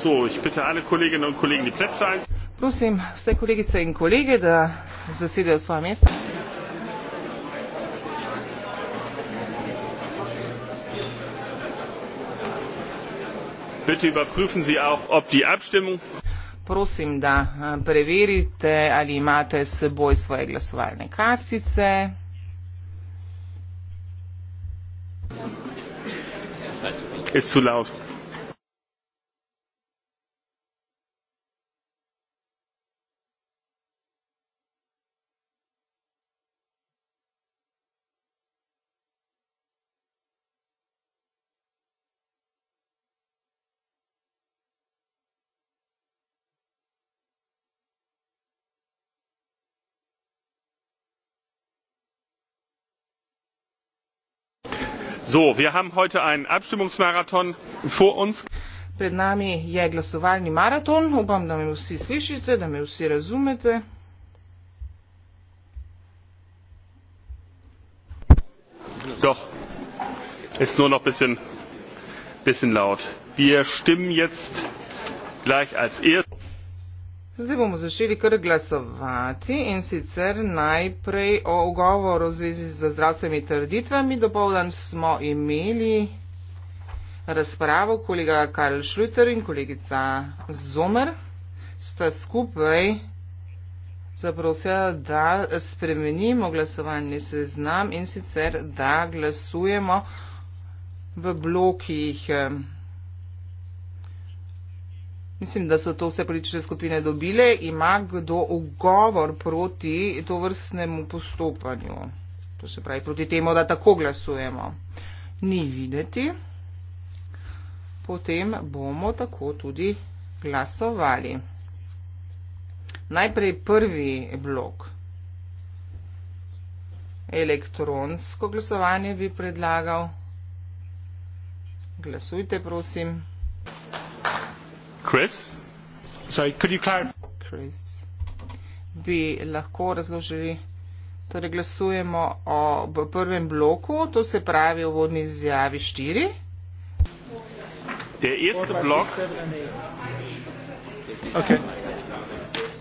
So, ich bitte alle Kolleginnen und Kollegen, die Plätze einzunehmen. Prosim, Bitte überprüfen Sie auch, ob die Abstimmung. Prosim, da eh, preverite, ali imate s seboj svoje glasovalne kartice. Je zu laut. wir haben heute einen abstimmungsmarathon vor uns. Pred nami je glasovalni maraton. Upam, da me vsi slišite, da me vsi razumete. Doch, ist nur noch ein bisschen, bisschen laut. Wir stimmen jetzt gleich als erstes. Zdaj bomo začeli kar glasovati in sicer najprej o ogovoru v zvezi z zdravstvenimi trditvami. Dopoldan smo imeli razpravo kolega Karl Šluter in kolegica Zomer. Sta skupaj zaprosila, da spremenimo glasovalni seznam in sicer, da glasujemo v blokih. Eh, mislim, da so to vse politične skupine dobile, ima kdo ugovor proti to vrstnemu postopanju. To se pravi proti temu, da tako glasujemo. Ni videti. Potem bomo tako tudi glasovali. Najprej prvi blok. Elektronsko glasovanje bi predlagal. Glasujte, prosim. Chris? Sorry, could you clarify? Chris. Bi lahko razložili, torej glasujemo o prvem bloku, to se pravi o vodni izjavi štiri. Der erste Block. Okay.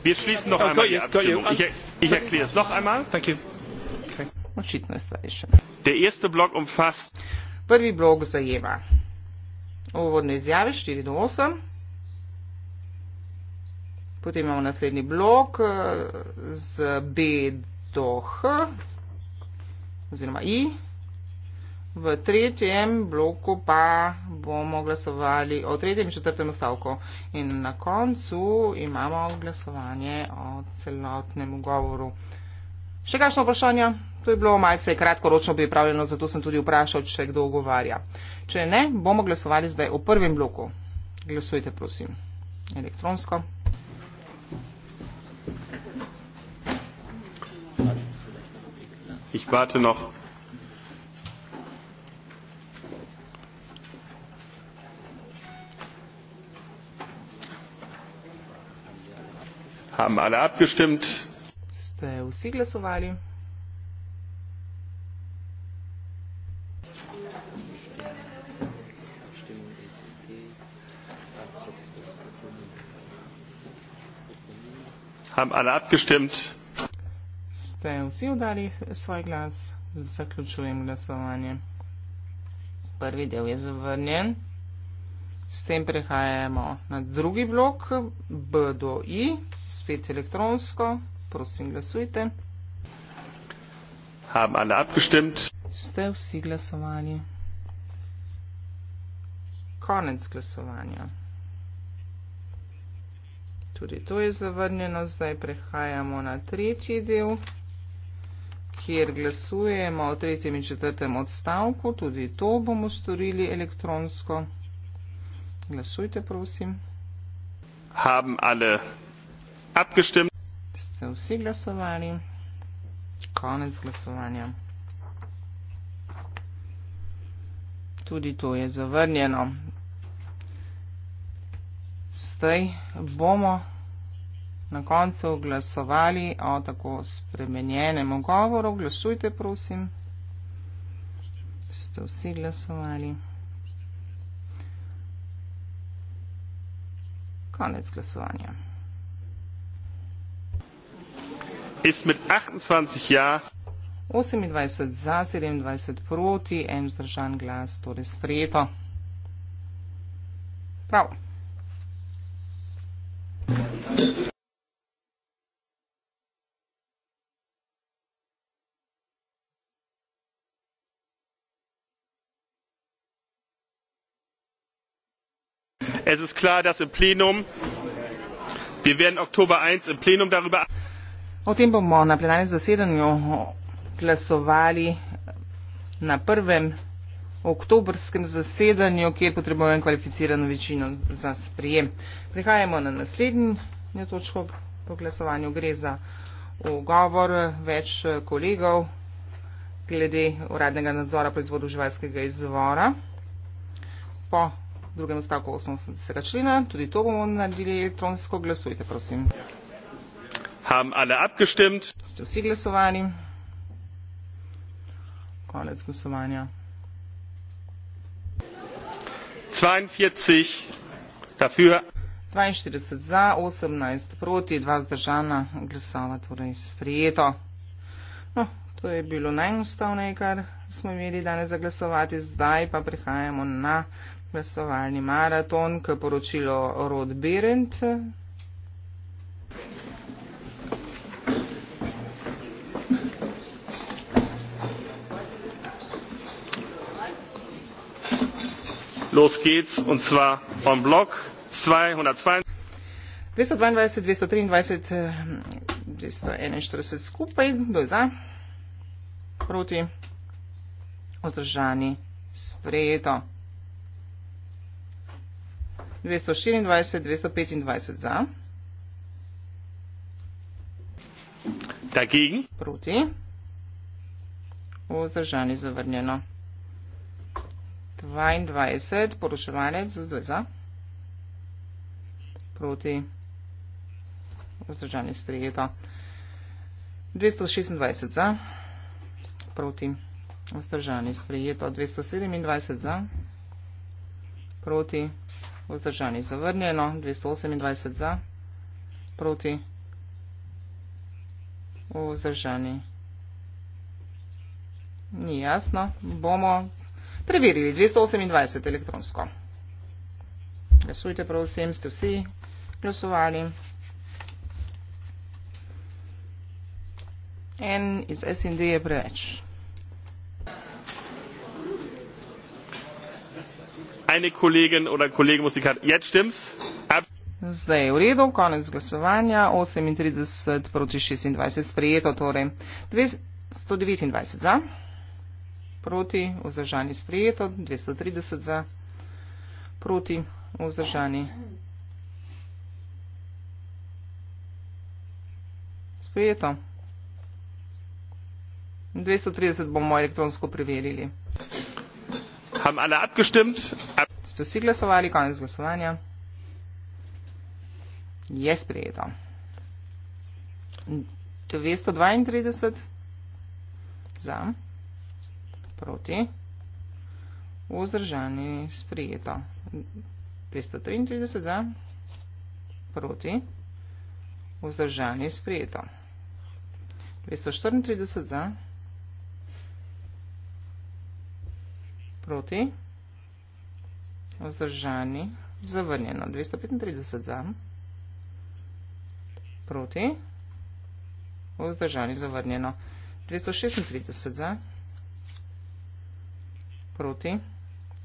Wir schließen noch oh, einmal die Abstimmung. Ich, er-, ich erkläre es noch einmal. Thank you. Očitno je zdaj še. Der erste blok umfasst. Prvi blok zajema. Uvodne izjave 4 do 8. Potem imamo naslednji blok eh, z B do H oziroma I. V tretjem bloku pa bomo glasovali o tretjem in četrtem stavku. In na koncu imamo glasovanje o celotnem govoru. Še kakšno vprašanje? To je bilo malce kratkoročno pripravljeno, zato sem tudi vprašal, če kdo ogovarja. Če ne, bomo glasovali zdaj o prvem bloku. Glasujte, prosim, elektronsko. Ich warte noch. Haben alle abgestimmt? Ste vsi glasovali? Haben alle abgestimmt? ste vsi udali svoj glas, zaključujem glasovanje. Prvi del je zavrnjen. S tem prehajamo na drugi blok, B do I, spet elektronsko. Prosim, glasujte. Ste vsi glasovali? Konec glasovanja. Tudi to je zavrnjeno, zdaj prehajamo na tretji del kjer glasujemo o tretjem in četrtem odstavku. Tudi to bomo storili elektronsko. Glasujte, prosim. Haben alle abgestimmt. Ste vsi glasovali? Konec glasovanja. Tudi to je zavrnjeno. Zdaj bomo na koncu glasovali o tako spremenjenem ogovoru. Glasujte, prosim. Ste vsi glasovali. Konec glasovanja. Ist mit 28 ja. 28 za, 27 proti, en vzdržan glas, torej sprejeto. Prav. es ist klar dass im plenum wir werden oktober eins im plenum darüber O tem bomo na plenarnem zasedanju glasovali na prvem oktobrskem zasedanju, kjer potrebujem kvalificirano večino za sprijem. Prihajamo na naslednjo točko po glasovanju. Gre za ugovor več kolegov glede uradnega nadzora proizvodu živalskega izvora. Po drugem stavku 80. člena. Tudi to bomo naredili elektronsko. Glasujte, prosim. Haben alle abgestimmt? Ste vsi glasovali? Konec glasovanja. 42, dafür. 42 za, 18 proti, 2 zdržana glasova, torej sprijeto. No, to je bilo najenostavnejše, kar smo imeli danes za glasovati. Zdaj pa prihajamo na glasovalni maraton, k poročilo Rod Berend. Los geht's und zwar vom Block 222. 222, 223, 241 skupaj, kdo je za, proti, vzdržani, sprejeto. 225 za. Dagegen. Proti. Vzdržani zavrnjeno. 22 poročevalec z 2 za. Proti. Vzdržani sprejeto. 226 za. Proti. Vzdržani sprejeto. 227 za. Proti vzdržani zavrnjeno, 228 za, proti, vzdržani, ni jasno, bomo preverili, 228 elektronsko. Glasujte prosim, ste vsi glasovali. En iz SND je preveč. eine Kollegin oder Kollege muss die jetzt stimmt's. Ab Zdaj je v redu, konec glasovanja, 38 proti 26 sprejeto, torej 229 za, proti vzdržani sprejeto, 230 za, proti vzdržani sprejeto. 230 bomo elektronsko preverili. Haben alle abgestimmt? Ab ste vsi glasovali, konec glasovanja. Je sprejeto. 932 za, proti, vzdržani, sprejeto. 233 za, proti, vzdržani, sprejeto. 234 za, proti, vzdržani, sprejeto vzdržani, zavrnjeno, 235 za, proti, vzdržani, zavrnjeno, 236 za, proti,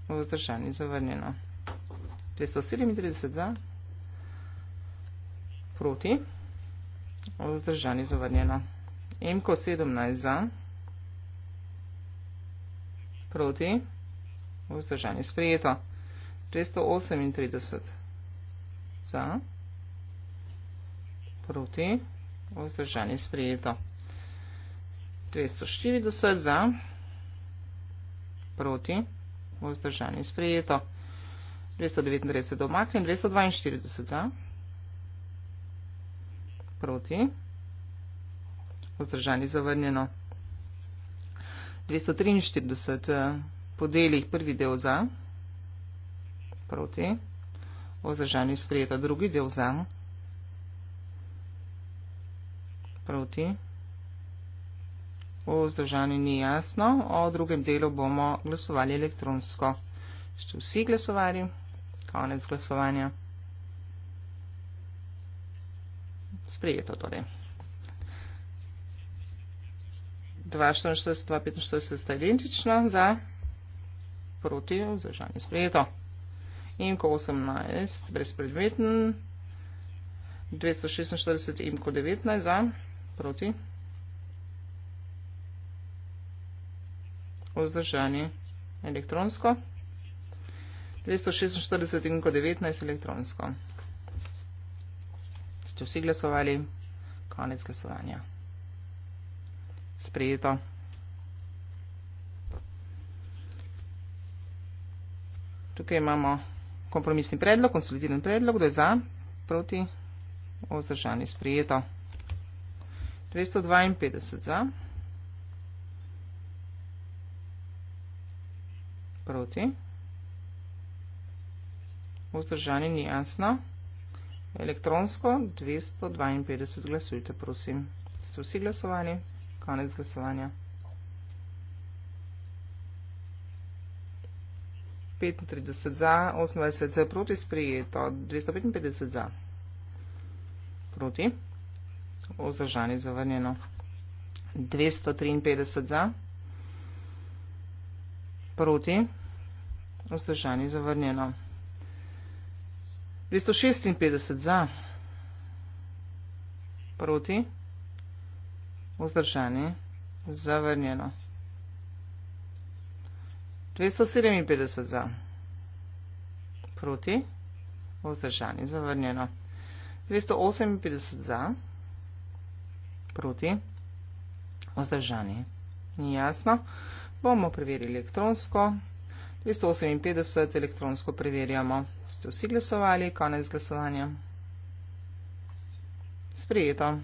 vzdržani, zavrnjeno, 237 za, proti, vzdržani, zavrnjeno, emko 17 za, proti, vzdržani, sprijeto, proti, 238 za, proti, vzdržanje sprejeto. 240 za, proti, vzdržanje sprejeto. 239 domakne, 242 za, proti, vzdržanje zavrnjeno. 243 eh, podeli prvi del za, proti, proti. Vzdržanje sprejeta drugi del za. Proti. Vzdržanje ni jasno. O drugem delu bomo glasovali elektronsko. Šte vsi glasovali. Konec glasovanja. Sprejeto torej. 244, 245 sta identično za proti vzdržanje sprejeto in ko 18 brezpredmeten, 246 in ko 19 za, proti, vzdržani elektronsko, 246 in ko 19 elektronsko. Ste vsi glasovali, konec glasovanja. Sprejeto. Tukaj imamo kompromisni predlog, konsolidiran predlog, da je za, proti, ozdržani, sprijeto. 252 za, proti, ozdržani, nijasno, elektronsko, 252 glasujte, prosim. Ste vsi glasovani? Konec glasovanja. 35 za, 28 za, proti sprejeto, 255 za, proti, ozdržani zavrnjeno, 253 za, proti, ozdržani zavrnjeno, 256 za, proti, ozdržani zavrnjeno. 257 za. Proti. Vzdržani. Zavrnjeno. 258 za. Proti. Vzdržani. Ni jasno. Bomo preverili elektronsko. 258 elektronsko preverjamo. Ste vsi glasovali? Konec glasovanja. Sprijeto.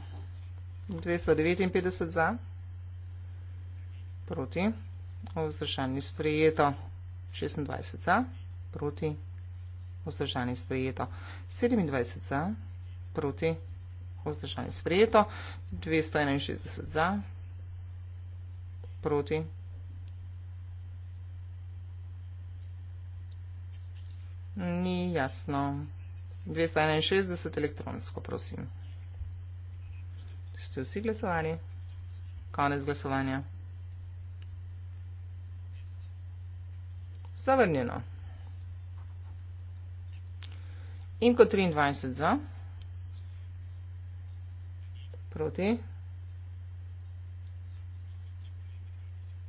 259 za. Proti. Proti vzdržani sprejeto, 26 za, proti, vzdržani sprejeto, 27 za, proti, vzdržani sprejeto, 261 za, proti, ni jasno, 261 elektronsko, prosim. Ste vsi glasovali? Konec glasovanja. Zavrnjeno. In kot 23 za. Proti.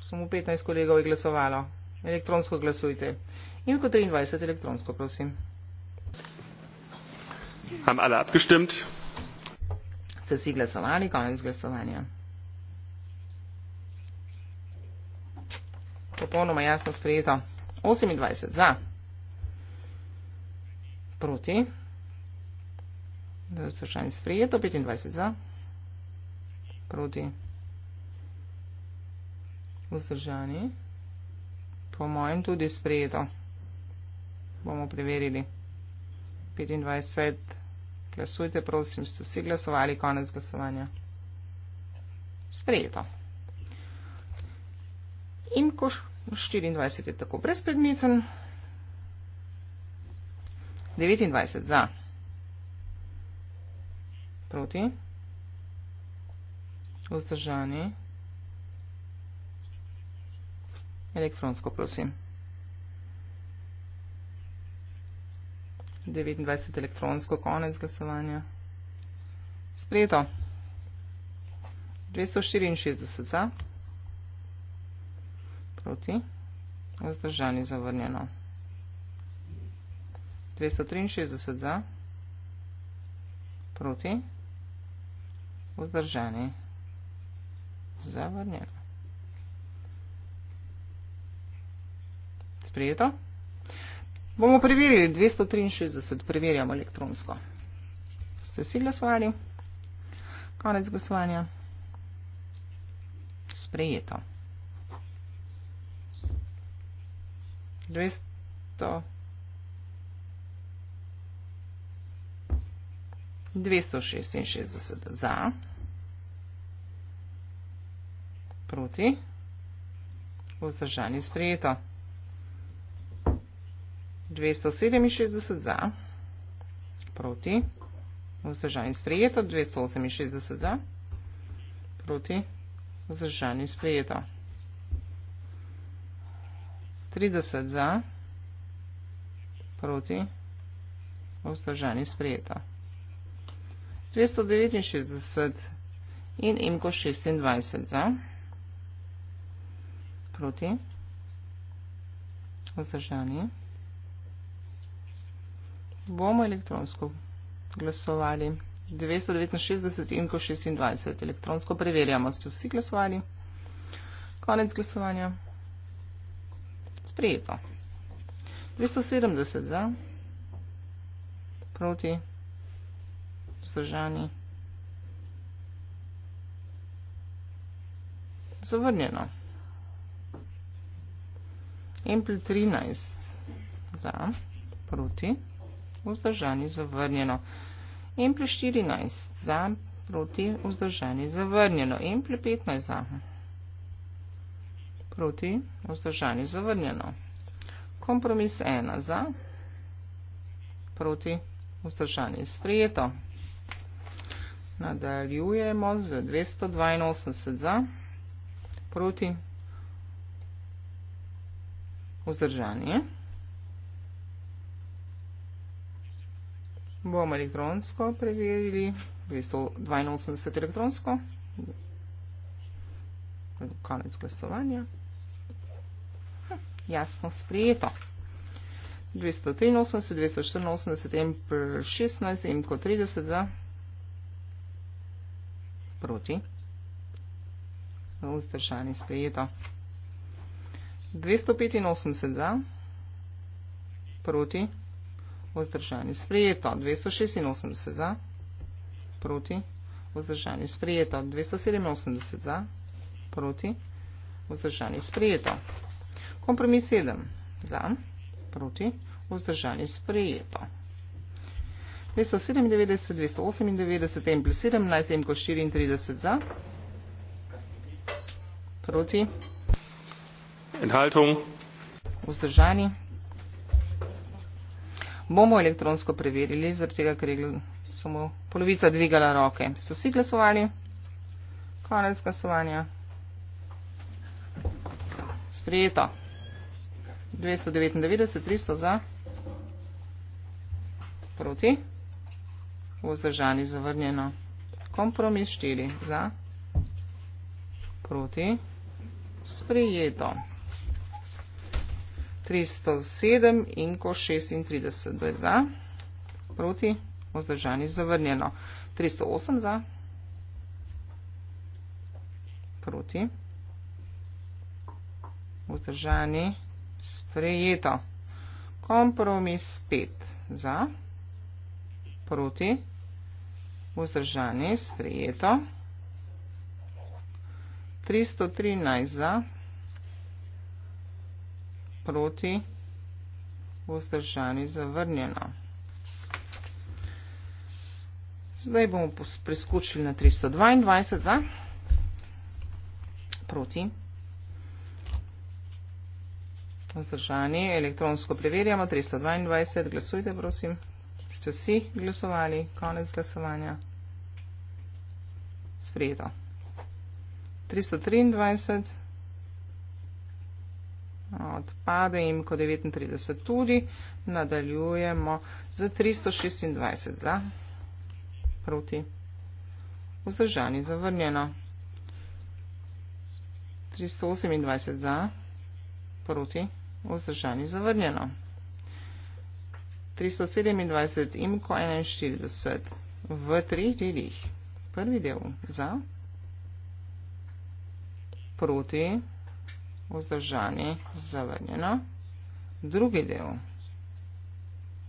Samo 15 kolegov je glasovalo. Elektronsko glasujte. In kot 23 elektronsko, prosim. Haben alle abgestimmt. Ste vsi glasovali, konec glasovanja. Popolnoma jasno sprejeto. 28 za, proti, da je vzdržanje sprejeto, 25 za, proti, vzdržanje, po mojem tudi sprejeto, bomo preverili, 25, glasujte, prosim, ste vsi glasovali, konec glasovanja, sprejeto. In ko še 24 je tako brezpredmeten. 29 za. Proti. Vzdržani. Elektronsko, prosim. 29 elektronsko, konec glasovanja. Sprejeto. 264 za proti, vzdržani zavrnjeno. 263 za, proti, vzdržani zavrnjeno. Sprejeto. Bomo preverili 263, preverjamo elektronsko. Ste si glasovali? Konec glasovanja. Sprejeto. 266 za, proti, vzdržanje sprejeto. 267 za, proti, vzdržanje sprejeto. 268 za, proti, vzdržanje sprejeto. 30 za, proti, vzdržani sprejeto. 369 in imko 26 za, proti, vzdržani. Bomo elektronsko glasovali. 269 in imko 26 elektronsko preverjamo, ste vsi glasovali. Konec glasovanja sprejeto. 270 za, proti, vzdržani, zavrnjeno. Empl 13 za, proti, vzdržani, zavrnjeno. Empl 14 za, proti, vzdržani, zavrnjeno. Empl 15 za, proti proti, vzdržani zavrnjeno. Kompromis 1 za, proti, vzdržani sprijeto. Nadaljujemo z 282 za, proti, vzdržani. Bomo elektronsko preverili, 282 elektronsko, konec glasovanja jasno sprejeto. 283, 284, 16, M kot 30 za, proti, vzdržani sprejeto. 285 za, proti, vzdržani sprejeto. 286 za, proti, vzdržani sprejeto. 287 za, proti, vzdržani sprejeto. 287 za, proti, vzdržani sprejeto. Kompromis 7. Za, proti, vzdržanje sprejeto. 297, 298, M plus 17, M kot 34 za, proti, enthaltung, vzdržani. Bomo elektronsko preverili, zaradi tega, ker je samo polovica dvigala roke. Ste vsi glasovali? Konec glasovanja. Sprejeto. 299, 300 za, proti, vzdržani zavrnjeno, kompromis 4 za, proti, sprijeto. 307 in ko 36, 2 za, proti, vzdržani zavrnjeno, 308 za, proti, vzdržani zavrnjeno. Sprejeto. Kompromis spet za, proti, vzdržani, sprejeto. 313 za, proti, vzdržani, zavrnjeno. Zdaj bomo preskočili na 322 za, proti, vzdržani. Vzdržani, elektronsko preverjamo, 322, glasujte prosim. Ste vsi glasovali, konec glasovanja. Sprejeto. 323, odpade jim ko 39 tudi, nadaljujemo z 326, za, proti, vzdržani, zavrnjeno. 328, za, proti, vzdržani vzdržani zavrnjeno. 327 imko 41 v treh delih. Prvi del za, proti, vzdržani zavrnjeno. Drugi del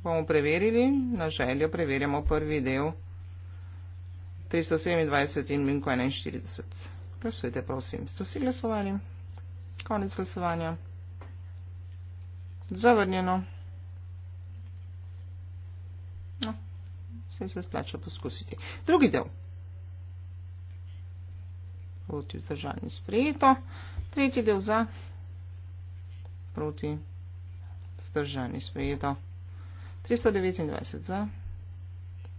bomo preverili, na željo preverjamo prvi del 327 in minko 41. Glasujte prosim, ste vsi glasovali? Konec glasovanja. Zavrnjeno. No, vse se splača poskusiti. Drugi del. Proti vzdržanju sprejeto. Tretji del za. Proti vzdržanju sprejeto. 329 za.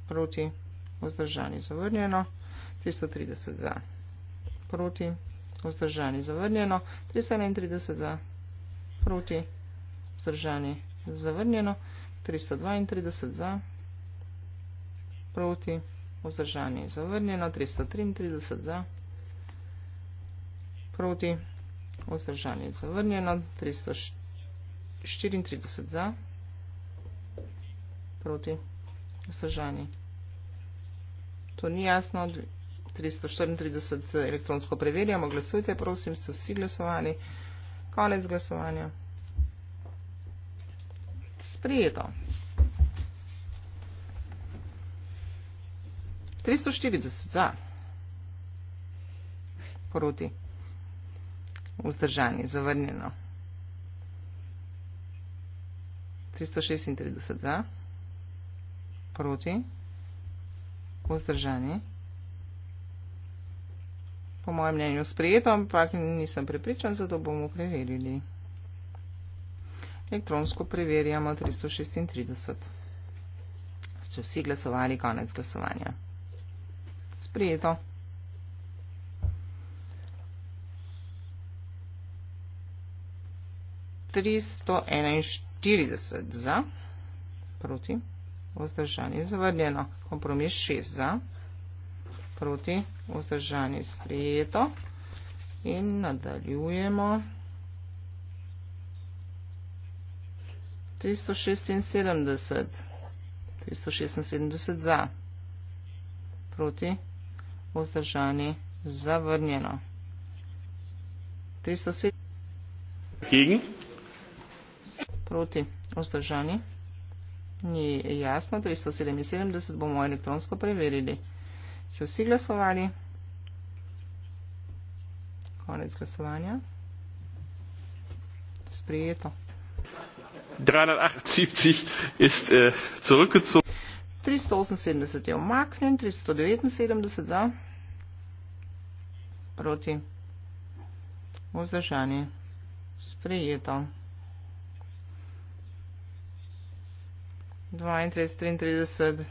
Proti vzdržanju zavrnjeno. 330 za. Proti vzdržanju zavrnjeno. 331 za. Proti vzdržanju zavrnjeno vzdržani. Zavrnjeno, 332 za, proti, vzdržani. Zavrnjeno, 333 za, proti, vzdržani. Zavrnjeno, 334 za, proti, vzdržani. To ni jasno, 334 elektronsko preverjamo, glasujte, prosim, ste vsi glasovali, konec glasovanja sprejeto. 340 za. Proti. Vzdržanje. Zavrnjeno. 336 za. Proti. Vzdržanje. Po mojem mnenju sprejeto, ampak nisem prepričan, zato bomo preverili elektronsko preverjamo 336. Ste vsi glasovali konec glasovanja. Sprijeto. Tristo enajštirideset za, proti, vzdržanje zavrnjeno, kompromis šest za, proti, vzdržanje sprijeto in nadaljujemo. 376, 376 za, proti, vzdržani, zavrnjeno. 377, proti, vzdržani, ni jasno, 377 bomo elektronsko preverili. Se vsi glasovali? Konec glasovanja. Sprijeto. 378 ist äh, zurückgezogen. 378 je umaknjen, 379 za, proti, vzdržani, sprejeto. 32, 33,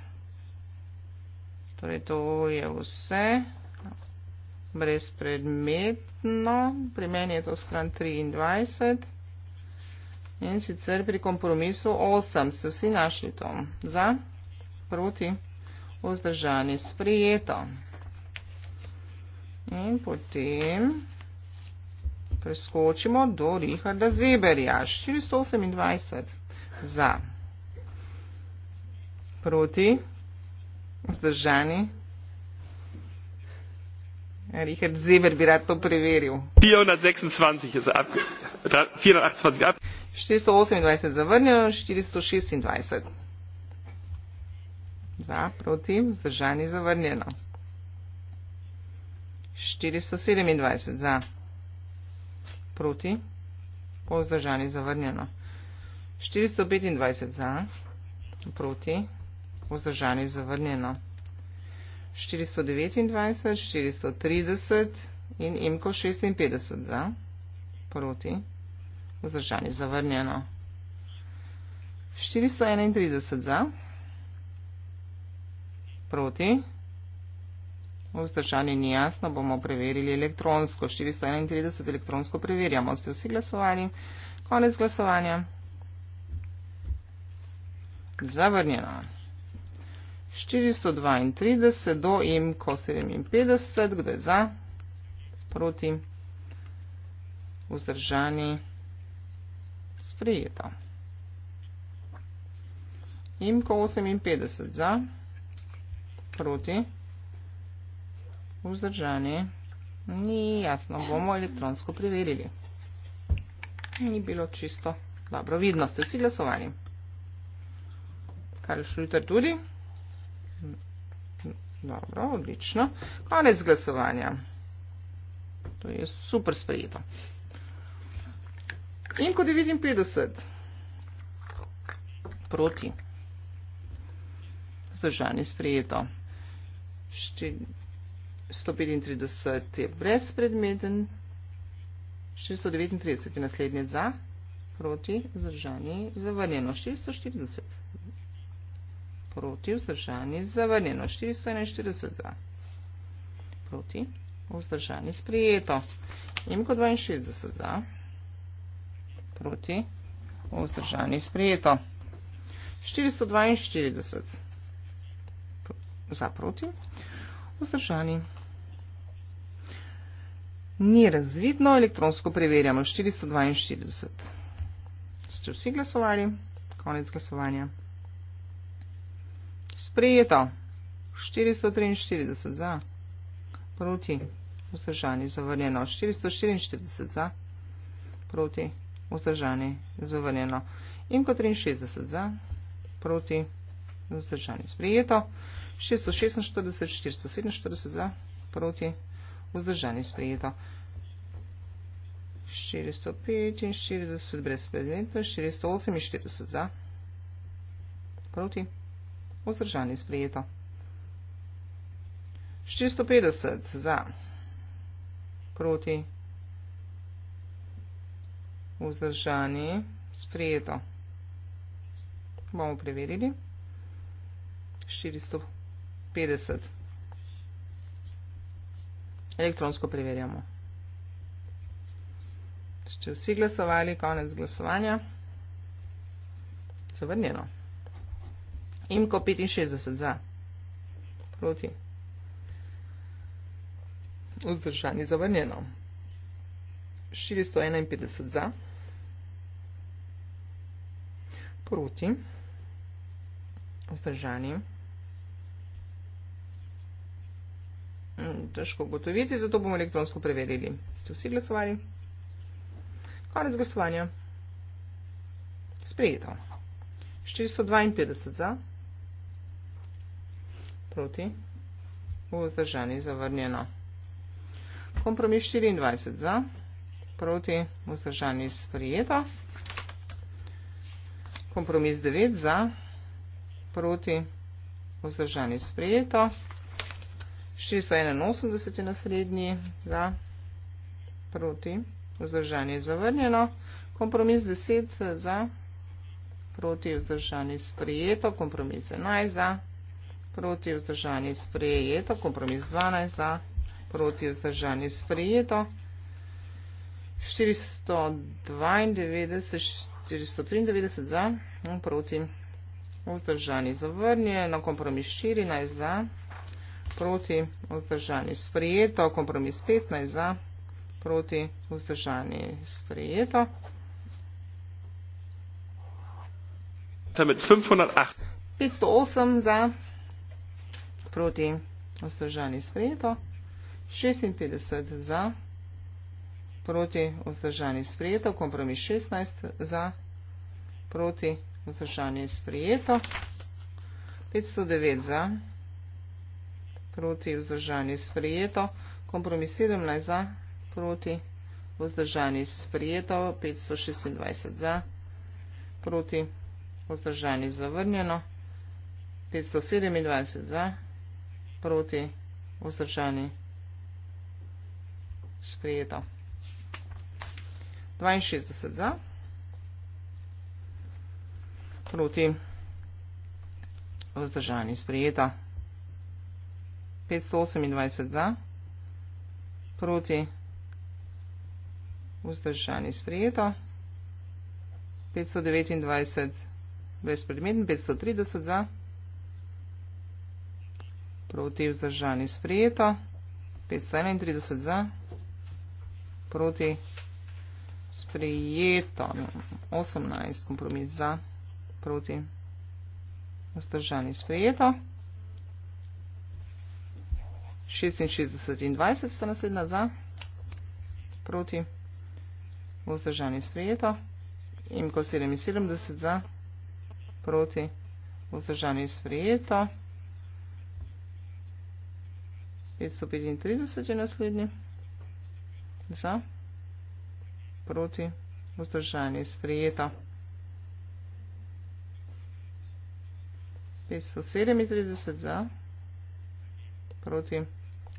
torej to je vse, brezpredmetno, pri meni je to stran 23. In sicer pri kompromisu 8 ste vsi našli to. Za, proti, vzdržani, sprijeto. In potem preskočimo do Richarda Zeberja. 428 za, proti, vzdržani. Richard Zeber bi rad to preveril. 426 je za. 428 428 zavrnjeno, 426 za, proti, zdržani zavrnjeno. 427 za, proti, po zdržani zavrnjeno. 425 za, proti, po zdržani zavrnjeno. 429, 430 in imko 56 za proti, vzdržani zavrnjeno. 431 za, proti, vzdržani ni jasno, bomo preverili elektronsko. 431 elektronsko preverjamo, ste vsi glasovali, konec glasovanja, zavrnjeno. 432 do imko 57, kdo je za, proti, vzdržani vzdržani, sprejeta. Imko 58 za, proti, vzdržani, ni jasno, bomo elektronsko preverili. Ni bilo čisto dobro, vidno ste vsi glasovali. Karl Šluter tudi. Dobro, odlično. Konec glasovanja. To je super sprejeto. In ko 59 proti, zdržani sprejeto, 135 je brezpredmeten, 639 je naslednje za, proti, zdržani, zavrnjeno, 440, proti, vzdržani, zavrnjeno, 441 za, proti, vzdržani, sprejeto, imko 62 za, proti, proti, vzdržani sprejeto. 442 za proti, vzdržani. Ni razvidno, elektronsko preverjamo 442. Ste vsi glasovali, konec glasovanja. Sprejeto, 443 za proti, vzdržani, zavrnjeno, 444 za proti, vzdržani vzdržani, zavrnjeno. In kot 63 za, proti, vzdržani, sprijeto. 646, 447 za, proti, vzdržani, sprijeto. 445, brez predmeta, 448 za, proti, vzdržani, sprijeto. 450 za, proti, vzdržani, sprijeto vzdržani sprejeto. Bomo preverili. 450. Elektronsko preverjamo. Če vsi glasovali, konec glasovanja. Zavrnjeno. Imko 65 za. Proti. Vzdržani zavrnjeno. 451 za proti, vzdržani. Mm, težko ugotoviti, zato bomo elektronsko preverili. Ste vsi glasovali? Konec glasovanja. Sprejeto. 452 za, proti, vzdržani, zavrnjeno. Kompromis 24 za, proti, vzdržani, sprejeto kompromis 9 za, proti, vzdržanje sprejeto, 681 je naslednji za, proti, vzdržanje zavrnjeno, kompromis 10 za, proti, vzdržanje sprejeto, kompromis 11 za, proti, vzdržanje sprejeto, kompromis 12 za, proti, vzdržanje sprejeto, 492, 493 za, proti vzdržani zavrnje, na kompromis 14 za, proti vzdržani sprejeto, kompromis 15 za, proti vzdržani sprejeto. Temet 508 za, proti vzdržani sprejeto, 56 za, proti vzdržani sprejeto proti vzdržanje sprejeto, kompromis 16 za proti vzdržanje sprejeto, 509 za proti vzdržanje sprejeto, kompromis 17 za proti vzdržanje sprejeto, 526 za proti vzdržanje zavrnjeno, 527 za proti vzdržanje sprejeto. 62 za, proti vzdržani sprijeta, 528 za, proti vzdržani sprijeta, 529 brezpredmeten, 530 za, proti vzdržani sprijeta, 531 za, proti vzdržani sprijeta, 531 za, proti sprejeto 18 kompromis za proti vzdržani sprejeto 66 in 20 sta naslednja za proti vzdržani sprejeto in ko 77 za proti vzdržani sprejeto 535 je naslednji za proti vzdržanje sprejeta. 537 za, proti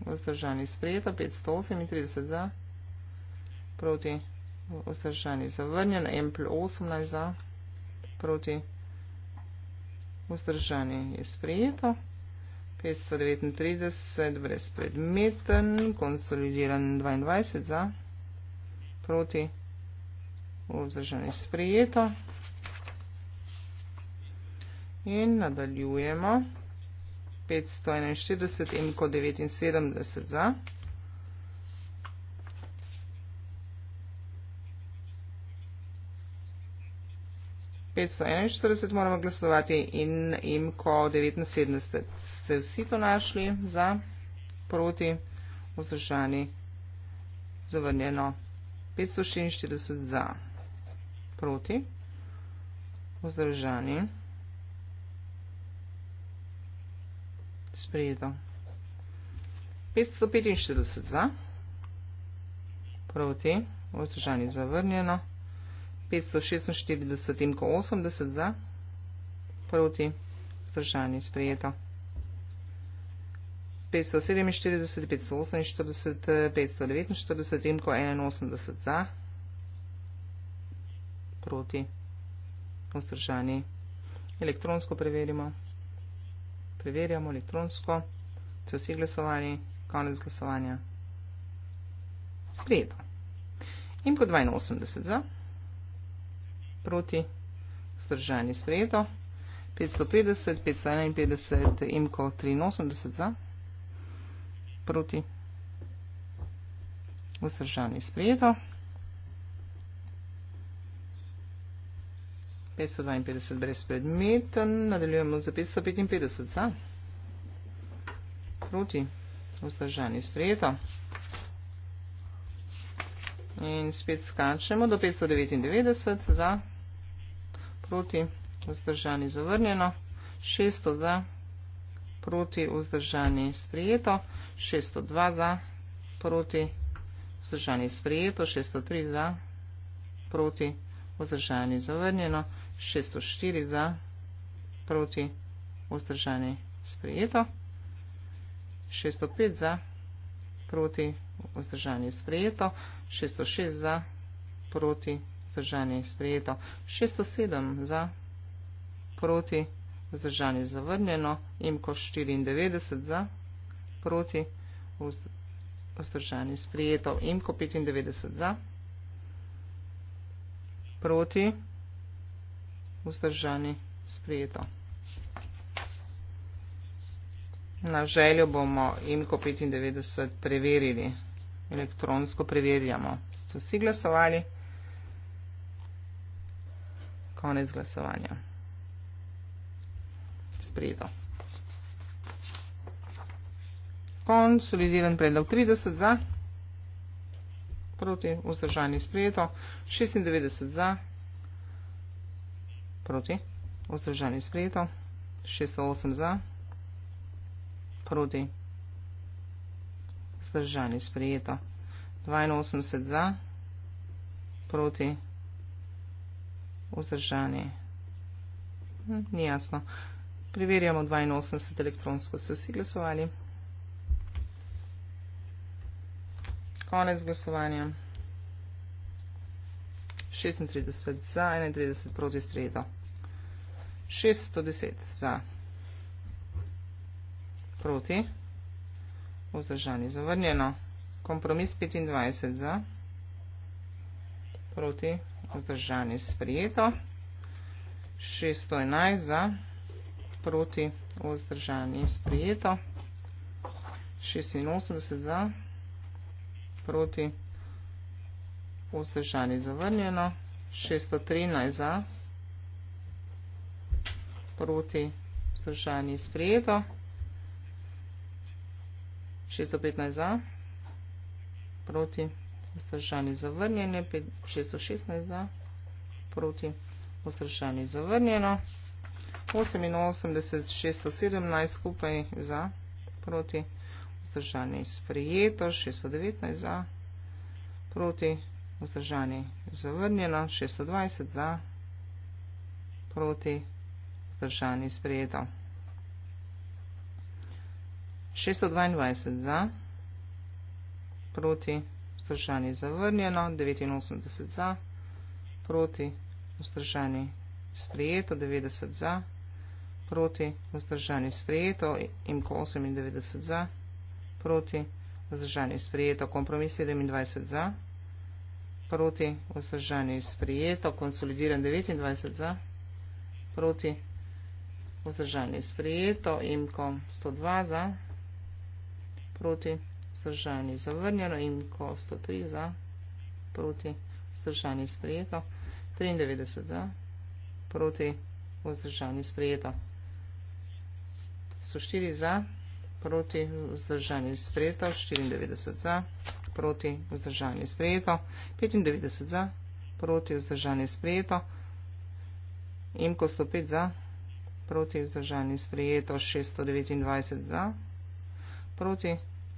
vzdržanje sprejeta, 538 za, proti vzdržanje zavrnjen, M plus 18 za, proti vzdržanje je sprejeto, 539 brezpredmeten, konsolidiran 22 za, proti vzdržanje sprejeta proti, vzdržanje sprejeto. In nadaljujemo. 541, imko 79 za. 541 moramo glasovati in imko 79. Ste vsi to našli za, proti, vzdržani, zavrnjeno. 546 za, proti, vzdržani, sprejeto. 545 za, proti, vzdržani, zavrnjeno. 546 in 80 za, proti, vzdržani, sprejeto. 547, 548, 549, Rimko 81 za, proti, vzdržani. Elektronsko preverimo. Preverjamo elektronsko. Se vsi glasovali, konec glasovanja. Sprejeto. Rimko 82 za, proti, vzdržani. Sprejeto. 550, 551, Rimko 83 za proti vzdržani sprejeto. 552 brez predmeta, nadaljujemo za 555, za. Proti vzdržani sprejeto. In spet skačemo do 599, za. Proti vzdržani zavrnjeno. 600 za. Proti vzdržani sprejeto. 602 za, proti, vzdržanje sprejeto, 603 za, proti, vzdržanje zavrnjeno, 604 za, proti, vzdržanje sprejeto, 605 za, proti, vzdržanje sprejeto, 606 za, proti, vzdržanje sprejeto, 607 za, proti, vzdržanje zavrnjeno, imko 94 za, proti, proti, vzdržani sprijeto, imko 95 za, proti, vzdržani sprijeto. Na željo bomo imko 95 preverili, elektronsko preverjamo. So vsi glasovali? Konec glasovanja. Sprijeto. konsolidiran predlog 30 za, proti, vzdržanje sprejeto, 96 za, proti, vzdržanje sprejeto, 608 za, proti, vzdržanje sprejeto, 82 za, proti, vzdržanje, hm, ni jasno, preverjamo 82 elektronsko, ste vsi glasovali, Konec glasovanja. 36 za, 31 proti sprejeto. 610 za, proti, vzdržani, zavrnjeno. Kompromis 25 za, proti, vzdržani, sprejeto. 611 za, proti, vzdržani, sprejeto. 86 za, proti proti, 8 žani zavrnjeno, 613 za, proti, vzdržani sprejeto, 615 za, proti, vzdržani zavrnjeno, 616 za, proti, vzdržani zavrnjeno, 88, 617 skupaj za, proti, vzdržani sprejeto, vzdržani sprijeto, 619 za, proti vzdržani zavrnjeno, 620 za, proti vzdržani sprijeto. 622 za, proti vzdržani zavrnjeno, 89 za, proti vzdržani sprijeto, 90 za, proti vzdržani sprijeto, imko 98 za, proti vzdržani sprijeto proti, vzdržanje sprijeto, kompromis 27 za, proti, vzdržanje sprijeto, konsolidiran 29 za, proti, vzdržanje sprijeto, imko 102 za, proti, vzdržanje zavrnjeno, imko 103 za, proti, vzdržanje sprijeto, 93 za, proti, vzdržanje sprijeto. 104 za, proti, proti, vzdržanje sprejeto, 94 za, proti, vzdržanje sprejeto, 95 za, proti, vzdržanje sprejeto, in ko 105 za, proti, vzdržanje sprejeto, 629 za, proti,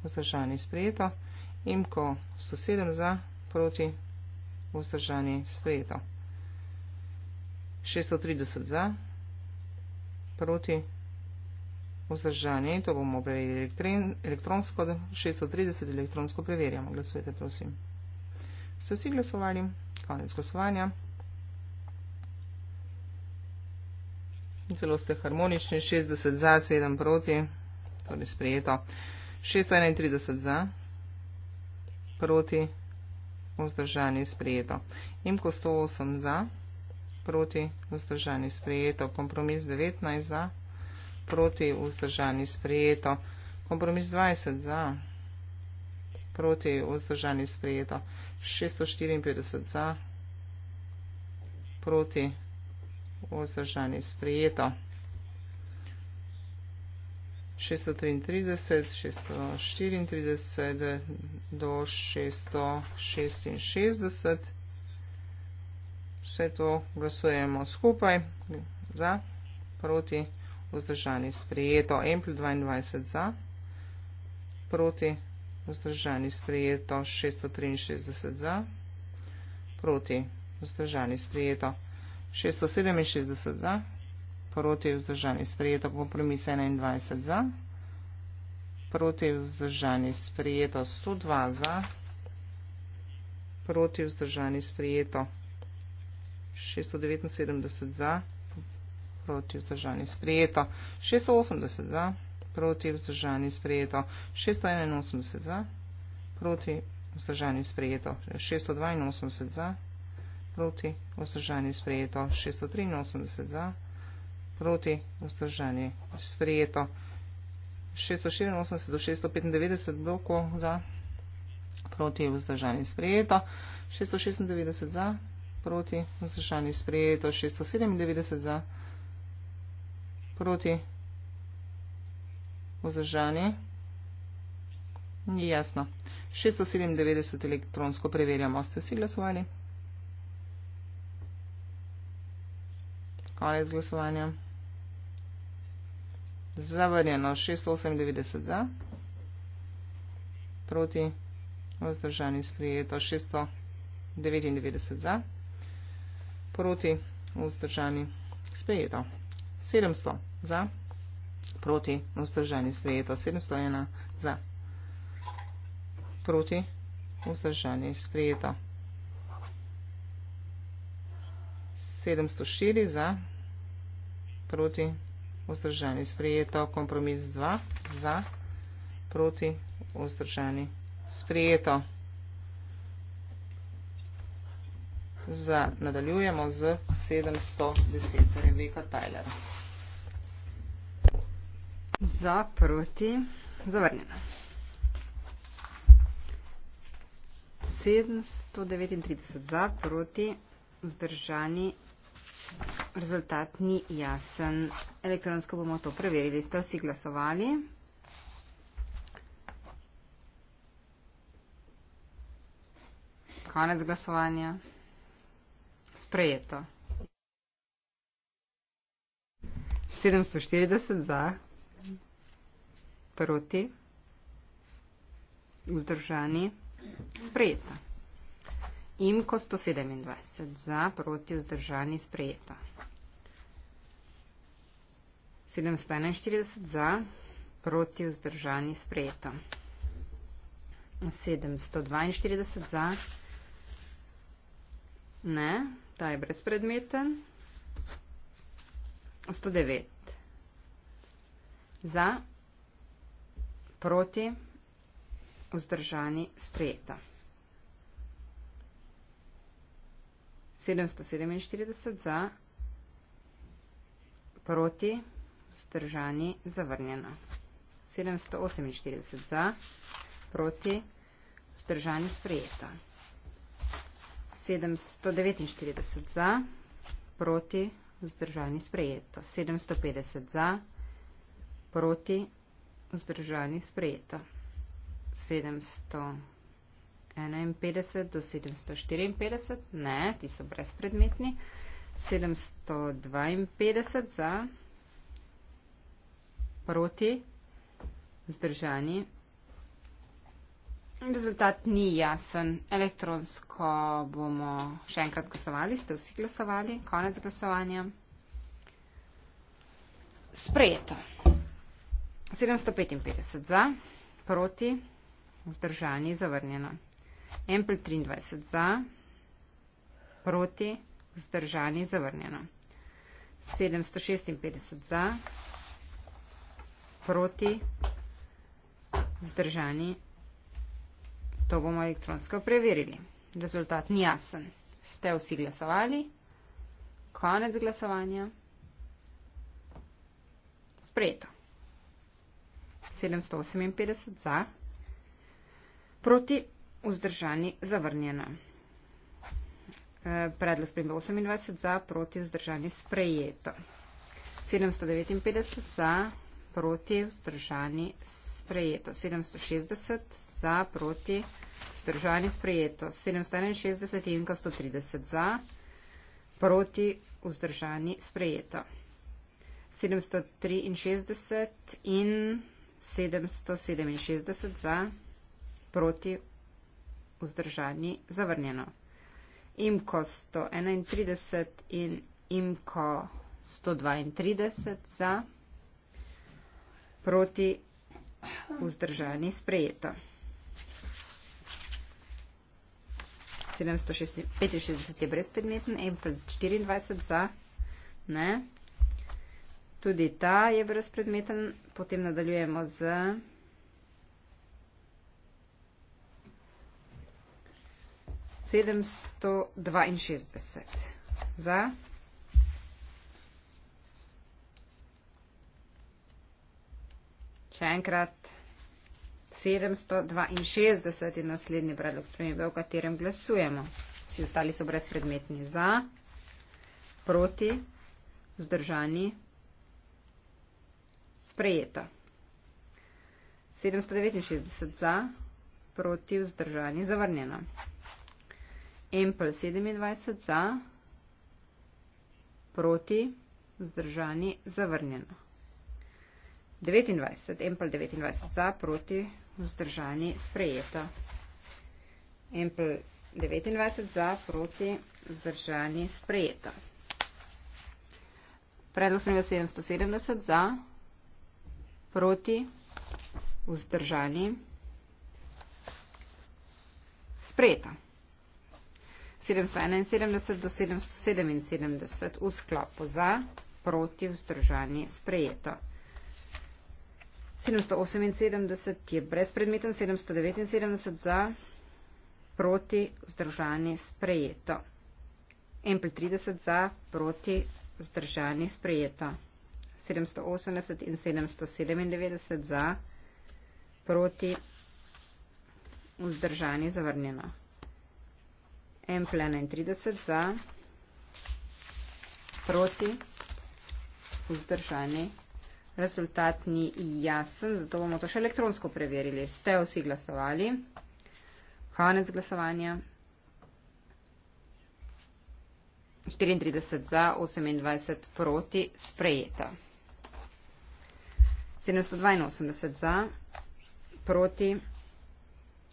vzdržanje sprejeto, in ko 107 za, proti, vzdržanje sprejeto, 630 za, proti, vzdržanje sprejeto, vzdržanje in to bomo prejeli elektronsko, 630 elektronsko preverjamo. Glasujete, prosim. Ste vsi glasovali? Konec glasovanja. Celo ste harmonični, 60 za, 7 proti, torej sprejeto. 631 za, proti, vzdržanje sprejeto. Imko 108 za, proti, vzdržanje sprejeto. Kompromis 19 za proti vzdržani sprejeto. Kompromis 20 za, proti vzdržani sprejeto. 654 za, proti vzdržani sprejeto. 633, 634 do 666. Vse to glasujemo skupaj za, proti vzdržani sprejeto vzdržani sprejeto, en plus 22 za, proti vzdržani sprejeto, 663 za, proti vzdržani sprejeto, 667 za, proti vzdržani sprejeto, kompromis 21 za, proti vzdržani sprejeto, 102 za, proti vzdržani sprejeto, 679 za, proti vzdržani sprejeto, 680 za, proti vzdržani sprejeto, 681 za, proti vzdržani sprejeto, 682 za, proti vzdržani sprejeto, 683 za, proti vzdržani sprejeto, 684 do 695 blokov za, proti vzdržani sprejeto, 696 za, proti vzdržani sprejeto, 697 za, proti vzržanje. Ni jasno. 697 elektronsko preverjamo. Ste vsi glasovali? Konec glasovanja. Zavrjeno. 698 za. Proti vzdržanje sprijeto. 699 za. Proti vzdržanje sprijeto. 700 za, proti, vzdržani sprejeto, 701 za, proti, vzdržani sprejeto, 704 za, proti, vzdržani sprejeto, kompromis 2 za, proti, vzdržani sprejeto. Za, nadaljujemo z 710, torej Veka Tyler. Za, proti, zavrnjeno. 739 za, proti, vzdržani, rezultat ni jasen. Elektronsko bomo to preverili. Ste vsi glasovali? Konec glasovanja. Sprejeto. 740 za, proti, vzdržani, sprejeta. Imko 127 za, proti, vzdržani, sprejeta. 741 za, proti, vzdržani, sprejeta. 742 za, ne, ta je brezpredmeten. 109 za, proti, vzdržani, sprejeta. 747 za, proti, vzdržani, zavrnjena. 748 za, proti, vzdržani, sprejeta. 749 za, proti, vzdržani, sprejeta. 750 za, proti, vzdržani, sprejeta vzdržani sprejeta. 751 do 754, ne, ti so brezpredmetni. 752 za proti vzdržani. Rezultat ni jasen. Elektronsko bomo še enkrat glasovali. Ste vsi glasovali? Konec glasovanja. Sprejeto. 755 za, proti, vzdržani, zavrnjeno. Ampel 23 za, proti, vzdržani, zavrnjeno. 756 za, proti, vzdržani. To bomo elektronsko preverili. Rezultat ni jasen. Ste vsi glasovali? Konec glasovanja. Sprejeto. 758 za, proti vzdržani zavrnjena. E, predlog sprejem 28 za, proti vzdržani sprejeto. 759 za, proti vzdržani sprejeto. 760 za, proti vzdržani sprejeto. 761 in 130 za, proti vzdržani sprejeto. 763 in 767 za, proti, vzdržani, zavrnjeno. IMKO 131 in IMKO 132 za, proti, vzdržani, sprejeto. 765 je brezpredmeten, EMPL 24 za, ne, Tudi ta je brezpredmeten, potem nadaljujemo z sedemsto dvainšestdeset za še enkrat sedemsto dvainšestdeset je naslednji predlog spremembe, o katerem glasujemo. Vsi ostali so brezpredmetni za, proti, vzdržani sprejeta. 769 za, proti vzdržani, zavrnjena. Empel 27 za, proti vzdržani, zavrnjena. 29, Empel 29 za, proti vzdržani, sprejeta. Empel 29 za, proti vzdržani, sprejeta. Predlog smo 770 za proti, vzdržali, sprejeta. 771 do 777 v sklopu za, proti, vzdržali, sprejeto. 778 je brezpredmeten, 779 za, proti, vzdržani, sprejeto. MP30 za, proti, vzdržani, sprejeto. 780 in 797 za, proti, vzdržani, zavrnjeno. En plen 31 za, proti, vzdržani. Rezultat ni jasen, zato bomo to še elektronsko preverili. Ste vsi glasovali? Konec glasovanja. 34 za, 28 proti, sprejeta. 782 za, proti,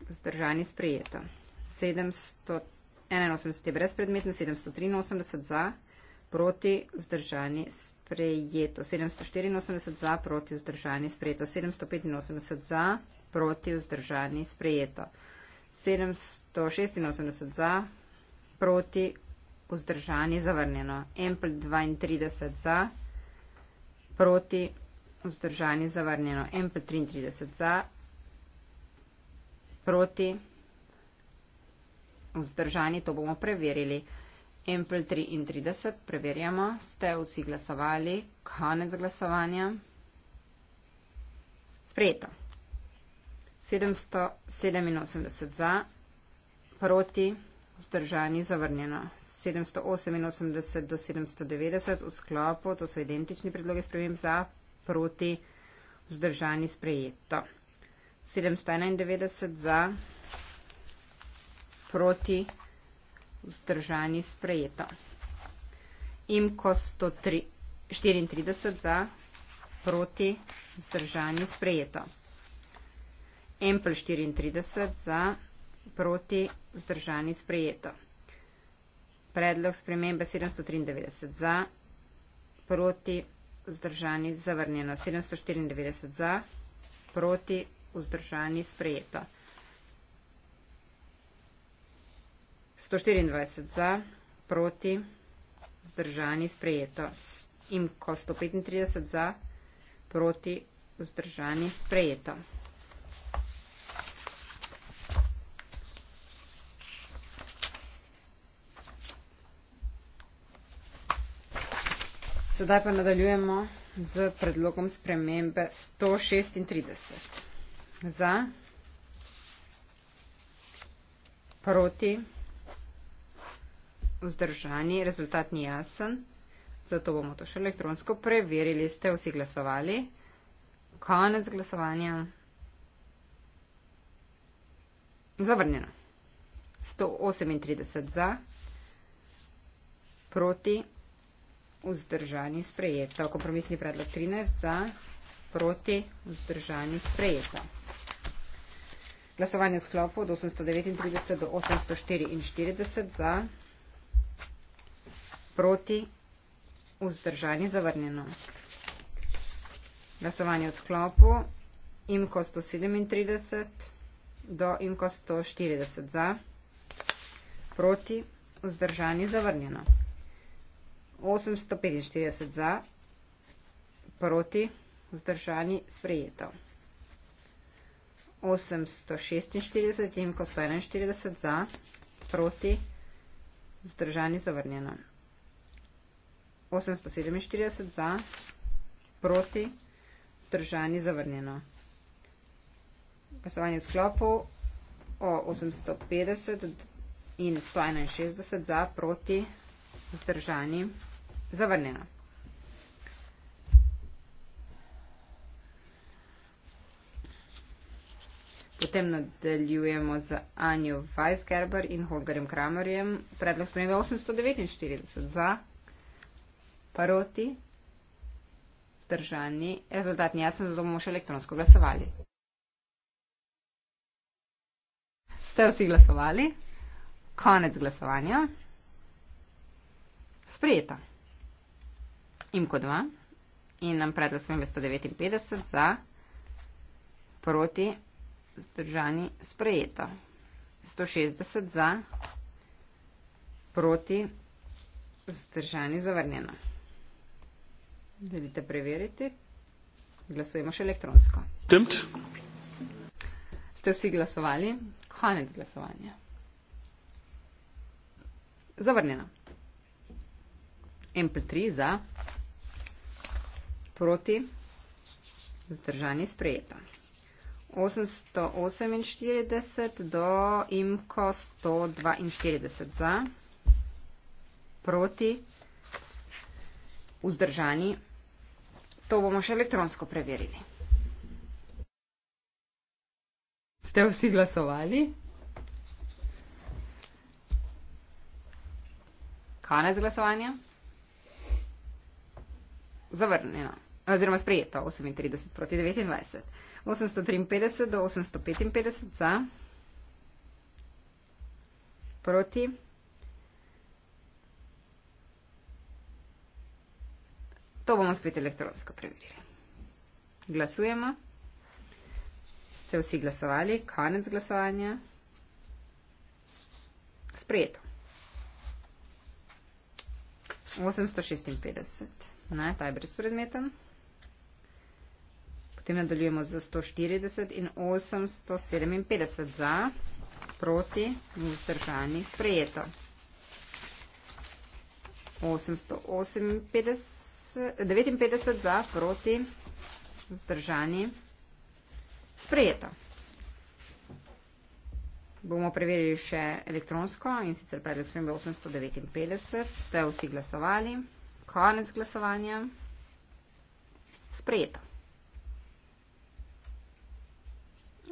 zdržani sprejeto. 781 je brezpredmetno, 783 za, proti, zdržani sprejeto. 784 za, proti, zdržani sprejeto. 785 za, proti, zdržani sprejeto. 786 za, proti, vzdržani zavrnjeno. Empl 32 za, proti, vzdržani sprejeto vzdržani zavrnjeno MP33 za, proti, vzdržani, to bomo preverili. MP33 preverjamo, ste vsi glasovali, konec glasovanja. Sprejeto. 787 za, proti, vzdržani, zavrnjeno. 788 do 790 v sklopu, to so identični predloge sprememb za, proti vzdržani sprejeto. 791 za proti vzdržani sprejeto. IMKO 134 za proti vzdržani sprejeto. EMPL 34 za proti vzdržani sprejeto. Predlog spremembe 793 za proti vzdržani sprejeto vzdržani zavrnjeno, 794 za, proti vzdržani sprejeto. 124 za, proti vzdržani sprejeto. In ko 135 za, proti vzdržani sprejeto. Sedaj pa nadaljujemo z predlogom spremembe 136. Za, proti, vzdržani, rezultat ni jasen, zato bomo to še elektronsko preverili, ste vsi glasovali. Konec glasovanja. Zavrnjeno. 138 za, proti, vzdržani sprejeta. Kompromisni predlog 13 za proti vzdržani sprejeta. Glasovanje sklopov od 839 do 844 za proti vzdržani zavrnjeno. Glasovanje v sklopu imko 137 do imko 140 za proti vzdržani zavrnjeno. 845 za, proti, vzdržani, sprejeto. 846 in ko 141 za, proti, vzdržani, zavrnjeno. 847 za, proti, vzdržani, zavrnjeno. Glasovanje v sklopu o 850 in 161 za, proti, vzdržani, zavrnjeno. Zavrnjeno. Potem nadaljujemo z Anjo Weisgerber in Holgerjem Kramerjem. Predlog smo imeli 849 za, proti, zdržani. Rezultat ni jasen, zato bomo še elektronsko glasovali. Ste vsi glasovali? Konec glasovanja. Sprijeta. Imko 2 in nam predlog smo 259 za proti zdržani sprejeto. 160 za proti zdržani zavrnjeno. Želite preveriti? Glasujemo še elektronsko. Stimt. Ste vsi glasovali? Konec glasovanja. Zavrnjeno. MP3 za proti, zdržani sprejeta. 848 do imko 142 za, proti, vzdržani, to bomo še elektronsko preverili. Ste vsi glasovali? Konec glasovanja? Zavrnjeno oziroma sprejeto 38 proti 29. 853 do 855 za, proti, to bomo spet elektronsko preverili. Glasujemo, ste vsi glasovali, konec glasovanja, sprejeto. 856, ne, taj brez predmetem. Potem nadaljujemo za 140 in 857 za, proti, vzdržani, sprejeto. 859 za, proti, vzdržani, sprejeto. Bomo preverili še elektronsko in sicer predlog smembe 859. Ste vsi glasovali? Konec glasovanja? Sprejeto.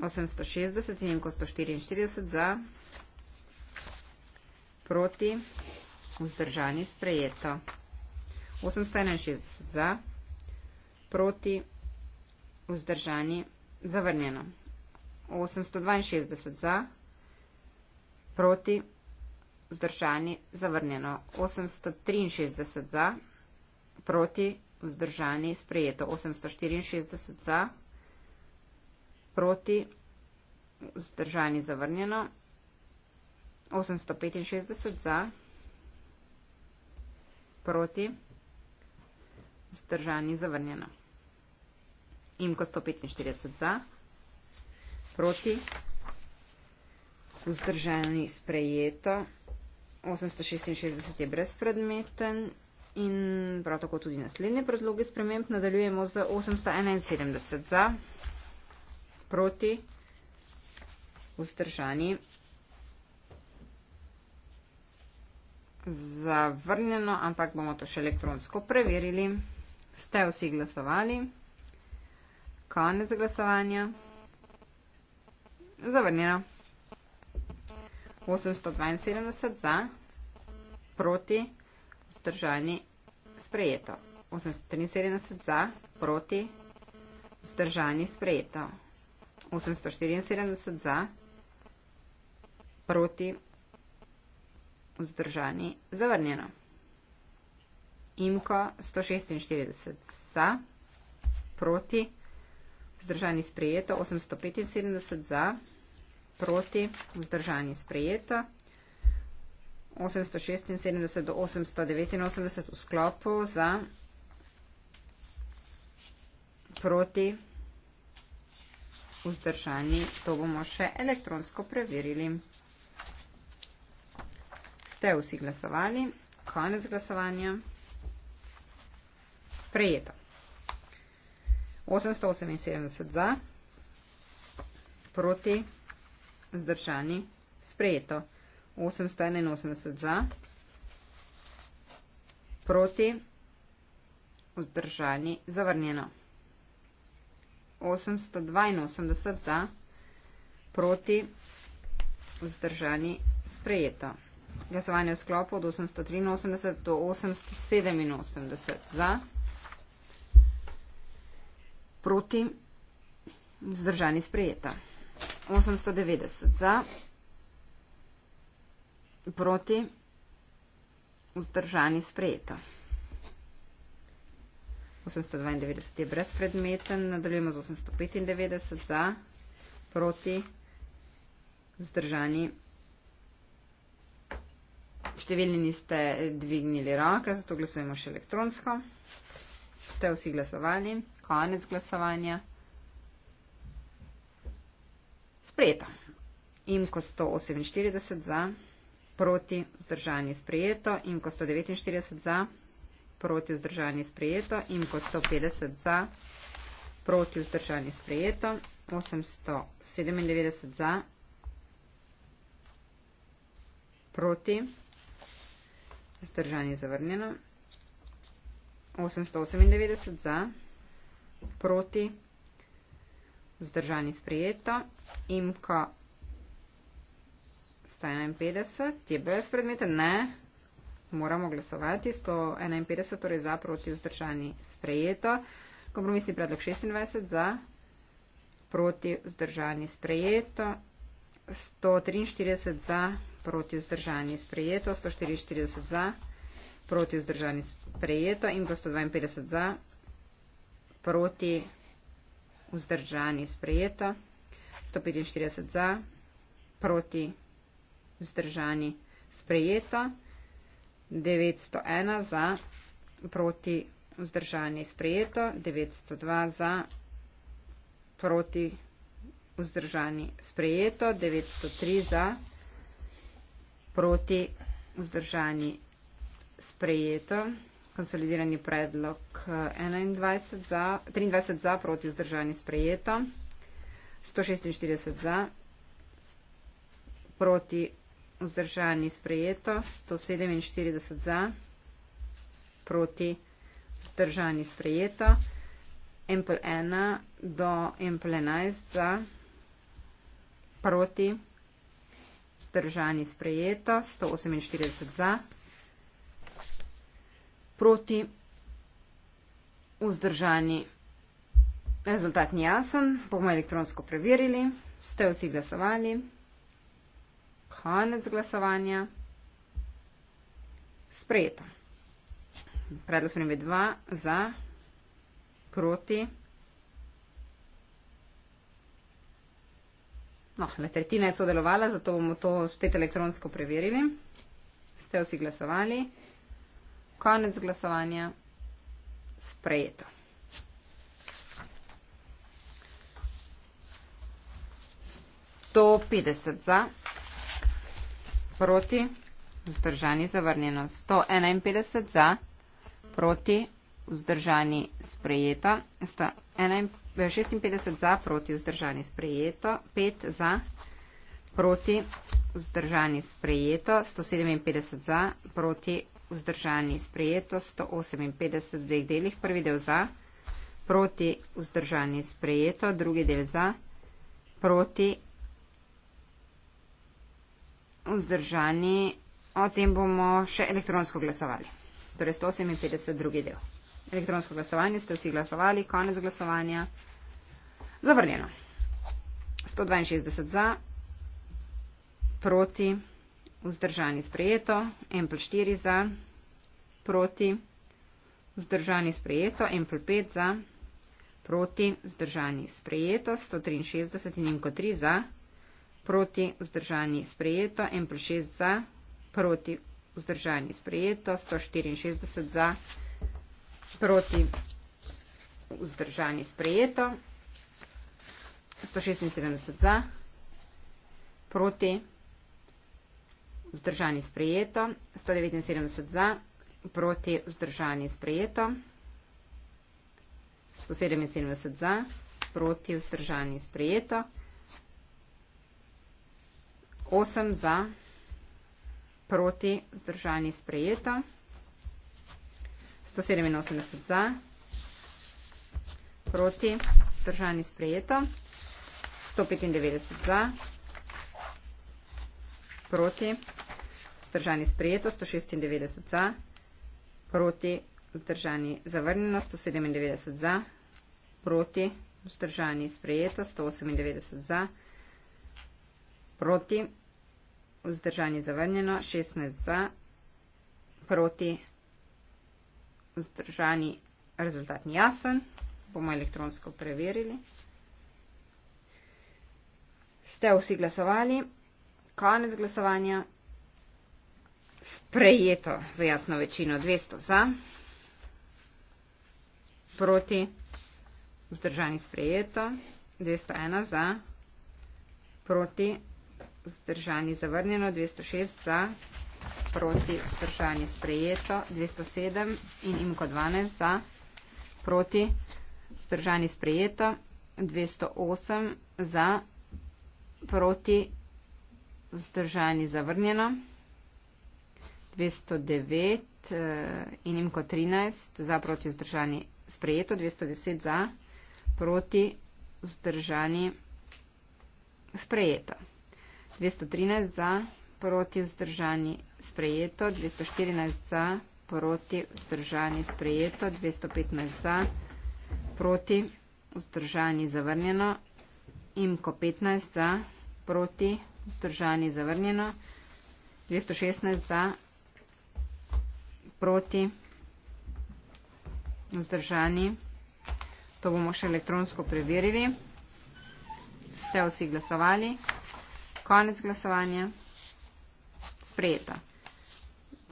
860 in ko 144 za, proti, vzdržani, sprejeto. 861 za, proti, vzdržani, zavrnjeno. 862 za, proti, vzdržani, zavrnjeno. 863 za, proti, vzdržani, sprejeto. 864 za, proti, vzdržani zavrnjeno, 865 za, proti, vzdržani zavrnjeno. Imko 145 za, proti, vzdržani sprejeto, 866 je brezpredmeten in prav tako tudi naslednje predloge sprememb nadaljujemo z 871 za proti vzdržani. Zavrnjeno, ampak bomo to še elektronsko preverili. Ste vsi glasovali? Konec glasovanja. Zavrnjeno. 872 za, proti, vzdržani, sprejeto. 873 za, proti, vzdržani, sprejeto. 874 za, proti, vzdržani, zavrnjeno. Imko 146 za, proti, vzdržani sprejeto, 875 za, proti, vzdržani sprejeto, 876 do 889 v sklopu za, proti, vzdržani sprejeto vzdržani, to bomo še elektronsko preverili. Ste vsi glasovali, konec glasovanja, sprejeto. 878 za, proti, vzdržani, sprejeto. 881 za, proti, vzdržani, zavrnjeno. 882 za, proti, vzdržani, sprejeto. Glasovanje v sklopu od 883 do 887 za, proti, vzdržani, sprejeto. 890 za, proti, vzdržani, sprejeto. 892 je brezpredmeten, nadaljujemo z 895 za, proti, vzdržani. Številni niste dvignili roke, zato glasujemo še elektronsko. Ste vsi glasovali? Konec glasovanja. Sprejeto. Imko 148 za, proti, vzdržani sprejeto. Imko 149 za, proti vzdržani sprejeto in kot 150 za proti vzdržani sprejeto, 897 za proti vzdržani zavrnjeno, 898 za proti vzdržani sprejeto in ko 151 je brez predmeta ne moramo glasovati. 151, torej za, proti, vzdržani, sprejeto. Kompromisni predlog 26, za, proti, vzdržani, sprejeto. 143 za, proti, vzdržani, sprejeto. 144 za, proti, vzdržani, sprejeto. In 152 za, proti, vzdržani, sprejeto. 145 za, proti, vzdržani, sprejeto. 901 za, proti vzdržanje sprejeto, 902 za, proti vzdržanje sprejeto, 903 za, proti vzdržanje sprejeto, konsolidirani predlog 21 eh, za, 23 za, proti vzdržanje sprejeto, 146 za, proti vzdržanje sprejeto, vzdržani sprejeto, 147 za, proti vzdržani sprejeto, ampl 1 do ampl 11 za, proti vzdržani sprejeto, 148 za, proti vzdržani rezultat ni jasen, bomo elektronsko preverili, ste vsi glasovali konec glasovanja. Sprejeto. Predlog spremembe 2 za, proti. No, le tretjina je sodelovala, zato bomo to spet elektronsko preverili. Ste vsi glasovali? Konec glasovanja. Sprejeto. Sto petdeset za proti, vzdržani zavrnjeno. 151 eh, za, proti, vzdržani sprejeto. 156 za, proti, vzdržani sprejeto. 5 za, proti, vzdržani sprejeto. 157 za, proti, vzdržani sprejeto. 158 dveh delih, prvi del za, proti, vzdržani sprejeto. Drugi del za, proti, vzdržani sprejeto vzdržani, o tem bomo še elektronsko glasovali. Torej 158. drugi del. Elektronsko glasovanje ste vsi glasovali, konec glasovanja. Zavrljeno. 162 za, proti, vzdržani sprejeto, M plus 4 za, proti, vzdržani sprejeto, M plus 5 za, proti, vzdržani sprejeto, 163 in M kot 3 za proti vzdržani sprejeto, en plus 6 za, proti vzdržani sprejeto, 164 za, proti vzdržani sprejeto, 176 za, proti vzdržani sprejeto, 179 za, proti vzdržani sprejeto, 177 za, proti vzdržani sprejeto, 8 za, proti, zdržani sprejeto, 187 za, proti, zdržani sprejeto, 195 za, proti, zdržani sprejeto, 196 za, proti, zdržani zavrnjeno, 197 za, proti, zdržani sprejeto, 198 za, proti, zdržani sprejeto, 198 za, proti, vzdržanje zavrnjeno, 16 za, proti, vzdržani, rezultat ni jasen, bomo elektronsko preverili. Ste vsi glasovali, konec glasovanja, sprejeto za jasno večino 200 za, proti, vzdržani sprejeto, 201 za, proti, vzdržani zavrnjeno, 206 za, proti vzdržani sprejeto, 207 in imko 12 za, proti vzdržani sprejeto, 208 za, proti vzdržani zavrnjeno, 209 eh, in imko 13 za, proti vzdržani sprejeto, 210 za, proti vzdržani sprejeto. 213 za, proti vzdržani sprejeto, 214 za, proti vzdržani sprejeto, 215 za, proti vzdržani zavrnjeno, imko 15 za, proti vzdržani zavrnjeno, 216 za, proti vzdržani, to bomo še elektronsko preverili, ste vsi glasovali. Konec glasovanja. Sprejeto.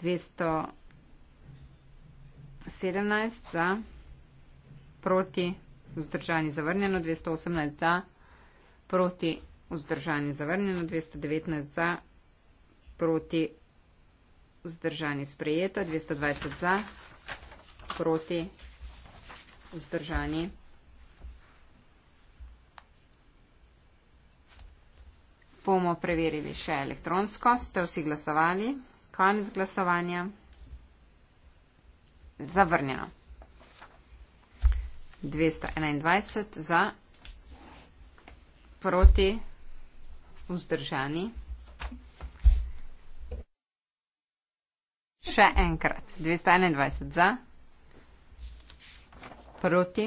217 za, proti, vzdržani zavrnjeno, 218 za, proti, vzdržani zavrnjeno, 219 za, proti, vzdržani sprejeto, 220 za, proti, vzdržani sprejeto. bomo preverili še elektronsko. Ste vsi glasovali? Konec glasovanja. Zavrnjeno. 221 za, proti, vzdržani. Še enkrat. 221 za, proti,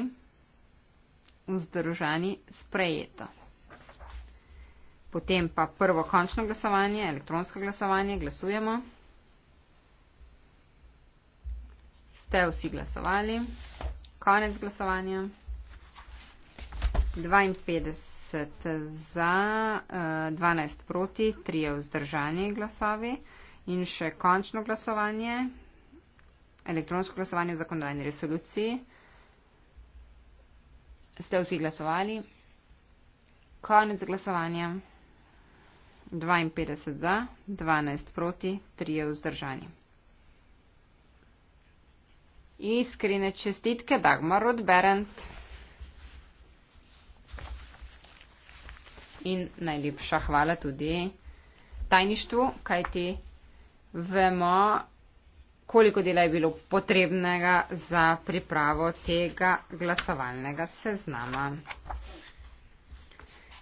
vzdržani, sprejeto. Potem pa prvo končno glasovanje, elektronsko glasovanje, glasujemo. Ste vsi glasovali? Konec glasovanja. 52 za, 12 eh, proti, 3 vzdržani glasovi in še končno glasovanje, elektronsko glasovanje v zakonodajni resoluciji. Ste vsi glasovali? Konec glasovanja. 52 za, 12 proti, 3 vzdržani. Iskrene čestitke Dagmar od Berend in najlepša hvala tudi tajništvu, kajti vemo, koliko dela je bilo potrebnega za pripravo tega glasovalnega seznama.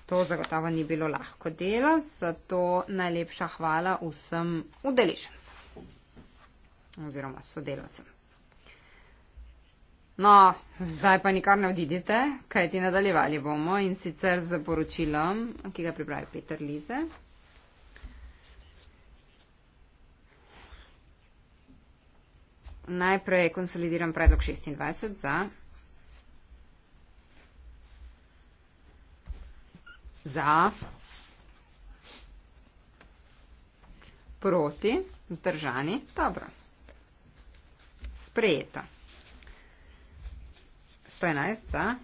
To zagotovo ni bilo lahko delo, zato najlepša hvala vsem udeležencem oziroma sodelavcem. No, zdaj pa nikar ne odidite, kaj ti nadaljevali bomo in sicer z poročilom, ki ga pripravi Peter Lize. Najprej konsolidiram predlog 26 za za, proti, zdržani, dobro. Sprejeta. 111 za,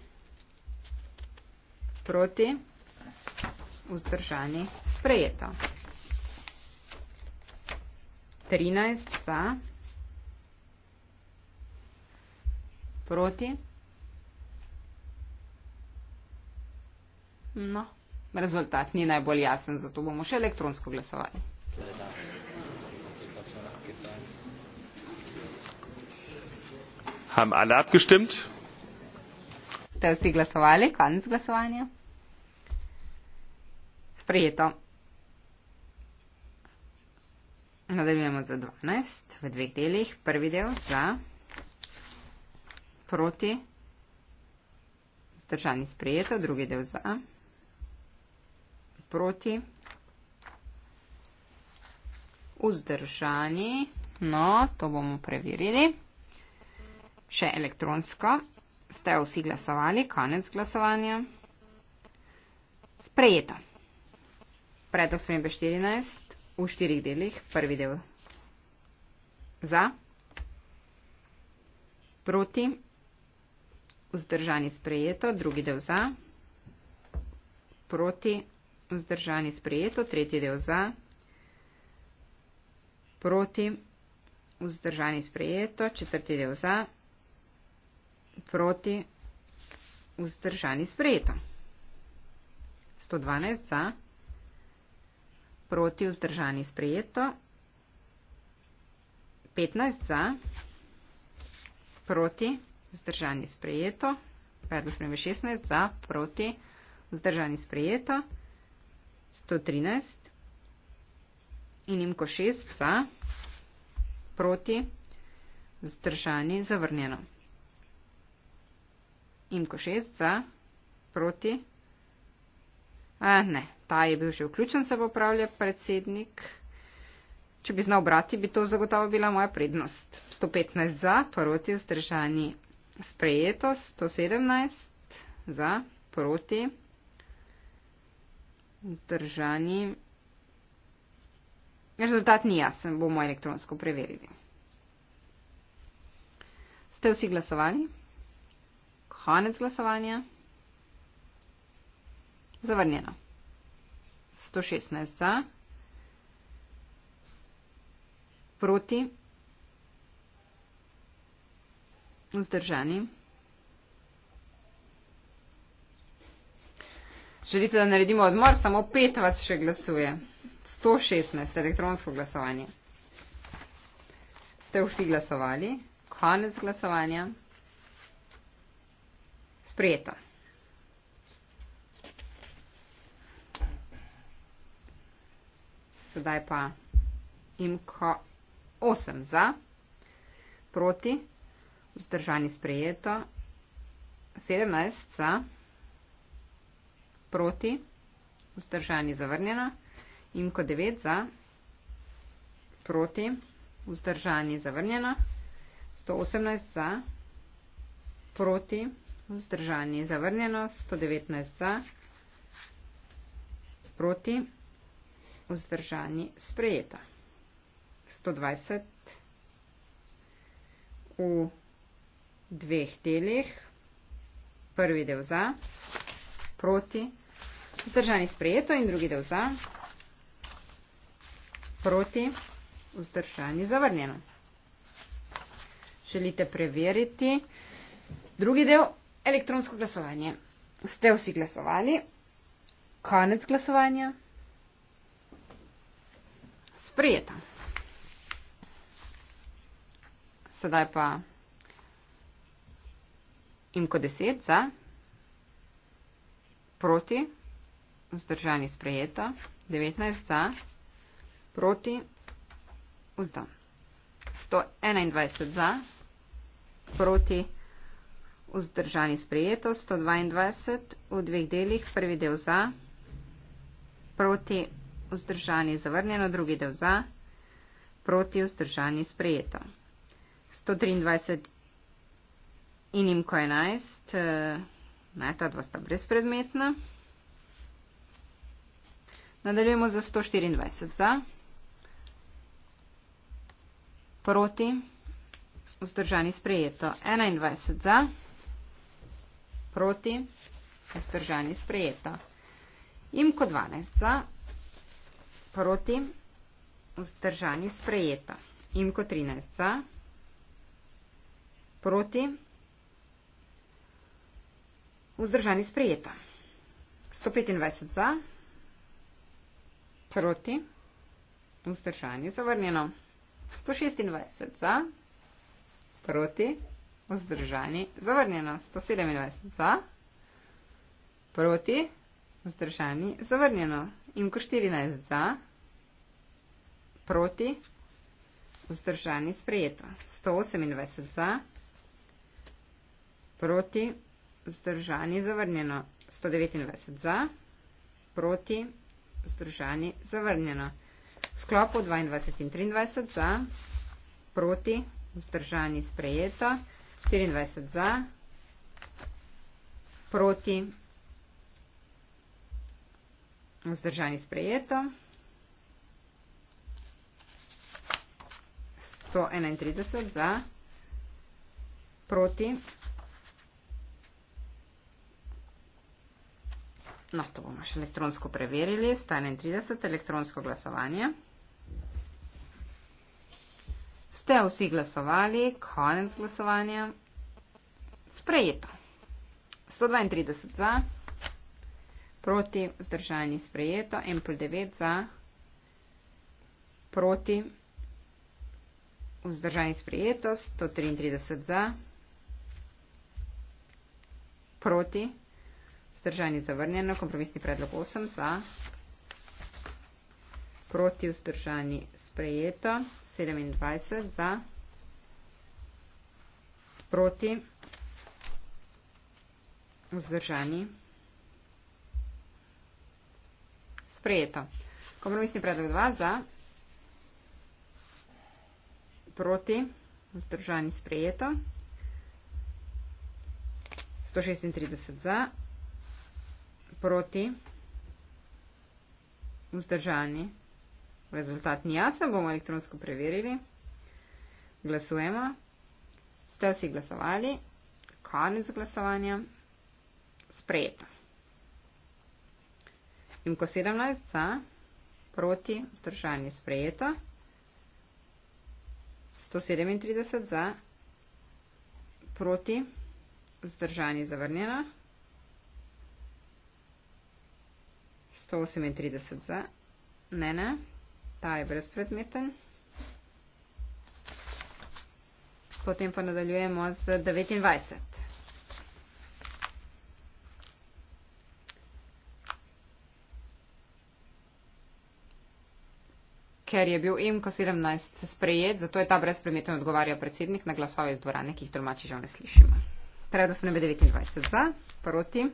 proti, vzdržani, sprejeta. 13 za, proti, no, rezultat ni najbolj jasen, zato bomo še elektronsko glasovali. Haben alle abgestimmt? Ste vsi glasovali? Konec glasovanja? Sprejeto. Nadaljujemo za 12 v dveh delih. Prvi del za, proti, zdržani sprejeto, drugi del za proti. Vzdržani. No, to bomo preverili. Še elektronsko. Ste vsi glasovali? Konec glasovanja. Sprejeto. Predlog spremembe 14 v štirih delih. Prvi del za. Proti. Vzdržani sprejeto. Drugi del za. Proti vzdržani sprejeto, tretji del za, proti vzdržani sprejeto, četrti del za, proti vzdržani sprejeto. 112 za, proti vzdržani sprejeto, 15 za, proti vzdržani sprejeto, predlog spremembe 16 za, proti vzdržani sprejeto, 113 in jim ko 6 za, proti, zdržani, zavrnjeno. In ko 6 za, proti. A ne, ta je bil že vključen, se bo upravlja predsednik. Če bi znal brati, bi to zagotovo bila moja prednost. 115 za, proti, zdržani, sprejeto, 117 za, proti, Zdržani. Rezultat ni jasen, bomo elektronsko preverili. Ste vsi glasovali? Konec glasovanja. Zavrnjeno. 116 za. Proti. Zdržani. Želite, da naredimo odmor, samo pet vas še glasuje. 116 elektronsko glasovanje. Ste vsi glasovali? Konec glasovanja. Sprejeto. Sedaj pa imko 8 za, proti, vzdržani sprejeto, 17 za proti, vzdržani zavrnjeno in ko 9 za, proti, vzdržani zavrnjeno, 118 za, proti, vzdržani zavrnjeno, 119 za, proti, vzdržani sprejeto. 120 v dveh delih, prvi del za, proti, Vzdržani sprejeto in drugi del za. Proti. Vzdržani zavrnjeno. Želite preveriti. Drugi del. Elektronsko glasovanje. Ste vsi glasovali? Konec glasovanja. Sprijeta. Sedaj pa imko deset za, proti, vzdržani sprejeta, 19 za, proti, vzdam. 121 za, proti, vzdržani sprejeto, 122 v dveh delih, prvi del za, proti, vzdržani zavrnjeno, drugi del za, proti, vzdržani sprejeto. 123 inimko 11, ne, ta dva sta brezpredmetna. Nadaljujemo za 124 za, proti, vzdržani sprejeto, 21 za, proti, vzdržani sprejeto, imko 12 za, proti, vzdržani sprejeto, imko 13 za, proti, vzdržani sprejeto, 125 za, proti, Proti. Vzdržanje zavrnjeno. 126 za. Proti. Vzdržanje zavrnjeno. 127 za. Proti. Vzdržanje zavrnjeno. In ko 14 za. Proti. Vzdržanje sprejeto. 128 za. Proti. Vzdržanje zavrnjeno. 129 za. Proti združani zavrnjeno. V sklopu 22 in 23 za, proti, združani sprejeto, 24 za, proti, združani sprejeto, 131 za, proti, združani sprejeto. No, to bomo še elektronsko preverili. Stane 31, elektronsko glasovanje. Ste vsi glasovali, konec glasovanja. Sprejeto. 132 za, proti, vzdržani, sprejeto. En plus 9 za, proti, vzdržani, sprejeto. 133 za, proti, vzdržani, sprejeto vzdržani zavrnjeno, kompromisni predlog 8 za, proti vzdržani sprejeto, 27 za, proti vzdržani sprejeto. Kompromisni predlog 2 za, proti vzdržani sprejeto. 136 za, proti, vzdržani. Rezultat ni jasen, bomo elektronsko preverili. Glasujemo. Ste vsi glasovali? Konec glasovanja. Sprejeto. Imko 17 za, proti, vzdržani, sprejeto. 137 za, proti, vzdržani, zavrnjeno. 138 za. Ne, ne. Ta je brezpredmeten. Potem pa nadaljujemo z 29. Ker je bil imko 17 sprejet, zato je ta brezpredmeten odgovarjal predsednik na glasove iz dvorane, ki jih tolmači žal ne slišimo. Predlog smo nebe 29 za, proti,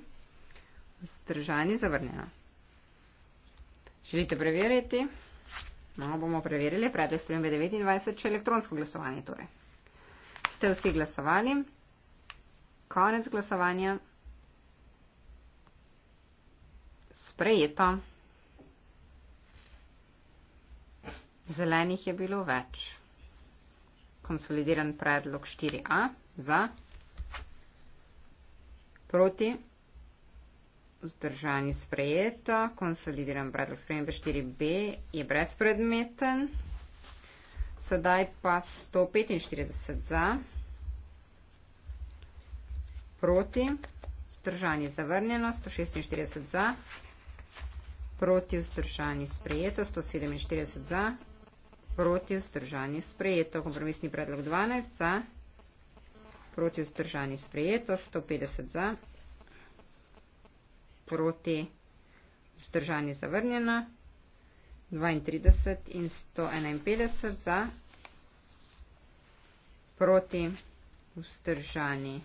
zdržani, zavrnjeno. Želite preveriti? No, bomo preverili. Pravite spremembe 29, če elektronsko glasovanje torej. Ste vsi glasovali? Konec glasovanja. Sprejeto. Zelenih je bilo več. Konsolidiran predlog 4a za proti vzdržani sprejeto, konsolidiran predlog spremembe 4b je brezpredmeten. Sedaj pa 145 za, proti, vzdržani zavrnjeno, 146 za, proti, vzdržani sprejeto, 147 za, proti, vzdržani sprejeto, kompromisni predlog 12 za, proti, vzdržani sprejeto, 150 za proti, vzdržani zavrnjena, 32 in 151 za, proti, vzdržani.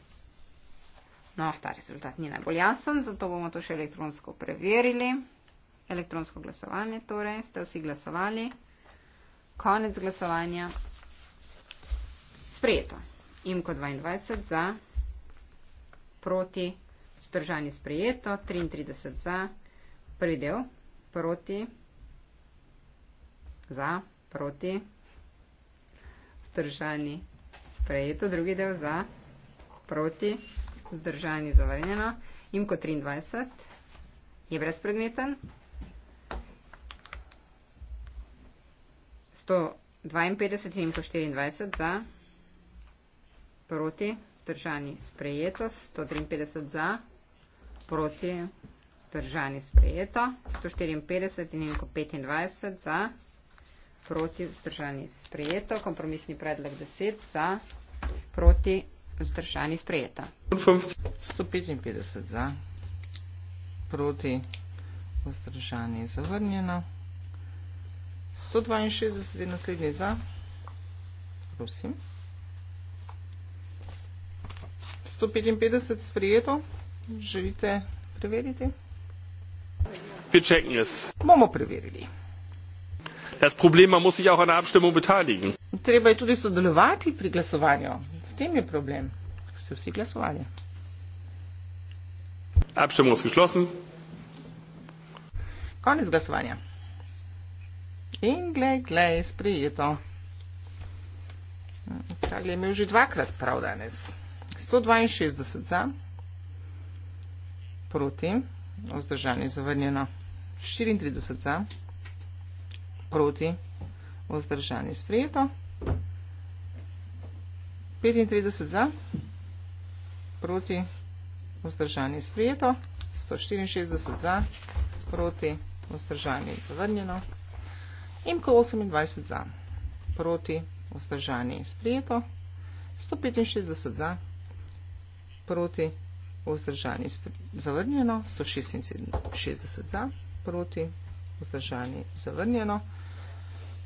No, ta rezultat ni najbolj jasen, zato bomo to še elektronsko preverili. Elektronsko glasovanje torej, ste vsi glasovali. Konec glasovanja. Sprejeto. Imko 22 za, proti, vzdržani. Združanje sprejeto, 33 za, prvi del, proti, za, proti, združanje sprejeto, drugi del, za, proti, združanje zavrnjeno, imko 23, je brezpredmeten, 152, imko 24 za, proti, proti, vzdržani sprejeto, 153 za, proti vzdržani sprejeto, 154 in enko 25 za, proti vzdržani sprejeto, kompromisni predlog 10 za, proti vzdržani sprejeto. 155 za, proti vzdržani zavrnjeno, 162 in naslednji za, prosim. 155 sprejeto. Želite preveriti? Es. Bomo preverili. Das Problem, man muss sich auch an der Abstimmung beteiligen. Treba je tudi sodelovati pri glasovanju. V tem je problem. So vsi glasovali. Abstimmung ist geschlossen. Konec glasovanja. In glej, glej, sprejeto. Kralj je imel že dvakrat prav danes. 162 za, proti, vzdržanje zavrnjeno, 34 za, proti, vzdržanje sprejeto, 35 za, proti, vzdržanje sprejeto, 164 za, proti, vzdržanje zavrnjeno, in ko 28 za, proti, vzdržanje sprejeto, 165 za, proti, proti, vzdržani zavrnjeno, 166 za, proti, vzdržani zavrnjeno,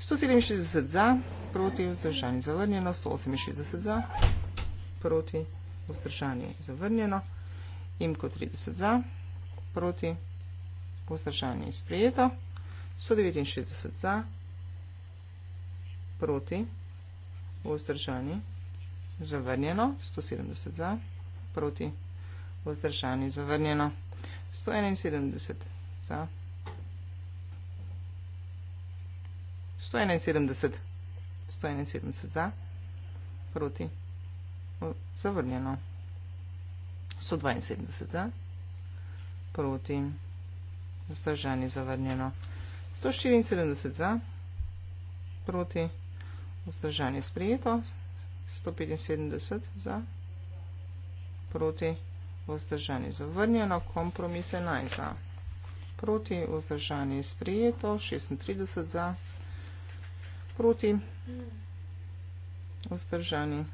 167 za, proti, vzdržani zavrnjeno, 168 za, proti, vzdržani zavrnjeno, imko 30 za, proti, vzdržani sprejeto, 169 za, proti, vzdržani zavrnjeno, 170 za, proti, proti, vzdržani, zavrnjeno. 171 za. 171, 171 za, proti, zavrnjeno. 172 za, proti, vzdržani, zavrnjeno. 174 za, proti, vzdržani, sprejeto. 175 za, proti proti vzdržani zavrnjeno, kompromise naj za, proti vzdržani sprijeto, 36 za, proti vzdržani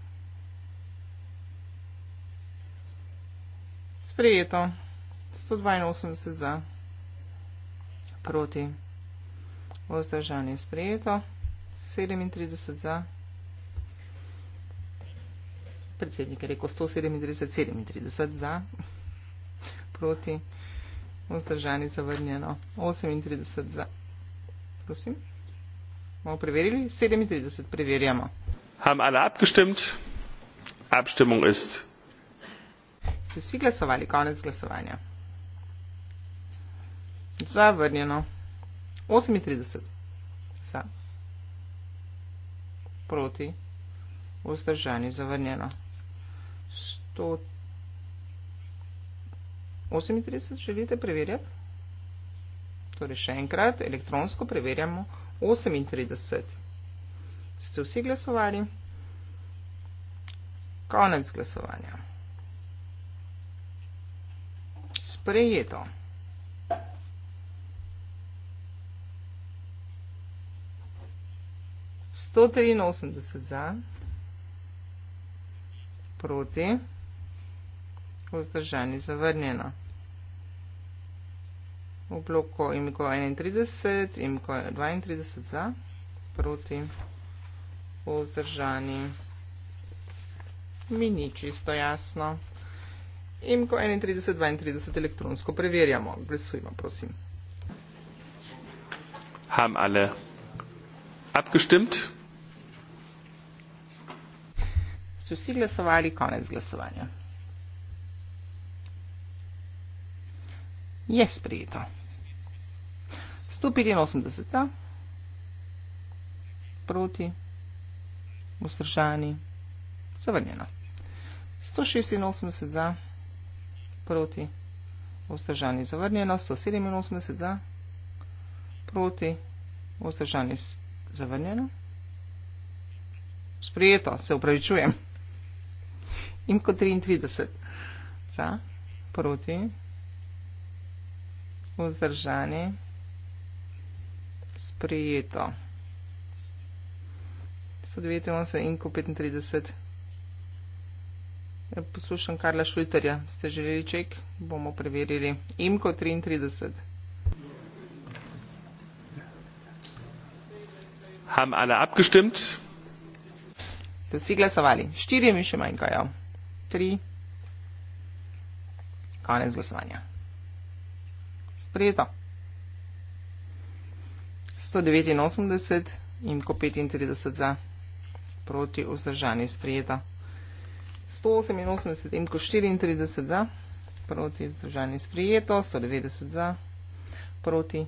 sprijeto, 182 za, proti vzdržani sprijeto, 37 za, proti predsednik je rekel 137-37 za, proti, vzdržani zavrnjeno, 38 za. Prosim, bomo preverili? 37 preverjamo. Haben alle abgestimmt? Abstimmung ist. Ste vsi glasovali, konec glasovanja. Zavrnjeno. 38. Za. Proti. Vzdržani. Zavrnjeno. 38 želite preverjati? Torej, še enkrat, elektronsko preverjamo 38. Ste vsi glasovali? Konec glasovanja. Sprejeto. Sto trinosemdeset za, proti vzdržani zavrnjeno. V bloku imko 31, imko 32 za, proti vzdržani mi ni čisto jasno. Imko 31, 32 elektronsko preverjamo. Glesujmo, prosim. Ham alle abgestimmt? Ste vsi glasovali, konec glasovanja. je sprejeto. 185 za, proti, vzdržani, zavrnjeno. 186 za, proti, vzdržani, zavrnjeno. 187 za, proti, vzdržani, zavrnjeno. Sprejeto, se upravičujem. In kot 33 za, proti, vzdržani, zavrnjeno vzdržani, sprijeto. Sodvetimo se Inko 35. Ja, poslušam Karla Šulterja. Ste želeli ček? Bomo preverili. Imko 33. Ham alle abgestimmt? Ste vsi glasovali. Štiri mi še manjkajo. Tri. Konec glasovanja sprejeta. 189 in ko 35 za proti vzdržanje sprejeta. 188 in ko 34 za proti vzdržanje sprejeto. 190 za proti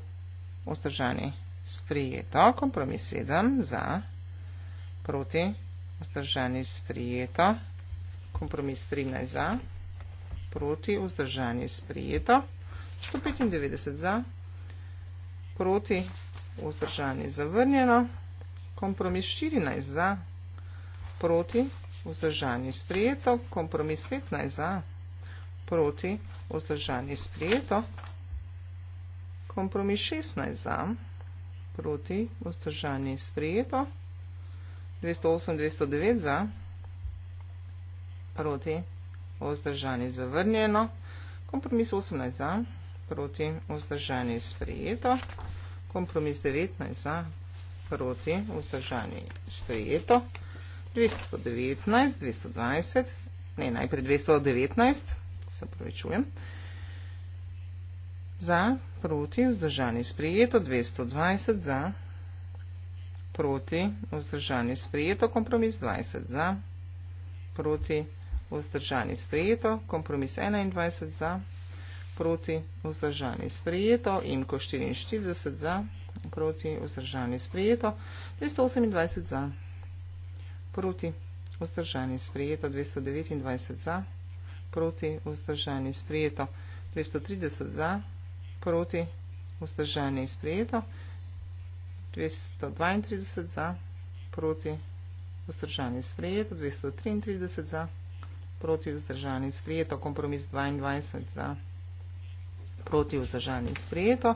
vzdržanje sprejeto. Kompromis 7 za proti vzdržanje sprejeto. Kompromis 13 za proti vzdržanje sprejeto. 195 za, proti, vzdržani, zavrnjeno, kompromis 14 za, proti, vzdržani, sprijeto, kompromis 15 za, proti, vzdržani, sprijeto, kompromis 16 za, proti, vzdržani, sprijeto, 208-209 za, proti, vzdržani, zavrnjeno, kompromis 18 za, proti, proti, vzdržani sprejeto, kompromis 19 za, proti, vzdržani sprejeto, 219, 220, ne, najprej 219, se pravičujem, za, proti, vzdržani sprejeto, 220 za, proti, vzdržani sprejeto, kompromis 20 za, proti, vzdržani sprejeto, kompromis 21 za, proti, proti vzdržani sprejeto, imko 44 za, proti vzdržani sprejeto, 228 za, proti vzdržani sprejeto, 229 za, proti vzdržani sprejeto, 230 za, proti vzdržani sprejeto, 232 za, proti vzdržani sprejeto, 233 za, proti vzdržani sprejeto, kompromis 22 za, proti vzdržani sprejeto, proti vzdržanim sprejeto,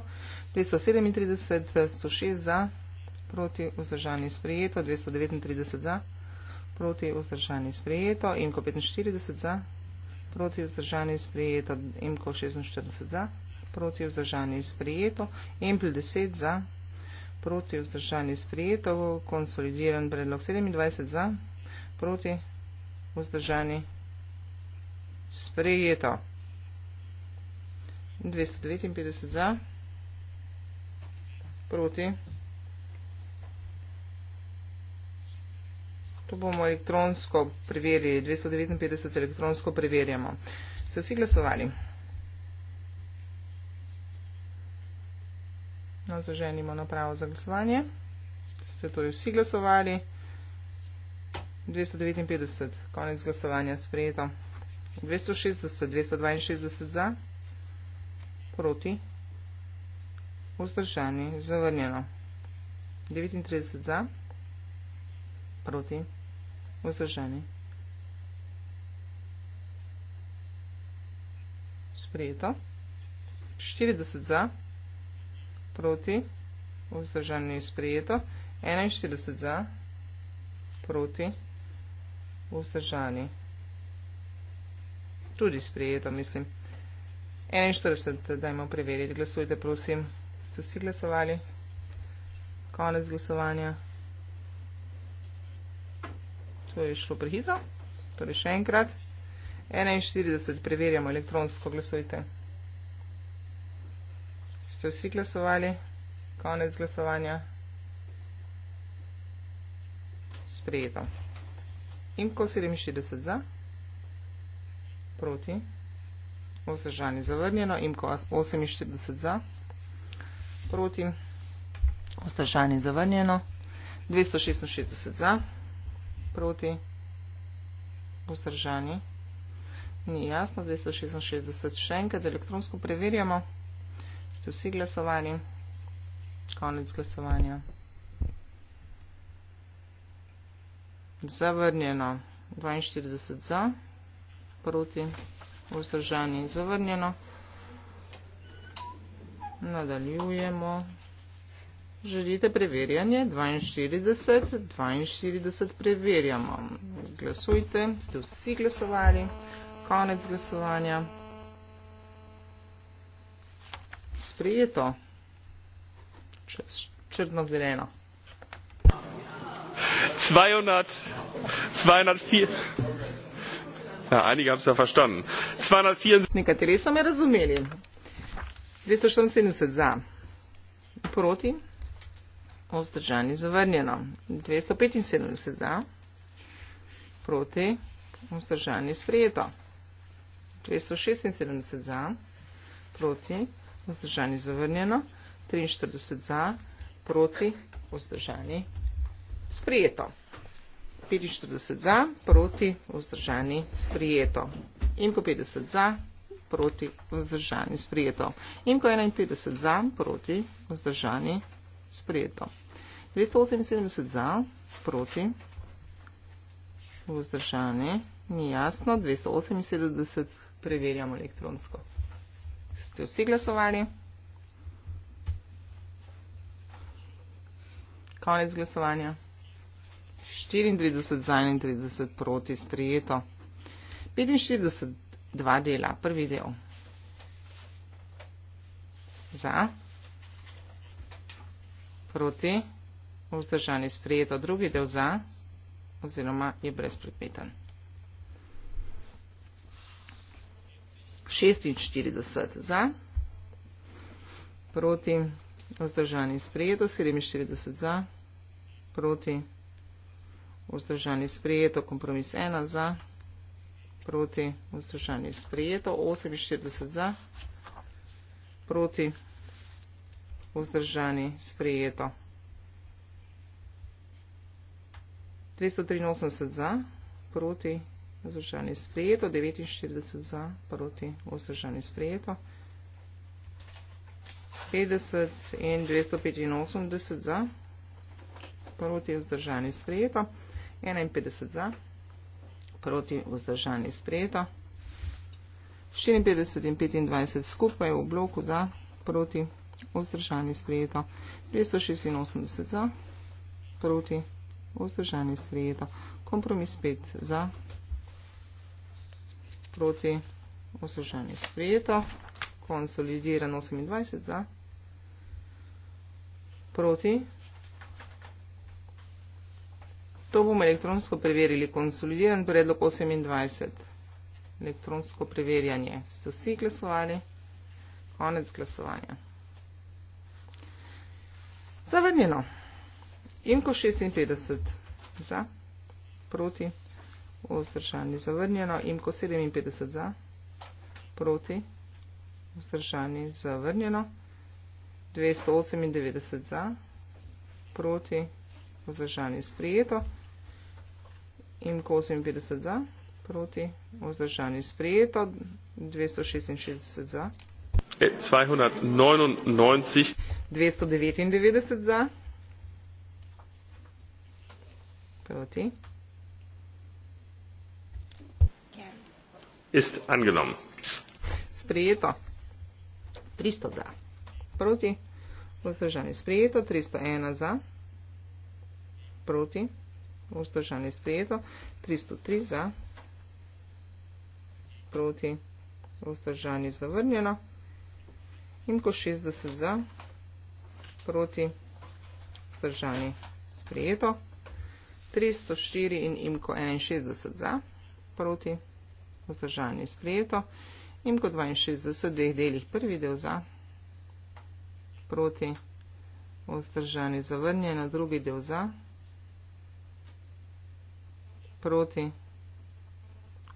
237, 106 za, proti vzdržanim sprejeto, 239 za, proti vzdržanim sprejeto, imko 45 za, proti vzdržanim sprejeto, imko 46 za, proti vzdržanim sprejeto, impl 10 za, proti vzdržanim sprejeto, konsolidiran predlog 27 za, proti vzdržanim sprejeto. 259 za, proti. To bomo elektronsko preverili, 259 elektronsko preverjamo. Se vsi glasovali? No, zaženimo napravo za glasovanje. Ste torej vsi glasovali? 259, konec glasovanja, sprejeto. 260, 262 za proti, vzdržani, zavrnjeno. 39 za, proti, vzdržani. Sprejeto. 40 za, proti, vzdržani, sprejeto. 41 za, proti, vzdržani. Tudi sprejeto, mislim. 41, dajmo preveriti. Glasujte, prosim. Ste vsi glasovali? Konec glasovanja. To je šlo prehitro. Torej še enkrat. 41, preverjamo elektronsko, glasujte. Ste vsi glasovali? Konec glasovanja. Sprejeto. In ko 47 za? Proti? vzdržanje zavrnjeno, imko 48 za, proti, vzdržanje zavrnjeno, 266 za, proti, vzdržanje, ni jasno, 266 še enkrat, elektronsko preverjamo, ste vsi glasovali, konec glasovanja, zavrnjeno, 42 za, proti, vzdržanje, vzdržani in zavrnjeno. Nadaljujemo. Želite preverjanje? 42, 42 preverjamo. Glasujte, ste vsi glasovali. Konec glasovanja. Sprejeto. Črno-zeleno. 200, 204. Ja, einige haben es ja verstanden. 274 Proti, vzdržani, zavrnjeno. 275 za, proti, vzdržani, sprejeto. 276 za, proti, vzdržani, zavrnjeno. 43 za, proti, vzdržani, sprejeto petinštirideset za proti vzdržani sprijeto in ko petdeset za proti vzdržani sprijeto in ko enainpetdeset za proti vzdržani sprijeto dvesto oseminsedemdeset za proti vzdržani ni jasno dvesto oseminsedemdeset preverjamo elektronsko ste vsi glasovali Konec glasovanja. 34 za in 30 proti sprijeto. 45 dva dela, prvi del. Za, proti, vzdržani sprijeto, drugi del za, oziroma je brezpredmeten. 46 za, proti, vzdržani sprijeto, 47 za, proti, vzdržani sprijeto vzdržani sprejeto, kompromis 1 za, proti vzdržani sprejeto, 48 za, proti vzdržani sprejeto, 283 za, proti vzdržani sprejeto, 49 za, proti vzdržani sprejeto, 50 in 285 za, proti vzdržani sprejeto, 51 za, proti vzdržani sprejeto, 54 in 25 skupaj v bloku za, proti vzdržani sprejeto, 286 za, proti vzdržani sprejeto, kompromis 5 za, proti vzdržani sprejeto, konsolidiran 28 za, proti vzdržani sprejeto, To bomo elektronsko preverili. Konsolidiran predlog 28. Elektronsko preverjanje. Ste vsi glasovali? Konec glasovanja. Zavrnjeno. Imko 56. Za. Proti. Vzdržani. Zavrnjeno. Imko 57. Za. Proti. Vzdržani. Zavrnjeno. 298. Za. Proti. Vzdržani. Sprijeto. Zavrnjeno. IMKO 58 za, proti, vzdržani sprejeto, 266 za. 299. 299 za, proti. Ist angenommen. Sprejeto. 300 za. Proti. Vzdržani sprejeto. 301 za. Proti vzdržani zgledo, 303 za, proti, vzdržani zavrnjeno, in ko 60 za, proti, vzdržani zgledo, 304 in imko 61 za, proti, vzdržani zgledo, imko 62 v dveh delih prvi del za, proti, vzdržani zavrnjeno, drugi del za, proti, proti,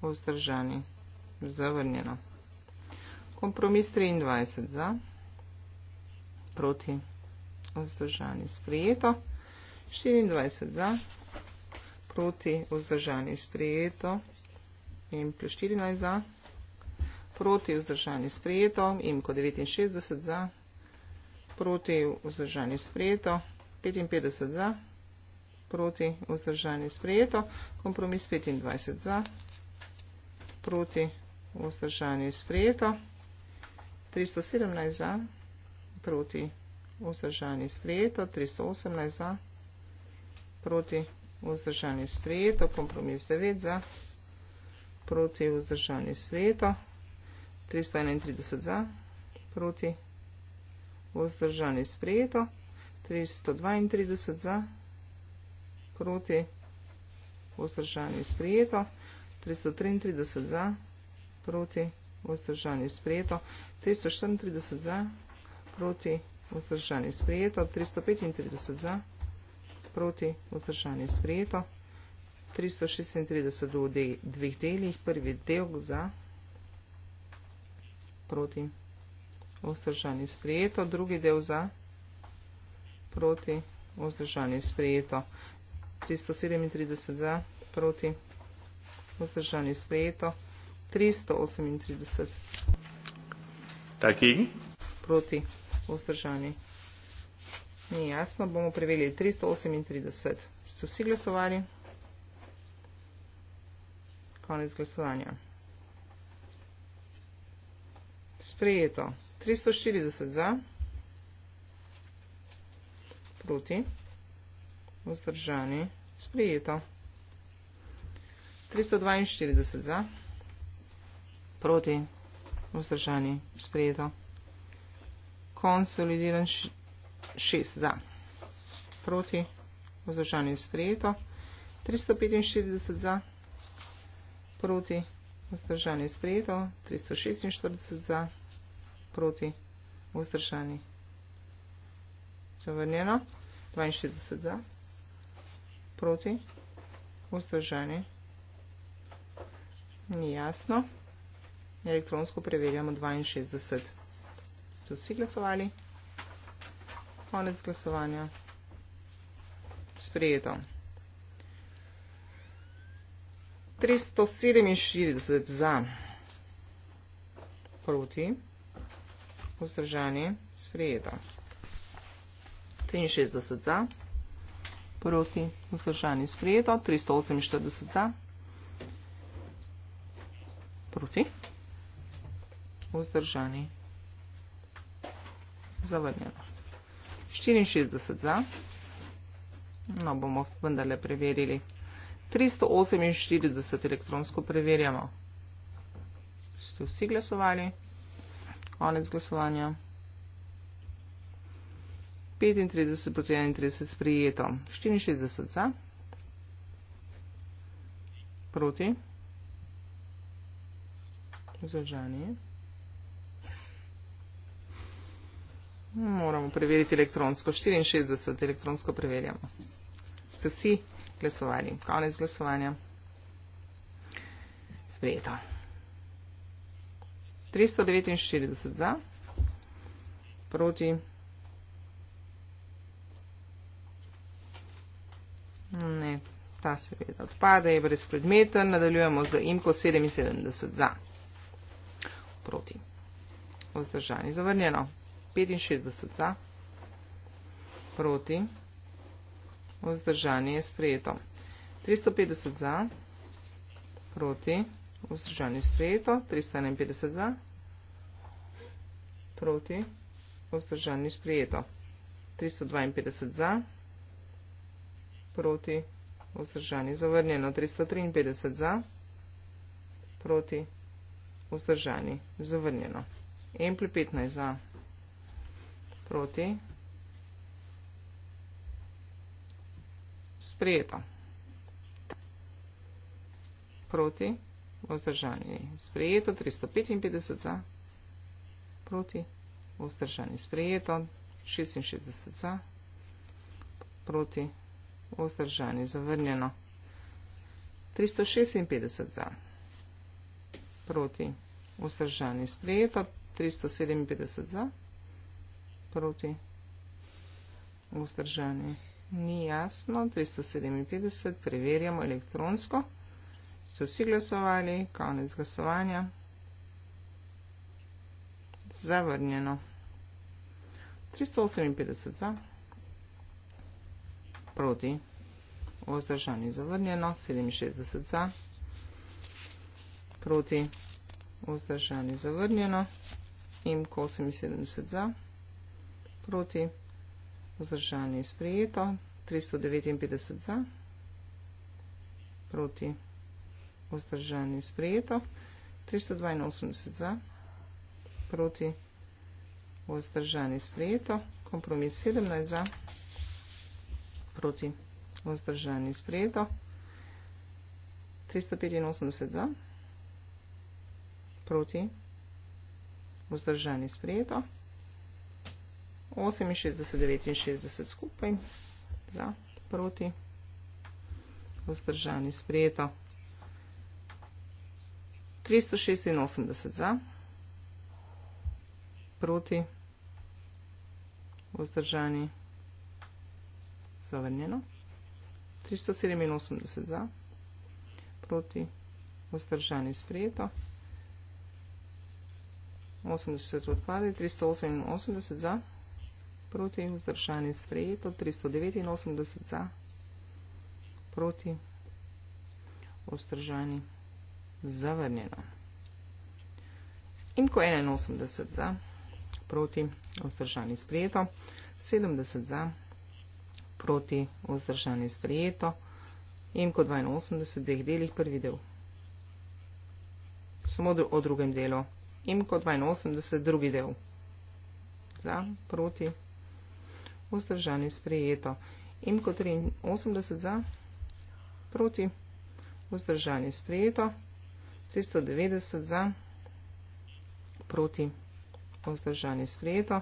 vzdržani, zavrnjeno. Kompromis 23 za, proti, vzdržani, sprijeto. 24 za, proti, vzdržani, sprijeto. In plus 14 za, proti, vzdržani, sprijeto. In ko 69 za, proti, vzdržani, sprijeto. 55 za, proti, vzdržani, sprijeto proti, vzdržani sprejeto, kompromis 25 za, proti, vzdržani sprejeto, 317 za, proti, vzdržani sprejeto, 318 za, proti, vzdržani sprejeto, kompromis 9 za, proti, vzdržani sprejeto, 331 za, proti, vzdržani sprejeto, 332 za, proti, vzdržani sprejeto, 332 za, proti, vzdržanje sprejeto, 333 za, proti, vzdržanje sprejeto, 334 za, proti, vzdržanje sprejeto, 335 za, proti, vzdržanje sprejeto, 336 v de dveh delih, prvi del za, proti, vzdržanje sprejeto, drugi del za, proti, vzdržanje sprejeto, 337 za, proti, vzdržanje sprejeto, 338. Taki? Proti, vzdržanje. Ni jasno, bomo preveli 338. Ste vsi glasovali? Konec glasovanja. Sprejeto. 340 za. Proti vzdržani, sprijeto. 342 za, proti, vzdržani, sprijeto. Konsolidiran 6 za, proti, vzdržani, sprijeto. 345 za, proti, vzdržani, sprijeto. 346 za, proti, vzdržani, zavrnjeno. 62 za, proti, vzdržani, sprijeto proti, vzdržani, ni jasno, elektronsko preverjamo 62, ste vsi glasovali, konec glasovanja, sprejeto. 347 za, proti, vzdržani, sprejeto. 63 za, proti, vzdržani sprejeto, 348 za, proti, vzdržani, zavrnjeno, 64 za, no bomo vendarle preverili, 348 elektronsko preverjamo, ste vsi glasovali, konec glasovanja, 348. 35 proti 31 sprijeto. 64 za. Proti. Zdržani. Moramo preveriti elektronsko. 64 elektronsko preverjamo. Ste vsi glasovali. Konec glasovanja. Sprijeto. 349 za. Proti. Ne, ta seveda odpade, je brezpredmeten. Nadaljujemo z imko 77 za. Proti. Vzdržani zavrnjeno. 65 za. Proti. Vzdržani je sprejeto. 350 za. Proti. Vzdržani je sprejeto. 351 za. Proti. Vzdržani je sprejeto. 352 za. Proti proti, vzdržani, zavrnjeno, 353 za, proti, vzdržani, zavrnjeno. Ampli 15 za, proti, sprejeto, proti, vzdržani, sprejeto, 355 za, proti, vzdržani, sprejeto, 66 za, proti, vzdržani vzdržani, zavrnjeno. 356 za, proti, vzdržani, sprejeto, 357 za, proti, vzdržani, ni jasno, 357, preverjamo elektronsko, so vsi glasovali, konec glasovanja, zavrnjeno, 358 za, 358 za, proti, vzdržani zavrnjeno, 67 za, proti, vzdržani zavrnjeno, in 78 za, proti, vzdržani sprejeto, 359 za, proti, vzdržani sprejeto, 382 za, proti, vzdržani sprejeto, kompromis 17 za, proti, proti vzdržanje sprejeto. 385 za, proti vzdržanje sprejeto. 68, 69 skupaj za, proti vzdržanje sprejeto. 386 za, proti vzdržanje sprejeto zavrnjeno. 387 za, proti, vzdržani sprejeto, 80 odpade, 388 za, proti, vzdržani sprejeto, 389 za, proti, vzdržani zavrnjeno. In ko 81 za, proti, vzdržani sprejeto, 70 za, proti, vzdržani sprejeto, proti vzdržanju sprejeto in kot 82 dveh delih prvi del. Samo o drugem delu. In kot 82 drugi del. Za, proti vzdržanju sprejeto. In kot 83 za, proti vzdržanju sprejeto. 390 za, proti vzdržanju sprejeto.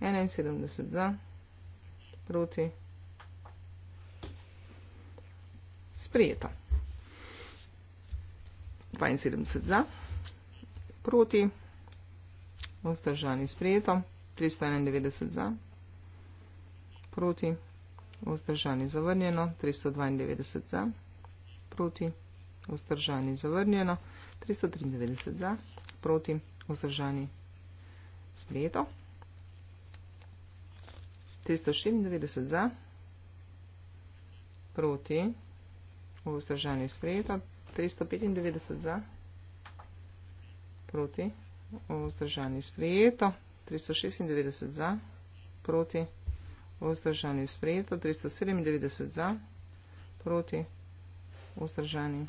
71 za, proti vzdržanju sprejeto. sprejeta. 72 za, proti, vzdržani sprejeto, 391 za, proti, vzdržani zavrnjeno, 392 za, proti, vzdržani zavrnjeno, 393 za, proti, vzdržani sprejeto, 394 za, proti, vzdržani sprejeto, vzdržanje sprejeto, 395 za, proti, vzdržanje sprejeto, 396 za, proti, vzdržanje sprejeto, 397 za, proti, vzdržanje.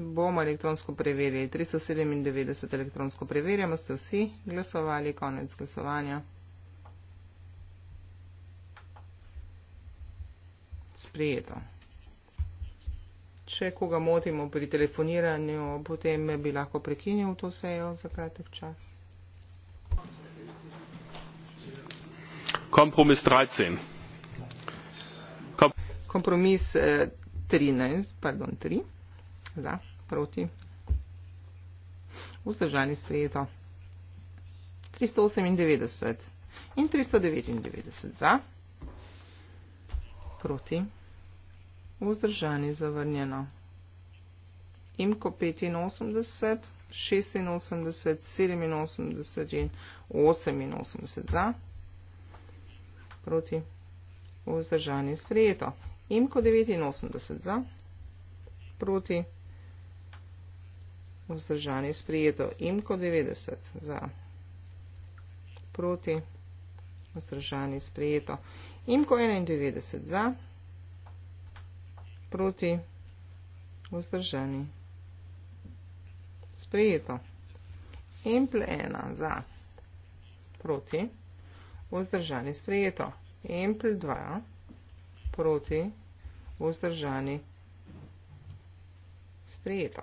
Bomo elektronsko preverili, 397 elektronsko preverjamo, ste vsi glasovali, konec glasovanja. sprejeto. Če koga motimo pri telefoniranju, potem bi lahko prekinil to sejo za kratek čas. Kompromis 13. Kompromis 13, eh, pardon, 3. Za, proti. Vzdržani sprejeto. 398 in 399 za, proti vzdržani zavrnjeno. Imko 85, 86, 87 in 88 za, proti vzdržani sprejeto. Imko 89 za, proti vzdržani sprejeto. Imko 90 za, proti vzdržani sprejeto. Imko 91 za, proti vzdržani sprejeto proti, vzdržani. Sprejeto. En ple ena za, proti, vzdržani, sprejeto. En ple dva, proti, vzdržani, sprejeto.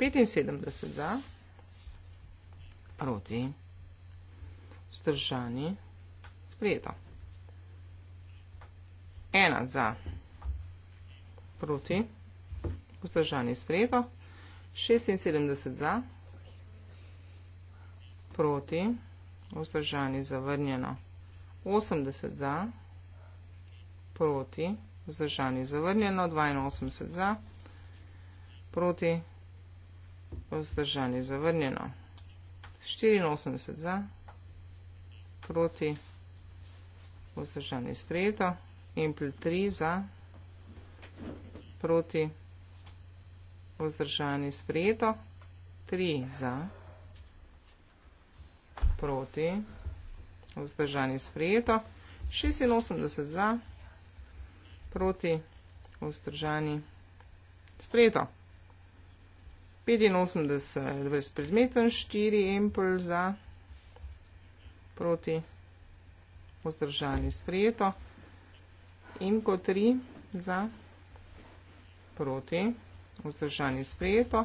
75 za, proti, vzdržani, sprejeto. Ena za, sprejeto proti, vzdržani sprejeto, 76 za, proti, vzdržani zavrnjeno, 80 za, proti, vzdržani zavrnjeno, 82 za, proti, vzdržani zavrnjeno, 84 za, proti, vzdržani sprejeto, impl 3 za, proti, vzdržani sprejeto, 3 za, proti, vzdržani sprejeto, 86 za, proti, vzdržani sprejeto. 85 brezpredmeten, 4 empl za, proti, vzdržani sprejeto, inko 3 za, proti, proti, vzdržanje sprejeto,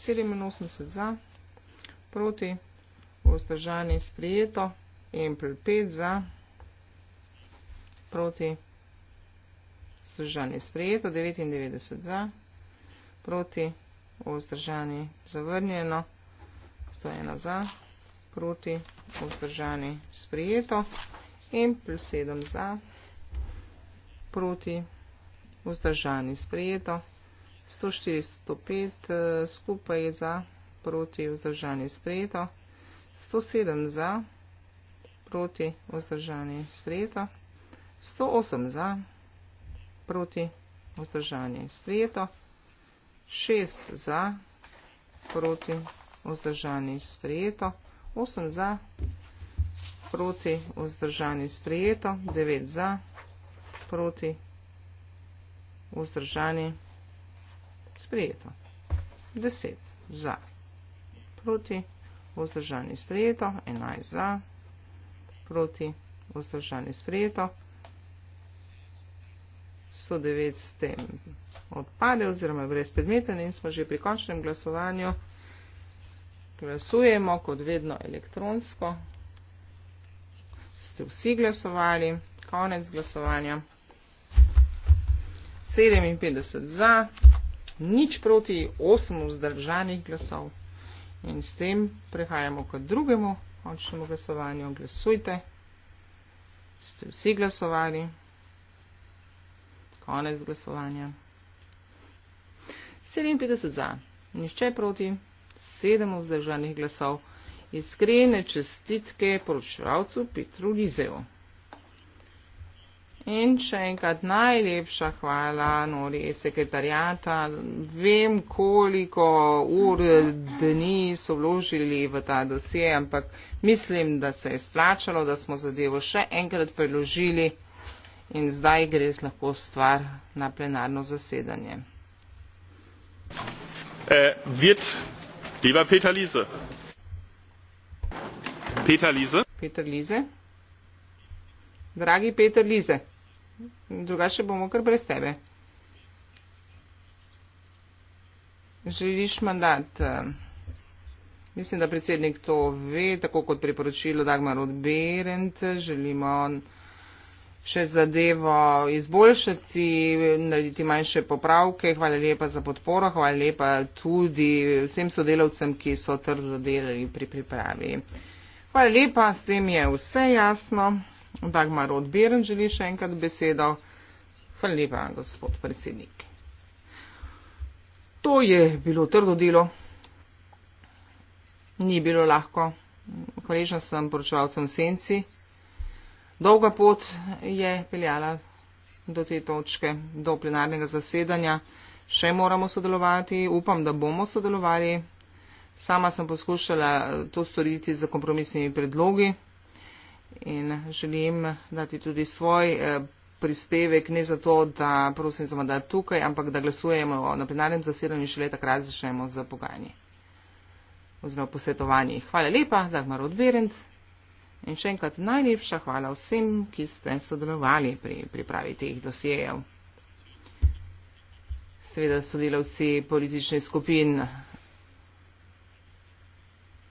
87 za, proti, vzdržanje sprejeto, empl 5 za, proti, vzdržanje sprejeto, 99 za, proti, vzdržanje zavrnjeno, 101 za, proti, vzdržanje sprejeto, empl 7 za, proti, vzdržanje sprejeto, 105 eh, skupaj za, proti vzdržani sprejeto, 107 za, proti vzdržani sprejeto, 108 za, proti vzdržani sprejeto, 6 za, proti vzdržani sprejeto, 8 za, proti vzdržani sprejeto, 9 za, proti vzdržani sprejeto sprejeto. 10 za, proti, vzdržani sprejeto, 11 za, proti, vzdržani sprejeto, 109 s tem odpade oziroma brezpredmeten in smo že pri končnem glasovanju. Glasujemo kot vedno elektronsko. Ste vsi glasovali, konec glasovanja. 57 za nič proti 8 vzdržanih glasov. In s tem prehajamo k drugemu končnemu glasovanju. Glasujte. Ste vsi glasovali. Konec glasovanja. 57 za, nišče proti, 7 vzdržanih glasov. Iskrene čestitke poročevalcu Petru Lizeju. In še enkrat najlepša hvala, Nori, sekretarjata. Vem, koliko ur dni so vložili v ta dosje, ampak mislim, da se je splačalo, da smo zadevo še enkrat preložili in zdaj gre z lahko stvar na plenarno zasedanje. Uh, wird, lieber Peter Liese. Peter Liese. Peter Liese. Dragi Peter Liese drugače bomo kar brez tebe. Želiš mandat? Mislim, da predsednik to ve, tako kot priporočilo Dagmar od Berend. Želimo še zadevo izboljšati, narediti manjše popravke. Hvala lepa za podporo, hvala lepa tudi vsem sodelavcem, ki so trdo delali pri pripravi. Hvala lepa, s tem je vse jasno. Dagmar Odberen želi še enkrat besedo. Hvala lepa, gospod predsednik. To je bilo trdo delo. Ni bilo lahko. Hvaležna sem poročevalcem Senci. Dolga pot je peljala do te točke, do plenarnega zasedanja. Še moramo sodelovati, upam, da bomo sodelovali. Sama sem poskušala to storiti z kompromisnimi predlogi in želim dati tudi svoj eh, prispevek, ne zato, da prosim za mandat tukaj, ampak da glasujemo na plenarnem zasedanju in šele takrat začnemo za pogajanje oziroma posvetovanje. Hvala lepa, Dagmar Odberend. In še enkrat najlepša hvala vsem, ki ste sodelovali pri pripravi teh dosijejev. Seveda sodelavci političnih skupin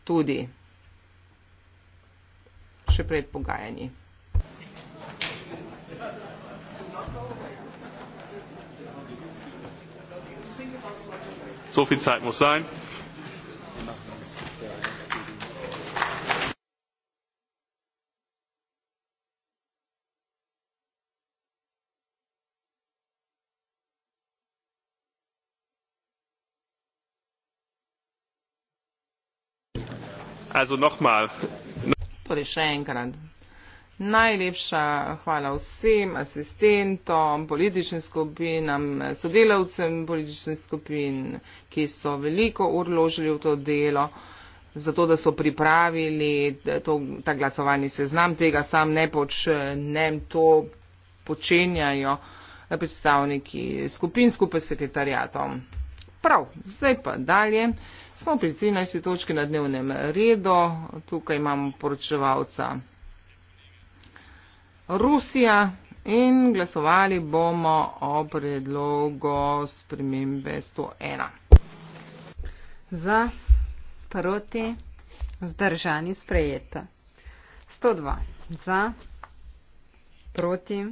tudi še pred pogajanji. Also nochmal, Torej, še enkrat. Najlepša hvala vsem asistentom, političnim skupinam, sodelavcem političnih skupin, ki so veliko ur ložili v to delo, zato da so pripravili to, ta glasovalni seznam. Tega sam ne počnem, to počenjajo predstavniki skupin skupaj s sekretarjatom. Prav, zdaj pa dalje. Smo pri 13. točki na dnevnem redu. Tukaj imamo poročevalca Rusija in glasovali bomo o predlogu spremembe 101. Za proti vzdržani sprejeta. 102 za proti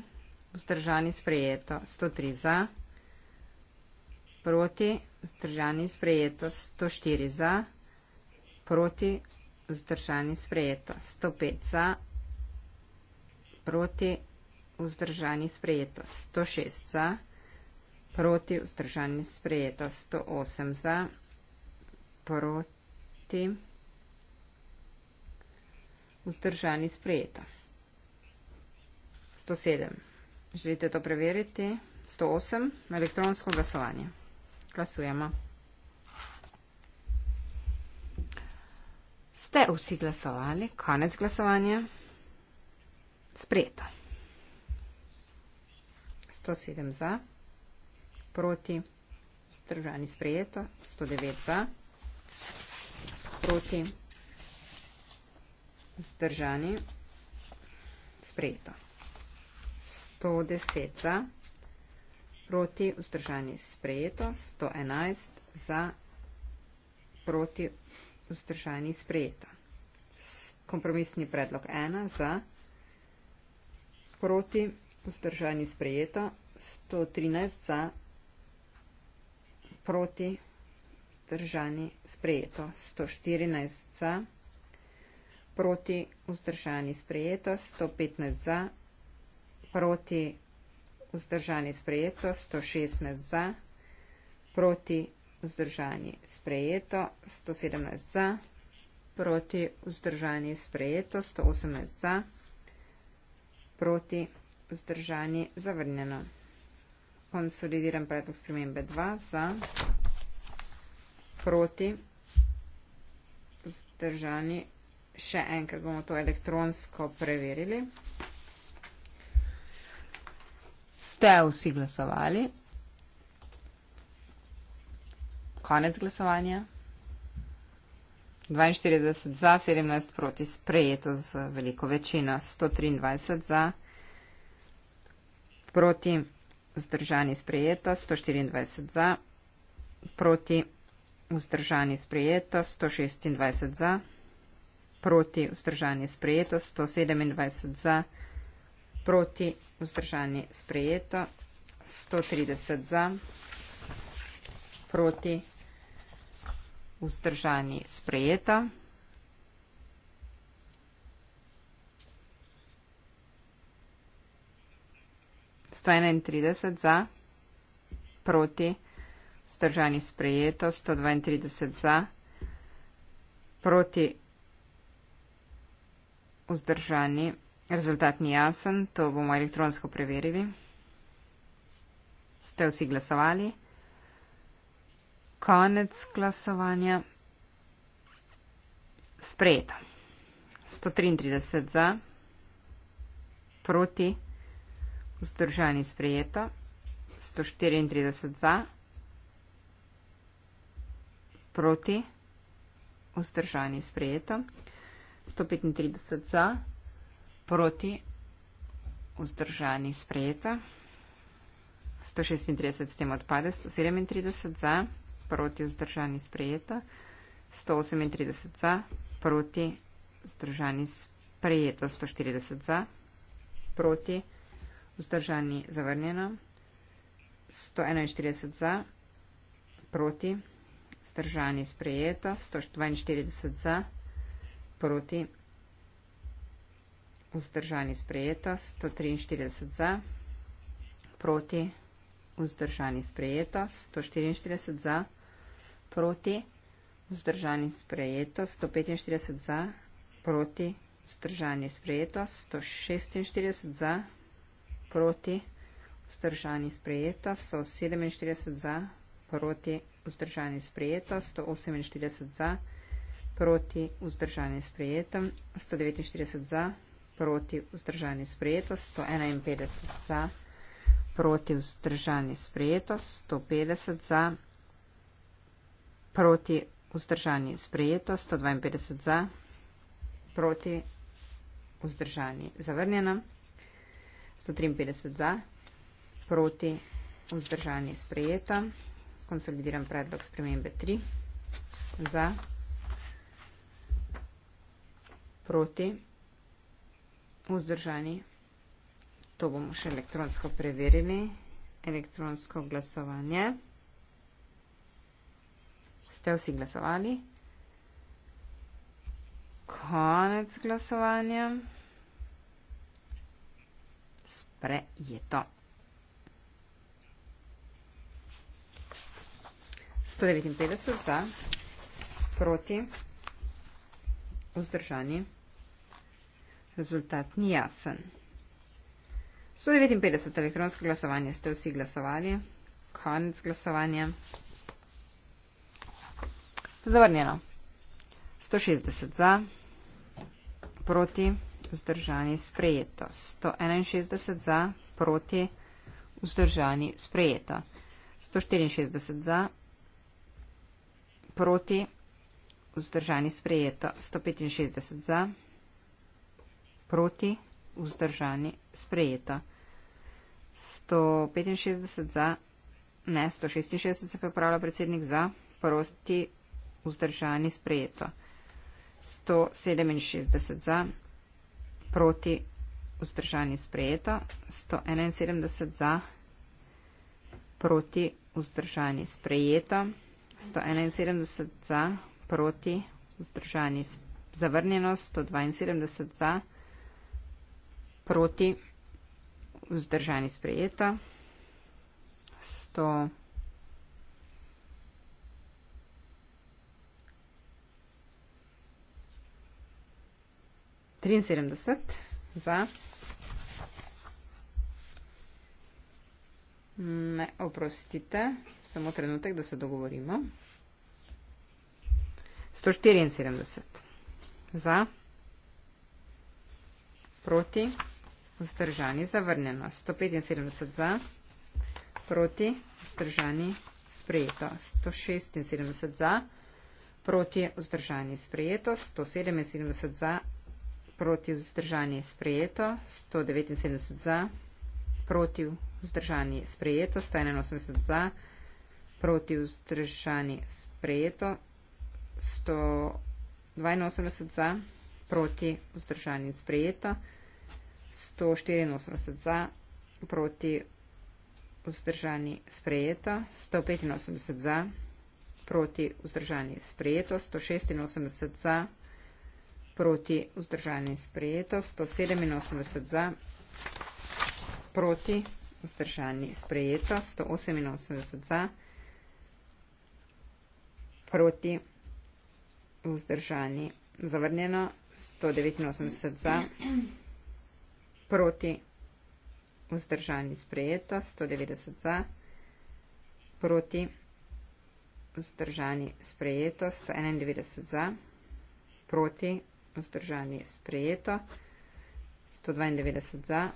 vzdržani sprejeta. 103 za proti vzdržani sprejeto 104 za, proti vzdržani sprejeto 105 za, proti vzdržani sprejeto 106 za, proti vzdržani sprejeto 108 za, proti vzdržani sprejeto 107. Želite to preveriti? 108. Elektronsko glasovanje. Glasujemo. Ste vsi glasovali? Konec glasovanja. Sprejeto. 107 za, proti, zdržani sprejeto, 109 za, proti, zdržani sprejeto, 110 za, proti, zdržani sprejeto proti vzdržani sprejeto, 111 za proti vzdržani sprejeto. Kompromisni predlog 1 za proti vzdržani sprejeto, 113 za proti vzdržani sprejeto, 114 za proti vzdržani sprejeto, 115 za proti vzdržani sprejeto vzdržani sprejeto, 116 za, proti vzdržani sprejeto, 117 za, proti vzdržani sprejeto, 118 za, proti vzdržani zavrnjeno. Konsolidiran predlog spremembe 2 za, proti vzdržani še enkrat bomo to elektronsko preverili. Ste vsi glasovali? Konec glasovanja. 42 za, 17 proti, sprejeto z veliko večino, 123 za, proti, vzdržani sprejeto, 124 za, proti, vzdržani sprejeto, 126 za, proti, vzdržani sprejeto, 127 za proti vzdržani sprejeto, 130 za, proti vzdržani sprejeta. Sto enaintrideset za, proti, vzdržani sprejeto, sto dvaintrideset za, proti, vzdržani sprejeto. Rezultat ni jasen, to bomo elektronsko preverili. Ste vsi glasovali? Konec glasovanja. Sprejeto. 133 za, proti, vzdržani sprejeto. 134 za, proti, vzdržani sprejeto. 135 za proti, vzdržani, sprejeta. 136 s tem odpade, 137 za, proti, vzdržani, sprejeta. 138 za, proti, vzdržani, sprejeta. 140 za, proti, vzdržani, zavrnjena. 141 za, proti, vzdržani, sprejeta. 142 za, proti, vzdržani, sprejeta vzdržani sprejeta, 143 za, proti vzdržani sprejeta, 144 za, proti vzdržani sprejeta, 145 za, proti vzdržani sprejeta, 146 za, proti vzdržani sprejeta, 147 za, proti vzdržani sprejeta, 148 za, proti vzdržani sprejeta, 149 za, proti vzdržani sprejetost, 151 za, proti vzdržani sprejetost, 150 za, proti vzdržani sprejetost, 152 za, proti vzdržani zavrnjena, 153 za, proti vzdržani sprejeta, konsolidiran predlog spremembe 3 za, proti vzdržani sprejetost vzdržani. To bomo še elektronsko preverili. Elektronsko glasovanje. Ste vsi glasovali? Konec glasovanja. Spre je to. 159 za, proti, vzdržani rezultat ni jasen. 159 elektronsko glasovanje ste vsi glasovali. Konec glasovanja. Zavrnjeno. 160 za, proti, vzdržani, sprejeto. 161 za, proti, vzdržani, sprejeto. 164 za, proti, vzdržani, sprejeto. 165 za proti, vzdržani, sprejeto. 165 za, ne, 166 se je pripravljal predsednik za, proti, vzdržani, sprejeto. 167 za, proti, vzdržani, sprejeto. 171 za, proti, vzdržani, sprejeto. 171 za, proti, vzdržani, zavrnjeno. 172 za, proti, vzdržani sprejeta, 173 za. Ne, oprostite, samo trenutek, da se dogovorimo. 174 za, proti, vzdržani, zavrnjeno, 175 za, proti, vzdržani, sprejeto, 176 za, proti, vzdržani, sprejeto, 177 za, proti, vzdržani, sprejeto, 179 za, proti, vzdržani, sprejeto, 181 za, proti, vzdržani, sprejeto, 182 za, proti, vzdržani, sprejeto, 184 za, proti vzdržani sprejeto, 185 za, proti vzdržani sprejeto, 186 za, proti vzdržani sprejeto, 187 za, proti vzdržani sprejeto, 188 za, proti vzdržani zavrnjeno, 189 za proti vzdržani sprejeto, 190 za, proti vzdržani sprejeto, 191 za, proti vzdržani sprejeto, 192 za,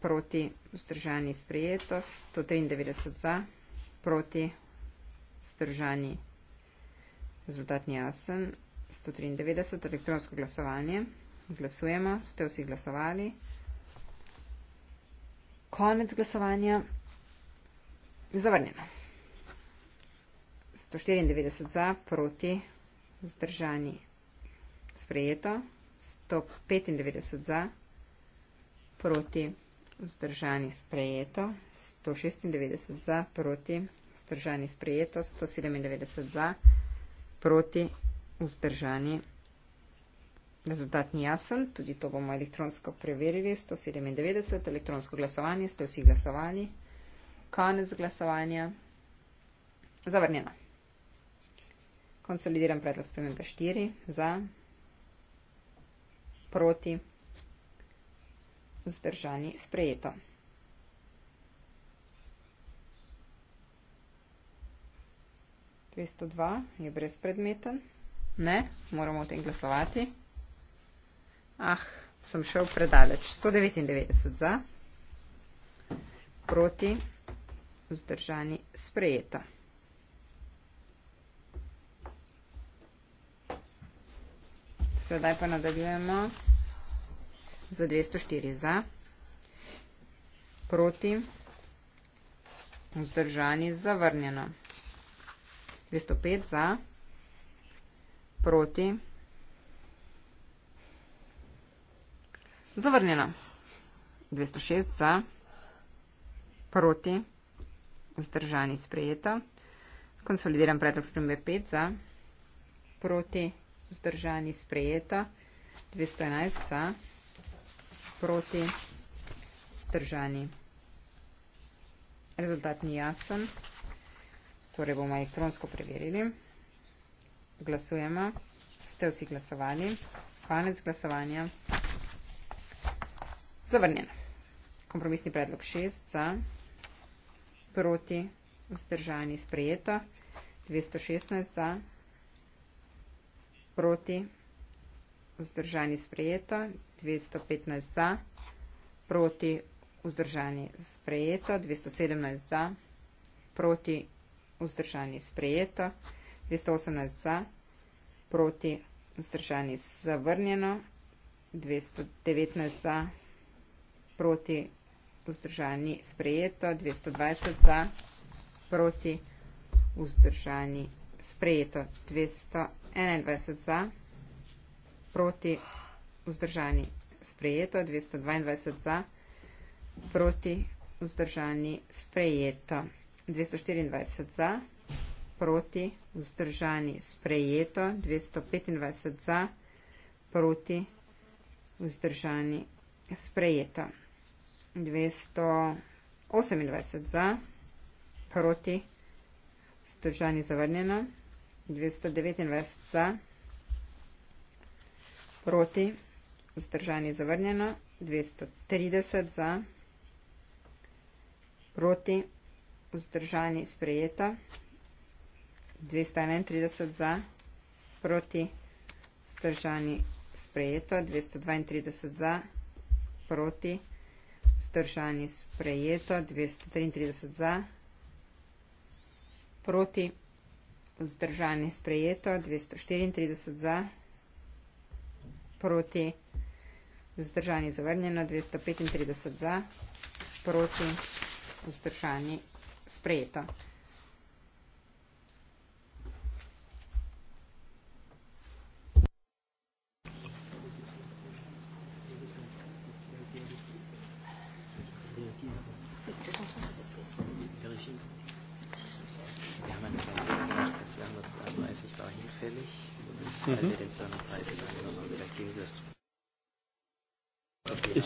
proti vzdržani sprejeto, 193 za, proti vzdržani rezultatni jasen, 193 elektronsko glasovanje. Glasujemo, ste vsi glasovali. Konec glasovanja. Zavrnjeno. 194 za, proti, vzdržani. Sprejeto. 195 za, proti, vzdržani. Sprejeto. 196 za, proti, vzdržani. Sprejeto. 197 za, proti, vzdržani. Rezultat ni jasen, tudi to bomo elektronsko preverili. 197, elektronsko glasovanje, ste vsi glasovali. Konec glasovanja. Zavrnjeno. Konsolidiran predlog spremembe 4. Za. Proti. Zdržani. Sprejeto. Dvesto dva je brezpredmeten. Ne, moramo o tem glasovati. Ah, sem šel predaleč. 199 za, proti, vzdržani, sprejeto. Sedaj pa nadaljujemo za 204 za, proti, vzdržani, zavrnjeno. 205 za, proti, vzdržani, zavrnjeno. Zavrnjena. 206 za, proti, vzdržani sprejeta. Konsolidiran predlog spremembe 5 za, proti, vzdržani sprejeta. 211 za, proti, vzdržani. Rezultat ni jasen, torej bomo elektronsko preverili. Glasujemo. Ste vsi glasovali? Konec glasovanja zavrnjen kompromisni predlog šest za proti vzdržani sprejeto 216 za proti vzdržani sprejeto 215 za proti vzdržani sprejeto 217 za proti vzdržani sprejeto 218 za proti vzdržani zavrnjeno 219 za proti vzdržani sprejeto, 220 za proti vzdržani sprejeto, 221 za proti vzdržani sprejeto, 222 za proti vzdržani sprejeto, 224 za proti vzdržani sprejeto, 225 za proti vzdržani sprejeto. 228 za, proti, stržani zavrnjeno, 229 za, proti, stržani zavrnjeno, 230 za, proti, vzdržani sprejeta, 231 za, proti, vzdržani sprejeta, 232 za, proti, vzdržani sprejeta vzdržani sprejeto, 233 za, proti vzdržani sprejeto, 234 za, proti vzdržani zavrnjeno, 235 za, proti vzdržani sprejeto.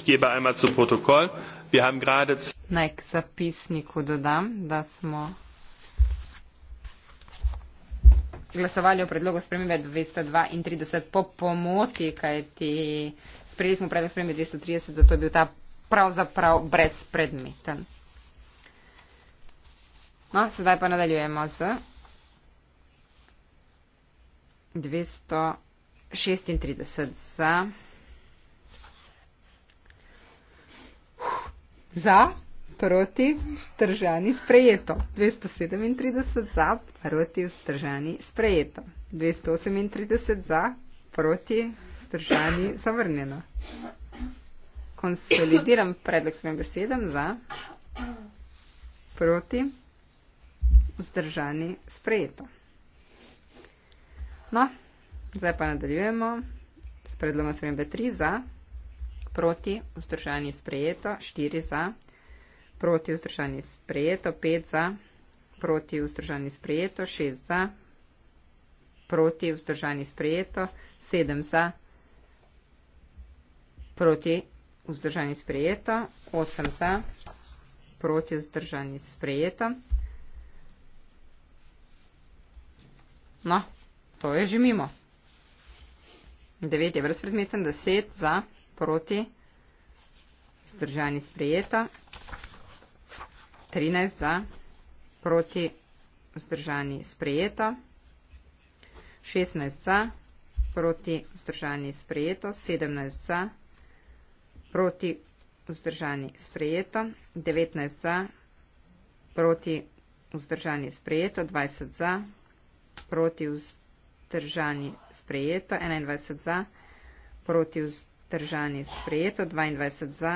gebe einmal zu Protokoll. Wir haben gerade. glasovali o predlogu spremembe 232 po pomoti, kajti sprejeli smo predlog spremembe 230, zato je bil ta pravzaprav brezpredmeten. No, sedaj pa nadaljujemo z 236 za. Za, proti, vzdržani, sprejeto. 237 za, proti, vzdržani, sprejeto. 238 za, proti, vzdržani, zavrnjeno. Konsolidiram predlog svojim besedam za, proti, vzdržani, sprejeto. No, zdaj pa nadaljujemo s predlogom svojim B3 za proti, vzdržani sprejeto, 4 za, proti, vzdržani sprejeto, 5 za, proti, vzdržani sprejeto, 6 za, proti, vzdržani sprejeto, 7 za, proti, vzdržani sprejeto, 8 za, proti, vzdržani sprejeto. No, to je že mimo. 9 je brezpredmeten, 10 za proti, zdržani sprejeta, 13 za, proti, zdržani sprejeta, 16 za, proti, zdržani sprejeta, 17 za, proti, vzdržani sprejeta, 19 za, proti, vzdržani sprejeta, 20 za, proti, vzdržani sprejeta, 21 za, proti, vzdržani sprejeta, vzdržani sprejeto, 22 za,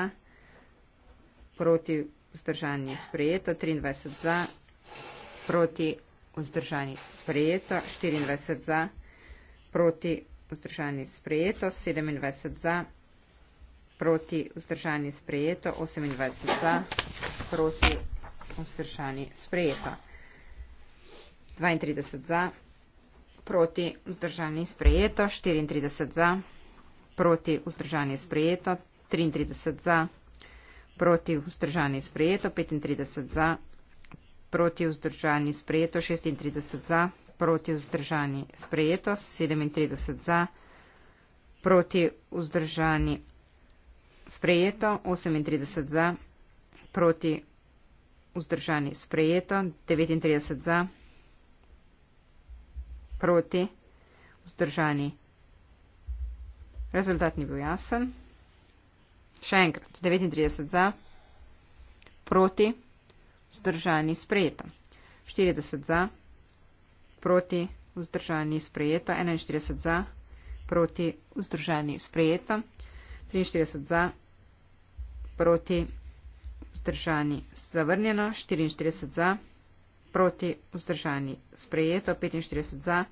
proti vzdržani sprejeto, 23 za, proti vzdržani sprejeto, 24 za, proti vzdržani sprejeto, 27 za, proti vzdržani sprejeto, 28 za, proti vzdržani sprejeto, 32 za, proti vzdržani sprejeto, 34 za, proti vzdržani sprejeto, 34 za, Proti vzdržanje sprejeto. 33 za. Proti vzdržanje sprejeto. 35 za. Proti vzdržanje sprejeto. 36 za. Proti vzdržanje sprejeto. 37 za. Proti vzdržanje sprejeto. 38 za. Proti vzdržanje sprejeto. 39 za. Proti vzdržanje sprejeto. Rezultat ni bil jasen. Še enkrat, 39 za, proti, vzdržani, sprejeto. 40 za, proti, vzdržani, sprejeto. 41 za, proti, vzdržani, sprejeto. 43 za, proti, vzdržani, zavrnjeno. 44 za, proti, vzdržani, sprejeto. 45 za,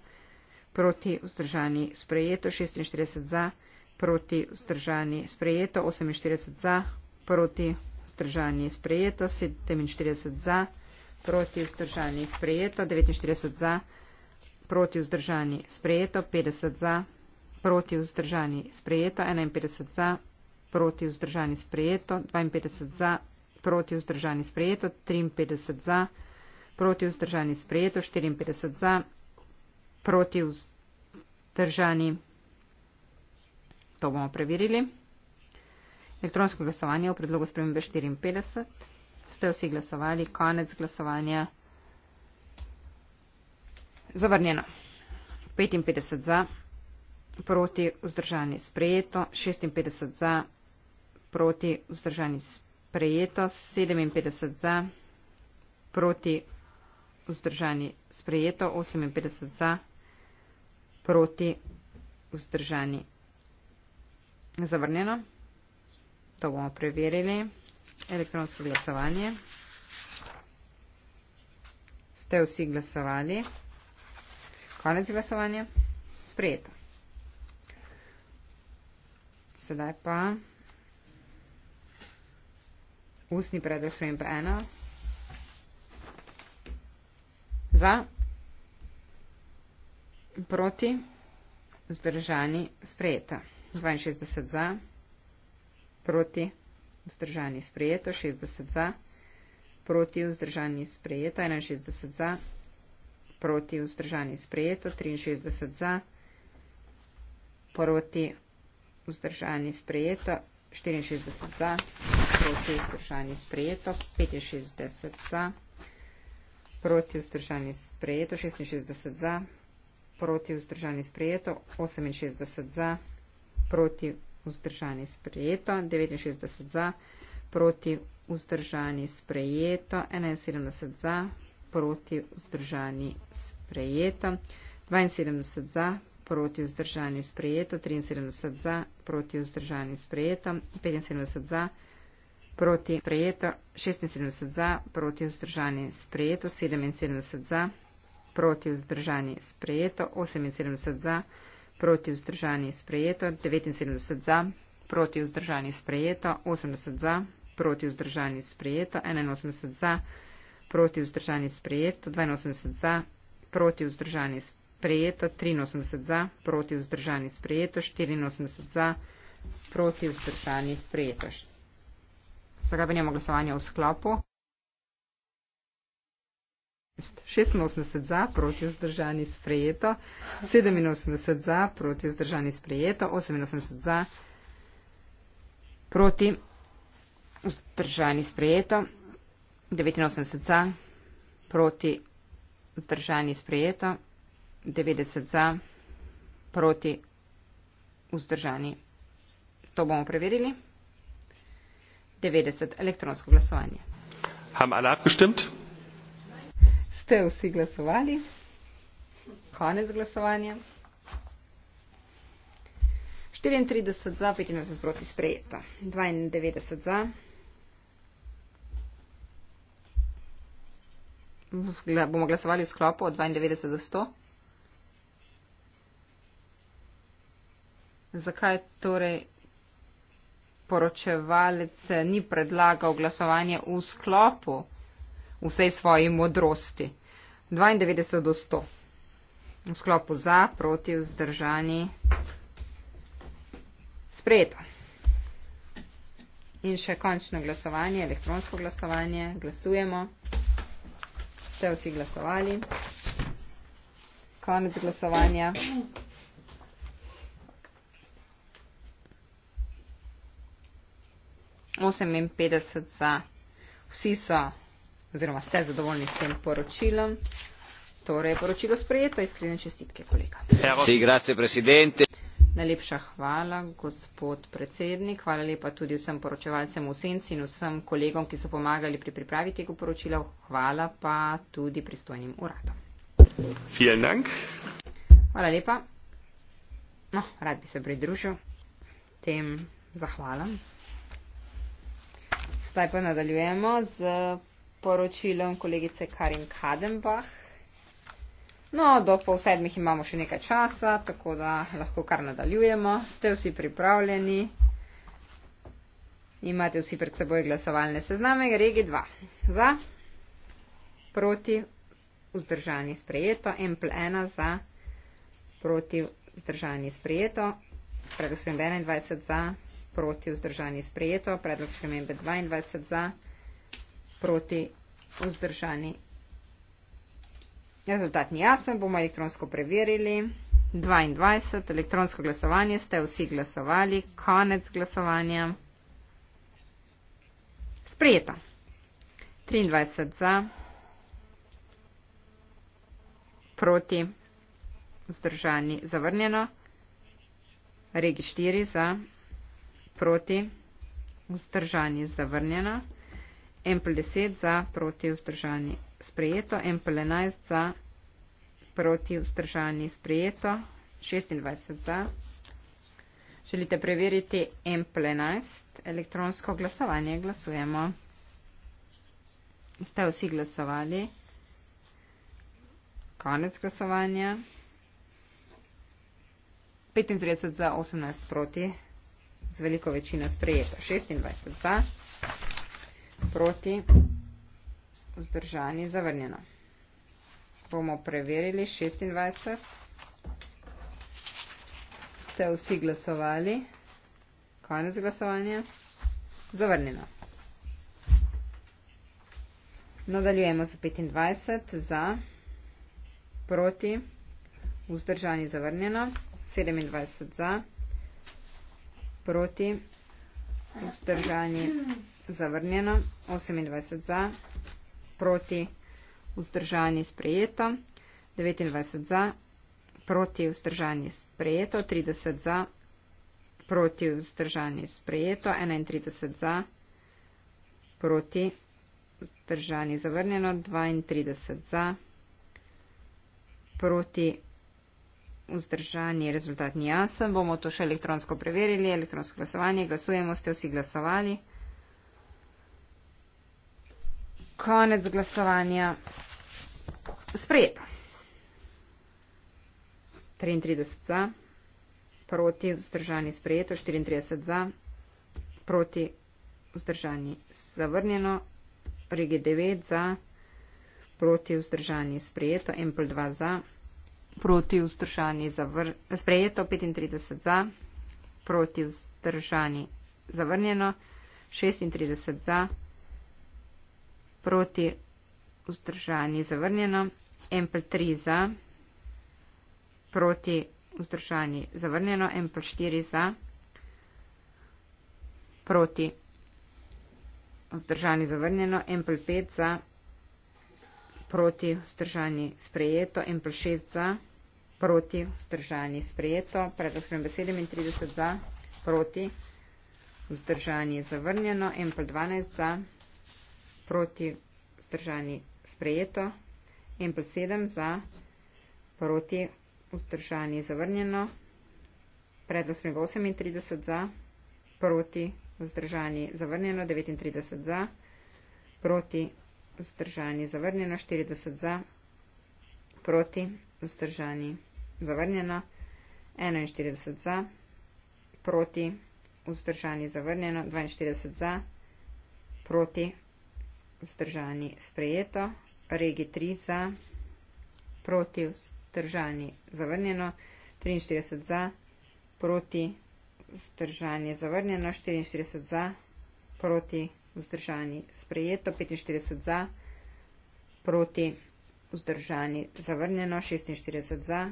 proti, vzdržani, sprejeto. 46 za, proti vzdržani sprejeto, 48 za, proti vzdržani sprejeto, 47 za, proti vzdržani sprejeto, 49 za, proti vzdržani sprejeto, 50 za, proti vzdržani sprejeto, 51 za, proti vzdržani sprejeto, 52 za, proti vzdržani sprejeto, 53 za, proti vzdržani sprejeto, 54 za, proti vzdržani sprejeto. To bomo preverili. Elektronsko glasovanje v predlogu spremembe 54. Ste vsi glasovali? Konec glasovanja. Zavrnjeno. 55 za, proti vzdržani sprejeto, 56 za, proti vzdržani sprejeto, 57 za, proti vzdržani sprejeto, 58 za, proti vzdržani sprejeto. Zavrnjeno. To bomo preverili. Elektronsko glasovanje. Ste vsi glasovali? Konec glasovanja. Sprejeto. Sedaj pa ustni predlog sprememb 1. Za. Proti. Vzdržani. Sprejeto. 62 za, proti, vzdržani sprejeto, 60 za, proti, vzdržani sprejeto, 61 za, proti, vzdržani sprejeto, 63 za, proti, vzdržani sprejeto, 64 za, proti, vzdržani sprejeto, 65 za, proti, vzdržani sprejeto, 66 za, proti, vzdržani sprejeto, 68 za, proti, proti vzdržani sprejeto, 69 za, proti vzdržani sprejeto, 71 za, proti vzdržani sprejeto, 72 za, proti vzdržani sprejeto, 73 za, proti vzdržani sprejeto, 75 za, proti sprejeto, 76 za, proti vzdržani sprejeto, 77 za, proti vzdržani sprejeto, 78 za, proti vzdržani sprejeto, 79 za, proti vzdržani sprejeto, 80 za, proti vzdržani sprejeto, 81 za, proti vzdržani sprejeto, 82 za, proti vzdržani sprejeto, 83 za, proti vzdržani sprejeto, 84 za, proti vzdržani sprejeto. Zagabenjamo glasovanje v sklopu. 86 za, proti vzdržani sprejeto, 87 za, proti vzdržani sprejeto, 88 za, proti vzdržani sprejeto, 89 za, proti vzdržani sprejeto, 90 za, proti vzdržani. To bomo preverili. 90 elektronsko glasovanje. Haben alle abgestimmt? ste vsi glasovali. Konec glasovanja. 34 za, 85 proti sprejeta. 92 za. Bomo glasovali v sklopu od 92 do 100. Zakaj torej poročevalec ni predlagal glasovanje v sklopu? vsej svoji modrosti. 92 do 100. V sklopu za, proti, vzdržani. Sprejeto. In še končno glasovanje, elektronsko glasovanje. Glasujemo. Ste vsi glasovali? Konec glasovanja. Oseminpetdeset za. Vsi so oziroma ste zadovoljni s tem poročilom. Torej, poročilo sprejeto, iskrene čestitke, kolega. Najlepša hvala, gospod predsednik. Hvala lepa tudi vsem poročevalcem v senci in vsem kolegom, ki so pomagali pri pripravi tega poročila. Hvala pa tudi pristojnim uradom. Hvala lepa. No, rad bi se pridružil tem zahvalam. Zdaj pa nadaljujemo z poročilom kolegice Karin Kadenbach. No, do pol sedmih imamo še nekaj časa, tako da lahko kar nadaljujemo. Ste vsi pripravljeni? Imate vsi pred seboj glasovalne sezname regi 2. Za, proti, vzdržani sprejeto, M plus 1 za, proti, vzdržani sprejeto, predlog spremembe 21 za, proti, vzdržani sprejeto, predlog spremembe 22 za proti vzdržani. Rezultat ni jasen, bomo elektronsko preverili. 22, elektronsko glasovanje, ste vsi glasovali, konec glasovanja. Sprijeta. 23 za, proti, vzdržani, zavrnjeno. Regi 4 za, proti, vzdržani, zavrnjeno. Empl 10 za, proti vzdržani sprejeto, Empl 11 za, proti vzdržani sprejeto, 26 za. Želite preveriti Empl 11, elektronsko glasovanje, glasujemo. Ste vsi glasovali? Konec glasovanja. 35 za, 18 proti, z veliko večino sprejeto, 26 za proti, vzdržani, zavrnjeno. Bomo preverili 26. Ste vsi glasovali? Konec glasovanja? Zavrnjeno. Nadaljujemo z 25 za, proti, vzdržani, zavrnjeno, 27 za, proti, vzdržani, zavrnjeno zavrnjeno, 28 za, proti, vzdržani sprejeto, 29 za, proti, vzdržani sprejeto, 30 za, proti, vzdržani sprejeto, 31 za, proti, vzdržani zavrnjeno, 32 za, proti, vzdržani rezultat ni jasen, bomo to še elektronsko preverili, elektronsko glasovanje, glasujemo, ste vsi glasovali konec glasovanja sprejeto. 33 za, proti vzdržani sprejeto, 34 za, proti vzdržani zavrnjeno, regi 9 za, proti vzdržani sprejeto, empl 2 za, proti vzdržani zavr, sprejeto, 35 za, proti vzdržani zavrnjeno, 36 za proti vzdržani zavrnjeno, MP3 za, proti vzdržani zavrnjeno, MP4 za, proti vzdržani zavrnjeno, MP5 za, proti vzdržani sprejeto, MP6 za, proti vzdržani sprejeto, pred osmim besedem in 30 za, proti vzdržani zavrnjeno, MP12 za, proti vzdržani zavrnjeno, proti vzdržani sprejeto, en plus sedem za proti vzdržani zavrnjeno, predlog smo 38 za, proti vzdržani zavrnjeno, 39 za, proti vzdržani zavrnjeno, 40 za, proti vzdržani zavrnjeno, 41 za, proti vzdržani zavrnjeno, 42 za, proti vzdržani sprejeto, regi 3 za, proti vzdržani zavrnjeno, 43 za, proti vzdržani zavrnjeno, 44 za, proti vzdržani sprejeto, 45 za, proti vzdržani zavrnjeno, 46 za,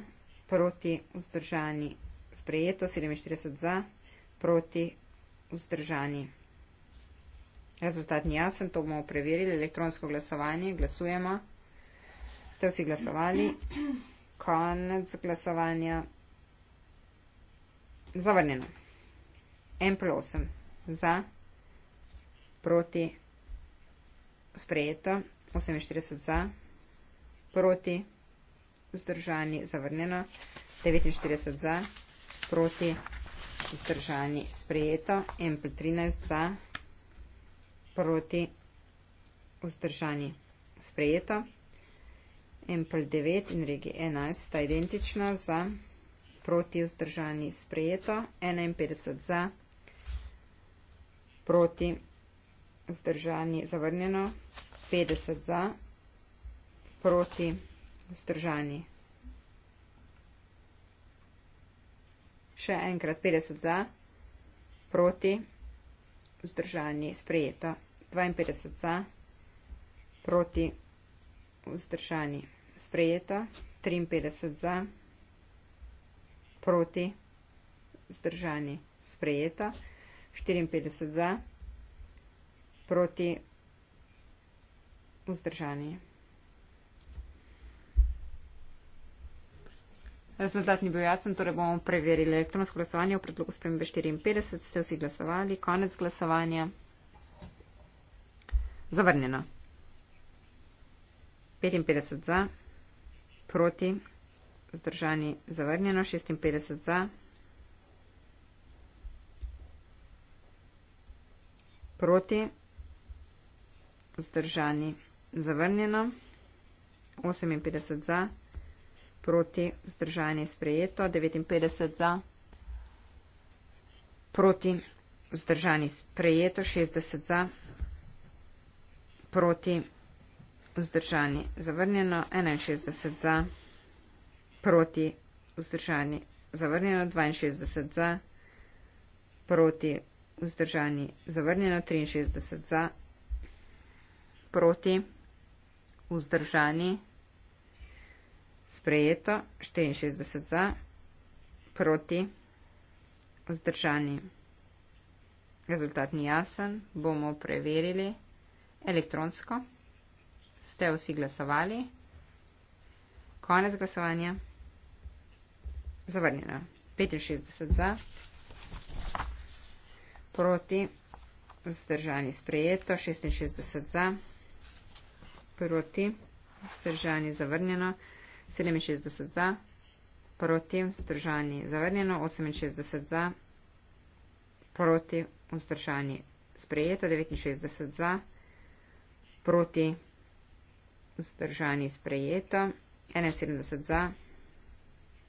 proti vzdržani sprejeto, 47 za, proti vzdržani zavrnjeno. Rezultat ni jasen, to bomo preverili. Elektronsko glasovanje, glasujemo. Ste vsi glasovali? Konec glasovanja. Zavrnjeno. M plus 8. Za. Proti. Sprejeto. 48 za. Proti. Zdržani. Zavrnjeno. 49 za. Proti. Zdržani. Sprejeto. M plus 13 za proti vzdržanji. Sprejeto. Empel 9 in regi 11 sta identična za proti vzdržanji. Sprejeto. 51 za proti vzdržanji. Zavrnjeno. 50 za proti vzdržanji. Še enkrat 50 za proti vzdržanji. Sprejeto. 52 za, proti vzdržani. Sprejeto, 53 za, proti vzdržani. Sprejeto, 54 za, proti vzdržani. Rezultat ni bil jasen, torej bomo preverili elektronsko glasovanje v predlogu spremembe 54. Ste vsi glasovali? Konec glasovanja. Zavrnjeno. 55 za, proti, zdržani, zavrnjeno, 56 za, proti, zdržani, zavrnjeno, 58 za, proti, zdržani, sprejeto, 59 za, proti, zdržani, sprejeto, 60 za, proti, vzdržani, zavrnjeno, 61 za, proti, vzdržani, zavrnjeno, 62 za, proti, vzdržani, zavrnjeno, 63 za, proti, vzdržani, sprejeto, 64 za, proti, vzdržani. Rezultat ni jasen, bomo preverili elektronsko. Ste vsi glasovali? Konec glasovanja. Zavrnjeno. 65 za. Proti. Vzdržani sprejeto. 66 za. Proti. Vzdržani zavrnjeno. 67 za. Proti. Vzdržani zavrnjeno. 68 za. Proti. Vzdržani sprejeto. 69 za proti, vzdržani sprejeto, 71 za,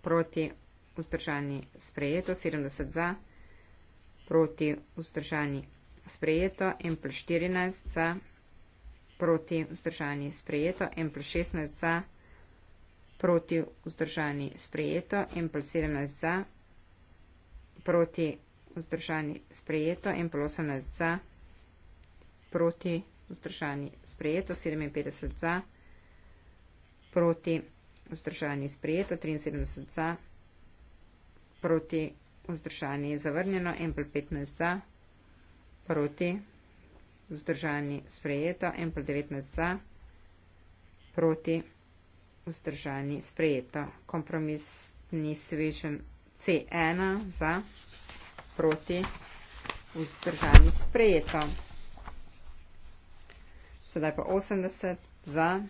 proti, vzdržani sprejeto, 70 za, proti, vzdržani sprejeto, M plus 14 za, proti, vzdržani sprejeto, M plus 16 za, proti, vzdržani sprejeto, M plus 17 za, proti, vzdržani sprejeto, M plus 18 za, proti, vzdržani sprejeto, vzdržani, sprejeto 57 za, proti vzdržani, sprejeto 73 za, proti vzdržani, zavrnjeno, en plus 15 za, proti vzdržani, sprejeto, en plus 19 za, proti vzdržani, sprejeto. Kompromisni svežen C1 za, proti vzdržani, sprejeto sedaj pa 80 za,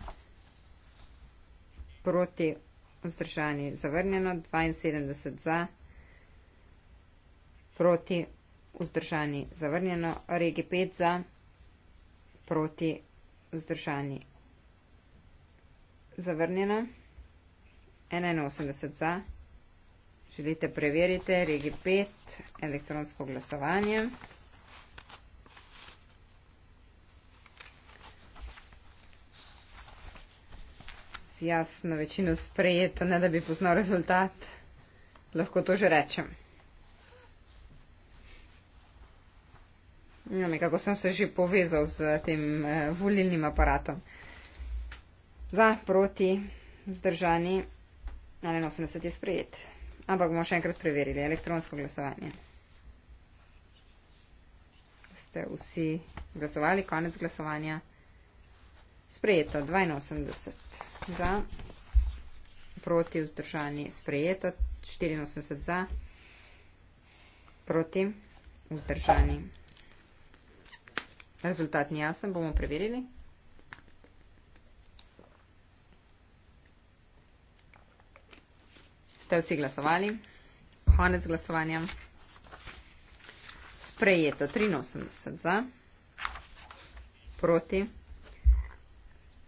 proti vzdržani zavrnjeno, 72 za, proti vzdržani zavrnjeno, regi 5 za, proti vzdržani zavrnjeno, 81 za. Želite preveriti regi 5 elektronsko glasovanje. jaz na večino sprejeto, ne da bi poznal rezultat, lahko to že rečem. No, nekako sem se že povezal z tem eh, volilnim aparatom. Za, proti, vzdržani, ali 80 no, je sprejet. Ampak bomo še enkrat preverili elektronsko glasovanje. Ste vsi glasovali, konec glasovanja. Sprejeto, 82 za, proti vzdržani sprejeto, 84 za, proti vzdržani. Rezultat ni jasen, bomo preverili. Ste vsi glasovali? Konec glasovanja. Sprejeto 83 za, proti vzdržani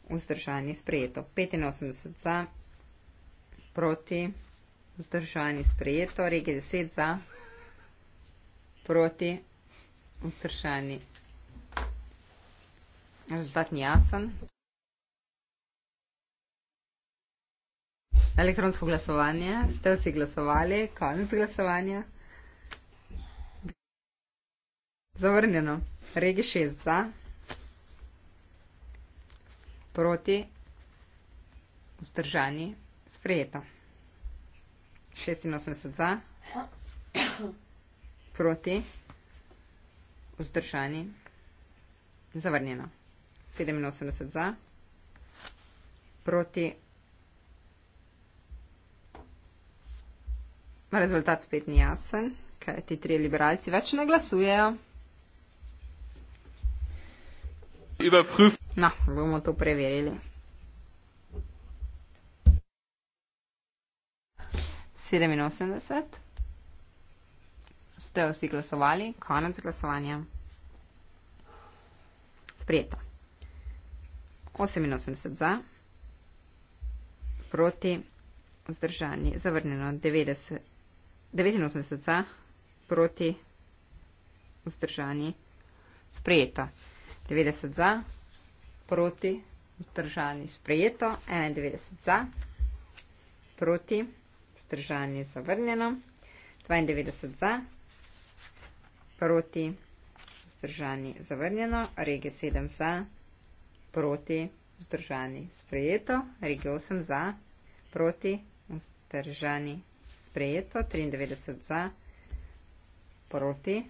vzdržani sprejeto. 85 za, proti, vzdržani sprejeto, regi 10 za, proti, vzdržani. Rezultat ni jasen. Elektronsko glasovanje, ste vsi glasovali, konec glasovanja. Zavrnjeno, regi 6 za proti, vzdržani, sprejeto. 86 za, proti, vzdržani, zavrnjeno. 87 za, proti, rezultat spet ni jasen, kaj ti tri liberalci več ne glasujejo. Überprüft. No, bomo to preverili. Sedeminosemdeset. Ste vsi glasovali? Konec glasovanja. Sprijeto. Oseminosemdeset za. Proti. Zdržani. Zavrnjeno. Devetinosemdeset za. Proti. Vzdržani. Sprijeto. Devetdeset za proti, vzdržani sprejeto, 91 za, proti, vzdržani zavrnjeno, 92 za, proti, vzdržani zavrnjeno, regija 7 za, proti, vzdržani sprejeto, regija 8 za, proti, vzdržani sprejeto, 93 za, proti,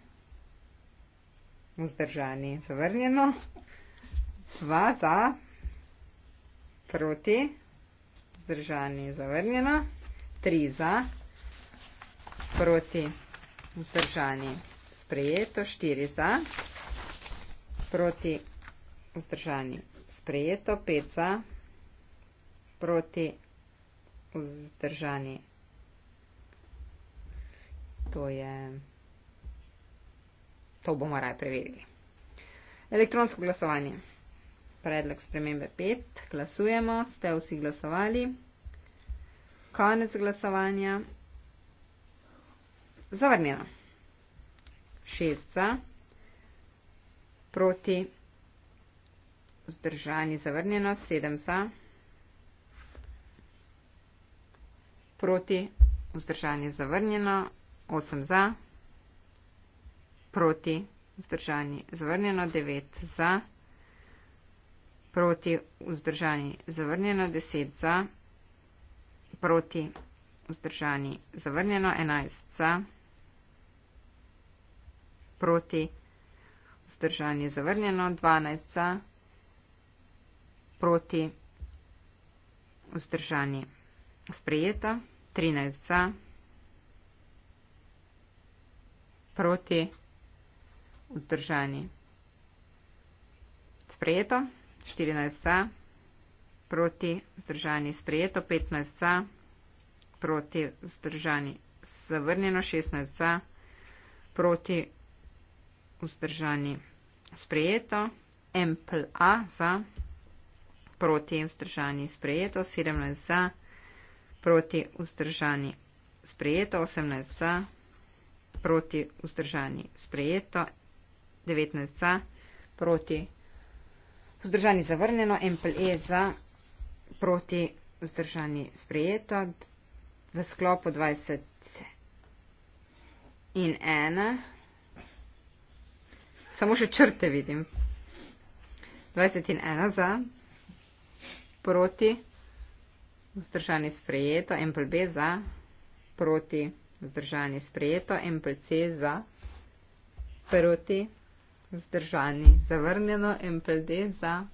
vzdržani zavrnjeno. Dva za, proti, vzdržani, zavrnjeno. Tri za, proti, vzdržani, sprejeto. Štiri za, proti, vzdržani, sprejeto. Pet za, proti, vzdržani. To je, to bomo raje preverili. Elektronsko glasovanje predlog spremembe 5. Glasujemo, ste vsi glasovali. Konec glasovanja. Zavrnjeno. 6. Proti. Vzdržani zavrnjeno. 7. Proti. Vzdržani zavrnjeno. 8. Proti. Vzdržani zavrnjeno. 9. Za proti vzdržani zavrnjeno, 10 za, proti vzdržani zavrnjeno, 11 za, proti vzdržani zavrnjeno, 12 za, proti vzdržani sprejeta, 13 za, proti vzdržani sprejeta. 14 za, proti vzdržani sprejeto, 15 za, proti vzdržani zavrnjeno, 16 za, proti vzdržani sprejeto, MPLA za, proti vzdržani sprejeto, 17 za, proti vzdržani sprejeto, 18 za, proti vzdržani sprejeto, 19 za, proti vzdržani sprejeto. Vzdržani zavrnjeno, MPLE za, proti vzdržani sprejeto, v sklopu 20 in 1, samo še črte vidim, 20 in 1 za, proti vzdržani sprejeto, MPLB za, proti vzdržani sprejeto, MPLC za, proti vzdržani sprejeto zdržani. Zavrnjeno MPD za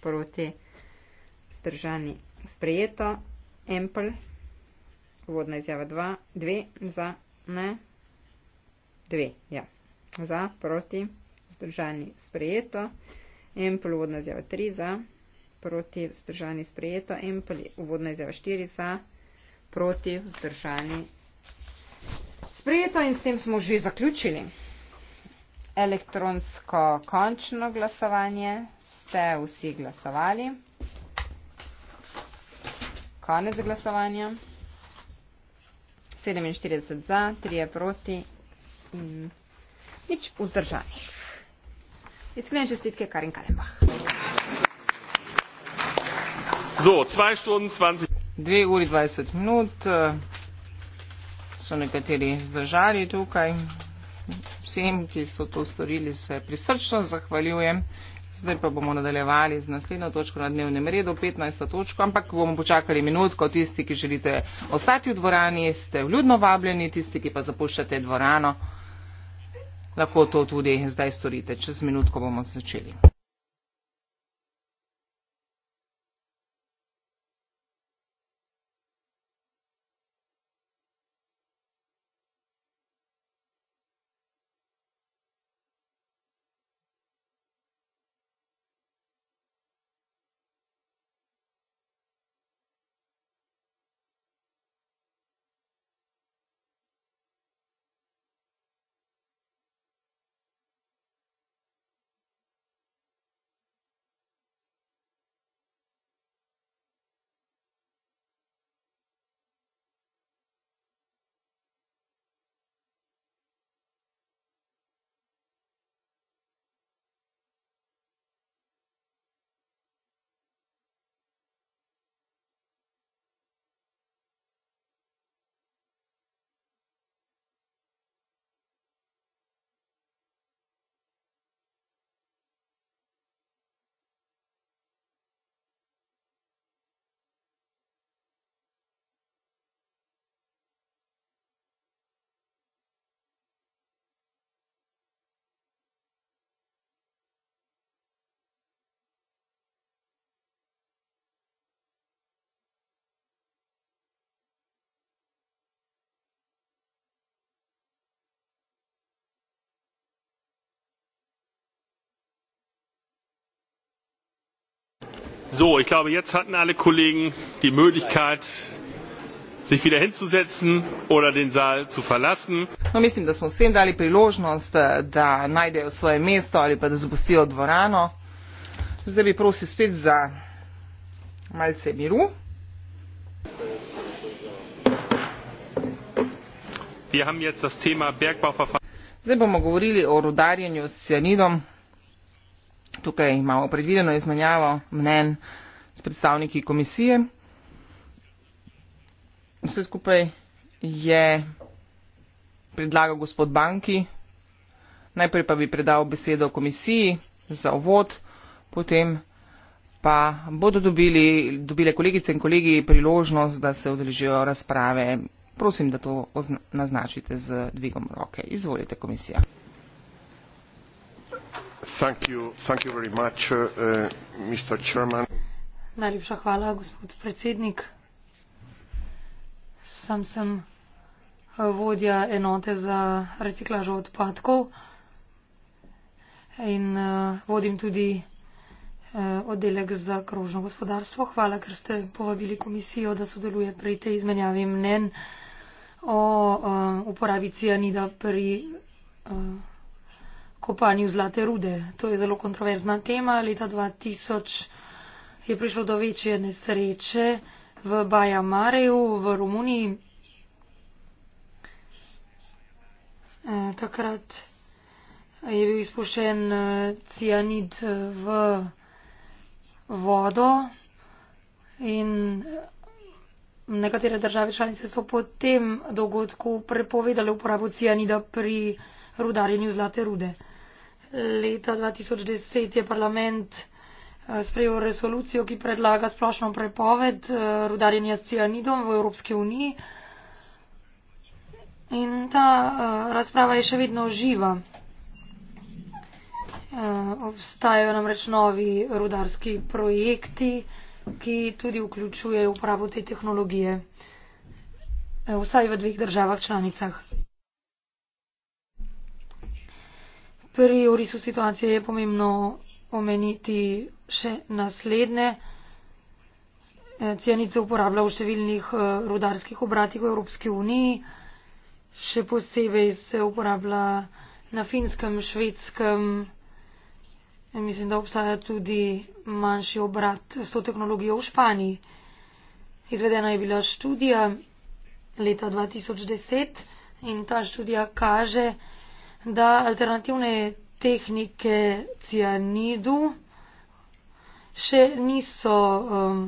proti zdržani. Sprejeto MPL, vodna izjava 2, za ne, 2, ja, za proti zdržani. Sprejeto MPL, vodna izjava 3, za proti zdržani. Sprejeto MPL, vodna izjava 4, za proti zdržani. Sprejeto in s tem smo že zaključili elektronsko končno glasovanje. Ste vsi glasovali? Konec glasovanja. 47 za, 3 proti in nič vzdržanih. Iskrene čestitke Karin Kalembah. 2 uri 20 minut eh, so nekateri zdržali tukaj vsem, ki so to storili, se prisrčno zahvaljujem. Zdaj pa bomo nadaljevali z naslednjo točko na dnevnem redu, 15. točko, ampak bomo počakali minutko. Tisti, ki želite ostati v dvorani, ste vljudno vabljeni, tisti, ki pa zapuščate dvorano, lahko to tudi zdaj storite. Čez minutko bomo začeli. So, ich glaube, jetzt hatten alle Kollegen die Möglichkeit, sich wieder hinzusetzen oder den Saal zu verlassen. No, mislim, da smo vsem dali priložnost, eh, da najdejo svoje mesto ali pa da zapustijo dvorano. Zdaj bi prosil spet za malce miru. Zdaj bomo govorili o rudarjenju s cianidom. Tukaj imamo predvideno izmenjavo mnen s predstavniki komisije. Vse skupaj je predlagal gospod Banki. Najprej pa bi predal besedo komisiji za uvod, potem pa bodo dobili, dobile kolegice in kolegi priložnost, da se odeležijo razprave. Prosim, da to naznačite z dvigom roke. Izvolite, komisija. Uh, uh, najlepša hvala gospod predsednik sam sem uh, vodja enote za reciklažo odpadkov in vodim tudi oddelek za krožno gospodarstvo. Hvala, ker ste povabili komisijo, da sodeluje pri tej izmenjavi mnen o uporabi cianida pri kopanju zlate rude. To je zelo kontroverzna tema. Leta 2000 je prišlo do večje nesreče v Baja Mareju v Romuniji. E, takrat je bil izpušen e, cianid e, v vodo in nekatere države članice so po tem dogodku prepovedali uporabo cianida pri rudarjenju zlate rude leta dva tisoč deset je parlament eh, sprejel resolucijo, ki predlaga splošno prepoved eh, rudarjenja s cianidom v Evropski uniji. In ta eh, razprava je še vedno živa. Obstajajo namreč novi rudarski projekti, ki tudi vključujejo uporabo te tehnologije, vsaj v dveh državah članicah. pri orisu situacije je pomembno omeniti še naslednje. E, Cjenice uporablja v številnih e, rudarskih obratih v Evropski uniji, še posebej se uporablja na finskem, švedskem. E, mislim, da obstaja tudi manjši obrat s to tehnologijo v Španiji. Izvedena je bila študija leta 2010 in ta študija kaže, da alternativne tehnike cianidu še niso um,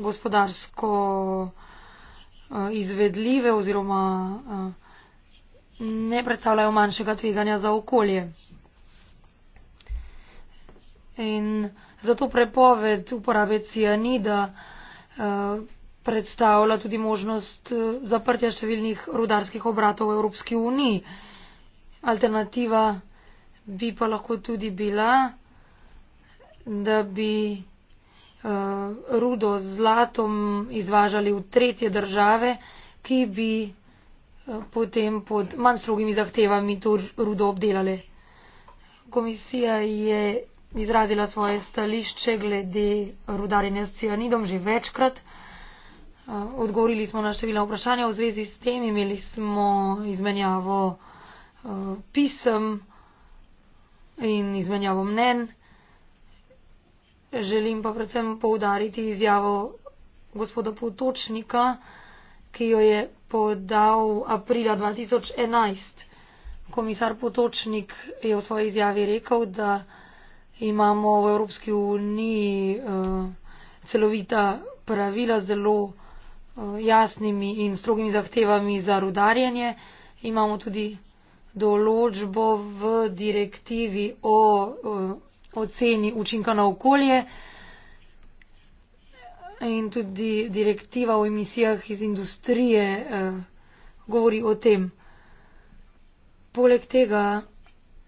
gospodarsko uh, izvedljive oziroma uh, ne predstavljajo manjšega tveganja za okolje. In zato prepoved uporabe cianida uh, predstavlja tudi možnost uh, zaprtja številnih rudarskih obratov v Evropski uniji. Uh, Alternativa bi pa lahko tudi bila, da bi uh, rudo z zlatom izvažali v tretje države, ki bi uh, potem pod manj strogimi zahtevami to rudo obdelali. Komisija je izrazila svoje stališče glede rudarjenja s cianidom že večkrat. Eh, odgovorili smo na številna vprašanja v zvezi s tem, imeli smo izmenjavo uh, Eh, pisem in izmenjavo mnen. Želim pa predvsem poudariti izjavo gospoda Potočnika, ki jo je podal aprila 2011. Komisar Potočnik je v svoji izjavi rekel, da imamo v Evropski uniji uh, celovita pravila z zelo uh, jasnimi in strogimi zahtevami za rudarjenje. Imamo tudi določbo v direktivi o eh, oceni učinka na okolje in tudi direktiva o emisijah iz industrije eh, govori o tem. Poleg tega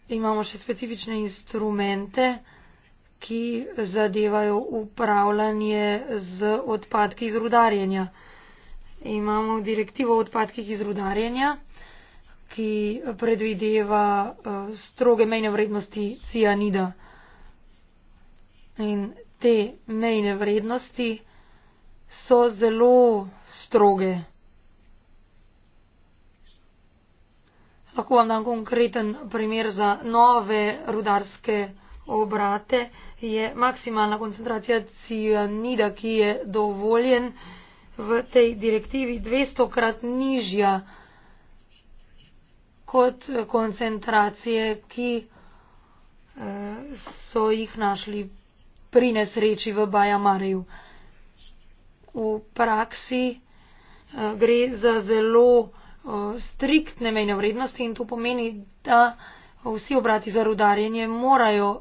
imamo še specifične instrumente, ki zadevajo upravljanje z odpadki iz rudarjenja. Imamo direktivo o odpadkih iz rudarjenja ki predvideva eh, stroge mejne vrednosti cianida. In te mejne vrednosti so zelo stroge. Lahko vam dam konkreten primer za nove rudarske obrate. Je maksimalna koncentracija cianida, ki je dovoljen v tej direktivi 200 krat nižja kot koncentracije, ki eh, so jih našli pri nesreči v Bajamareju. V praksi eh, gre za zelo eh, striktne mejne vrednosti in to pomeni, da vsi obrati za rudarjenje morajo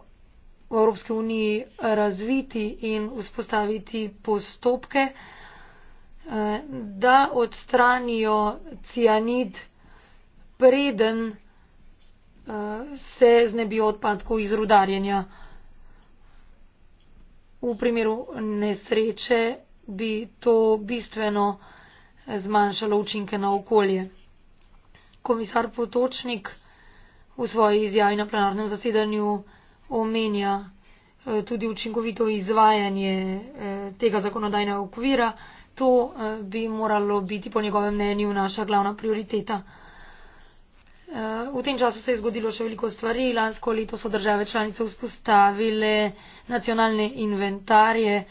v Evropske uniji razviti in vzpostaviti postopke, da odstranijo cianid preden eh, se znebijo odpadkov iz rudarjenja. V primeru nesreče bi to bistveno zmanjšalo učinke na okolje. Komisar Potočnik v svoji izjavi na plenarnem zasedanju omenja eh, tudi učinkovito izvajanje eh, tega zakonodajnega okvira. To bi moralo biti po njegovem mnenju naša glavna prioriteta. V tem času se je zgodilo še veliko stvari. Lansko leto so države članice vzpostavile nacionalne inventarje eh,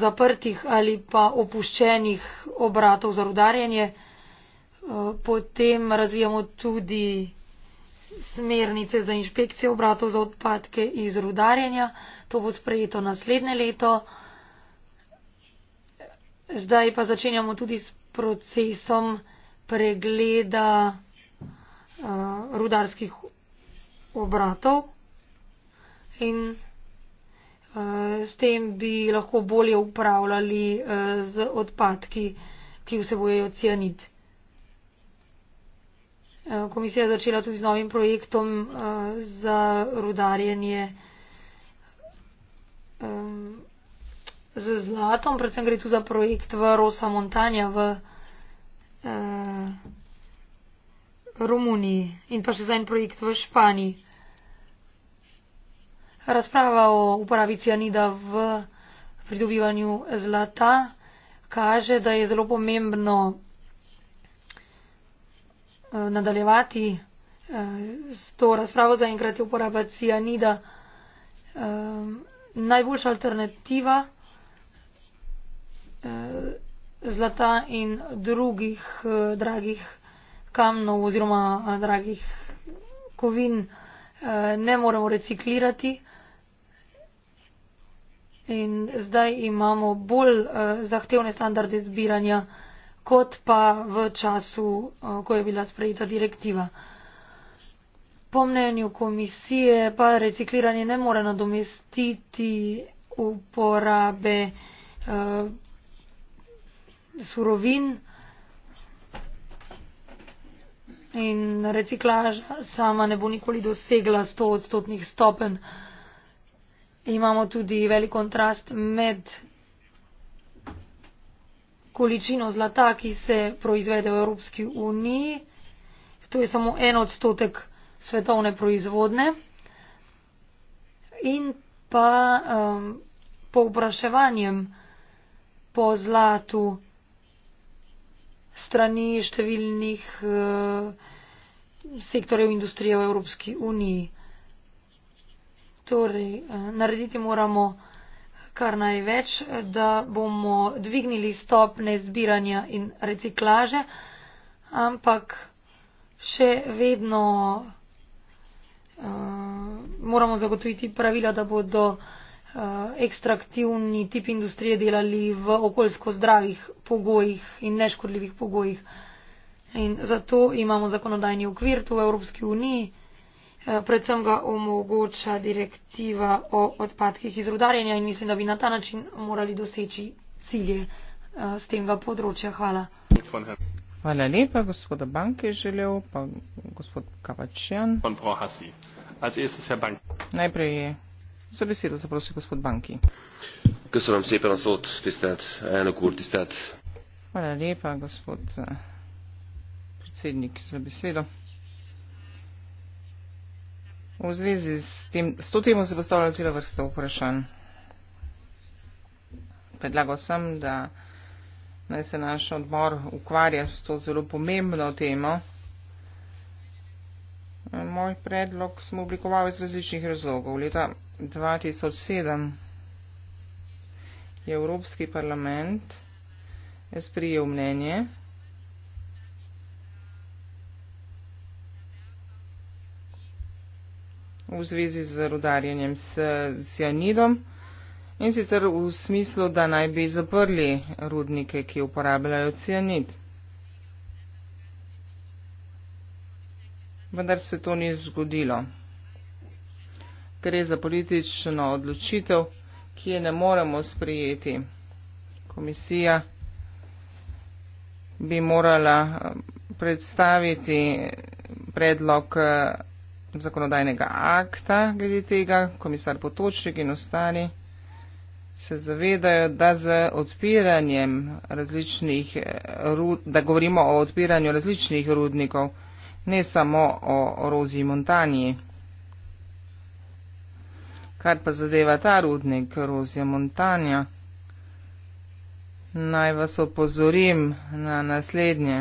zaprtih ali pa opuščenih obratov za rudarjenje. Eh, potem razvijamo tudi smernice za inšpekcijo obratov za odpadke iz rudarjenja. To bo sprejeto naslednje leto. Zdaj pa začenjamo tudi s procesom pregleda uh, rudarskih obratov in uh, s tem bi lahko bolje upravljali uh, z odpadki, ki vsebojejo cianid. Uh, komisija je začela tudi z novim projektom uh, za rudarjenje um, z zlatom, predvsem gre tu za projekt v Rosa Montanja v uh, Romuniji in pa še za en projekt v Španiji. Razprava o uporabi cianida v pridobivanju zlata kaže, da je zelo pomembno eh, nadaljevati eh, s to razpravo. Zaenkrat je uporaba cianida eh, najboljša alternativa zlata in drugih dragih kamnov oziroma eh, dragih kovin eh, ne moremo reciklirati. In zdaj imamo bolj eh, zahtevne standarde zbiranja, kot pa v času, ko je bila sprejeta direktiva. Po mnenju komisije pa recikliranje ne more nadomestiti uporabe eh, surovin. Eh, in reciklaža sama ne bo nikoli dosegla sto odstotnih stopenj. Imamo tudi velik kontrast med količino zlata, ki se proizvede v Evropski uniji, to je samo en odstotek svetovne proizvodne, in pa um, povpraševanjem po zlatu strani številnih uh, sektorjev industrije v Evropski uniji. Torej, uh, narediti moramo kar največ, da bomo dvignili stopne zbiranja in reciklaže, ampak še vedno uh, moramo zagotoviti pravila, da bodo uh, Eh, ekstraktivni tip industrije delali v okoljsko zdravih pogojih in neškodljivih pogojih. In zato imamo zakonodajni okvir tu v Evropski uniji, eh, predvsem ga omogoča direktiva o odpadkih iz rudarjenja in mislim, da bi na ta način morali doseči cilje z eh, tega področja. Hvala. Hvala lepa, gospoda Bank je želel, pa gospod Kavačjan. Najprej je Za besedo zaprosi gospod Banki. Köszönöm szépen a szót, tisztelt elnök úr, tisztelt. Hvala lepa, gospod eh, predsednik, za besedo. V zvezi s, tem, s to temo se postavlja celo vrsto vprašanj. Predlagal sem, da naj se naš odbor ukvarja s to zelo pomembno temo. Moj predlog smo oblikovali iz različnih razlogov. Leta 2007 je Evropski parlament sprijel mnenje, v zvezi z rodarjenjem s cianidom in sicer v smislu, da naj bi zaprli rudnike, ki uporabljajo cianid. Vendar se to ni zgodilo gre za politično odločitev, ki je ne moremo sprijeti. Komisija bi morala eh, predstaviti predlog eh, zakonodajnega akta glede tega, komisar Potočnik in ostali se zavedajo, da, eh, da govorimo o odpiranju različnih rudnikov, ne samo o Rozi Montanji. Kar pa zadeva ta rudnik, Rozija Montanja, naj vas opozorim na naslednje.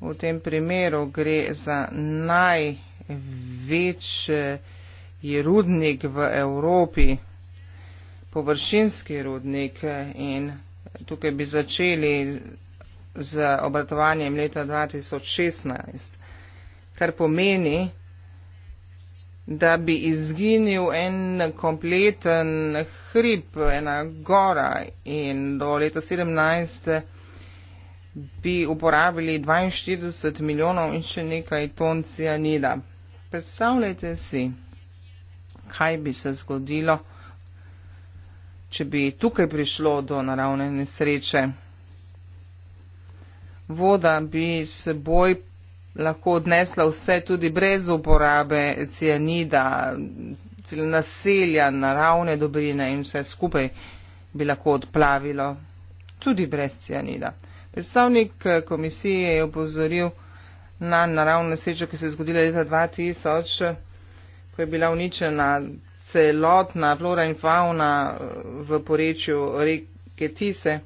V tem primeru gre za največji rudnik v Evropi, površinski rudnik in tukaj bi začeli z obratovanjem leta 2016, kar pomeni, da bi izginil en kompleten hrib, ena gora in do leta 17 bi uporabili 42 milijonov in še nekaj ton cianida. Predstavljajte si, kaj bi se zgodilo, če bi tukaj prišlo do naravne nesreče. Voda bi seboj lahko odnesla vse tudi brez uporabe cianida, cel naselja, naravne dobrine in vse skupaj bi lahko odplavilo tudi brez cianida. Predstavnik eh, komisije je upozoril na naravno nesrečo, ki se je zgodila leta 2000, ko je bila uničena celotna flora in fauna eh, v porečju reke Tise.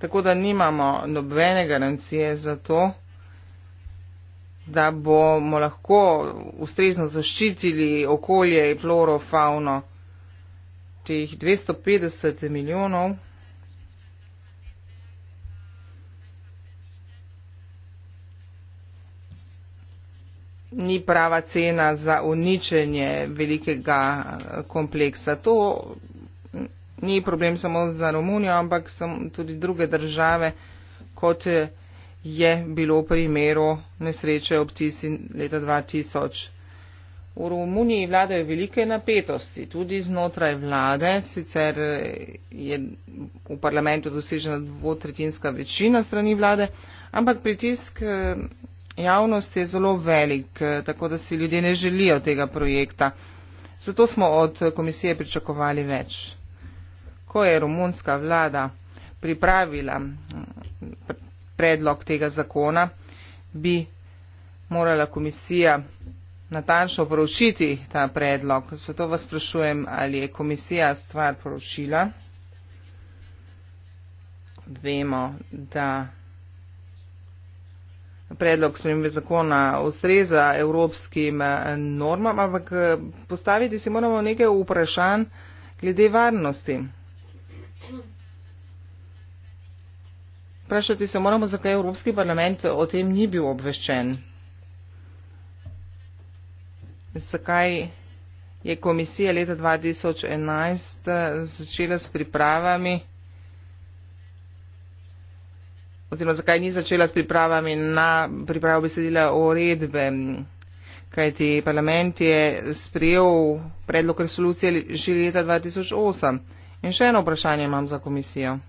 Tako da nimamo nobene garancije za to, da bomo lahko ustrezno zaščitili okolje, floro, fauno teh 250 milijonov. Ni prava cena za uničenje velikega kompleksa. To ni problem samo za Romunijo, ampak tudi druge države kot je je bilo v primeru nesreče ob tisi leta 2000. V Romuniji vladajo velike napetosti, tudi znotraj vlade, sicer je v parlamentu dosežena dvotretinska večina strani vlade, ampak pritisk eh, javnosti je zelo velik, eh, tako da si ljudje ne želijo tega projekta. Zato smo od komisije pričakovali več. Ko je romunska vlada pripravila predlog tega zakona, bi morala komisija natančno proučiti ta predlog. Zato vas sprašujem, ali je komisija stvar proučila. Vemo, da predlog spremembe zakona ustreza evropskim eh, normam, ampak eh, postaviti si moramo nekaj vprašanj glede varnosti. Vprašati se moramo, zakaj Evropski parlament o tem ni bil obveščen. Zakaj je komisija leta 2011 začela s pripravami, oziroma zakaj ni začela s pripravami na pripravo besedila o redbe, kajti parlament je sprejel predlog resolucije že leta 2008. In še eno vprašanje imam za komisijo.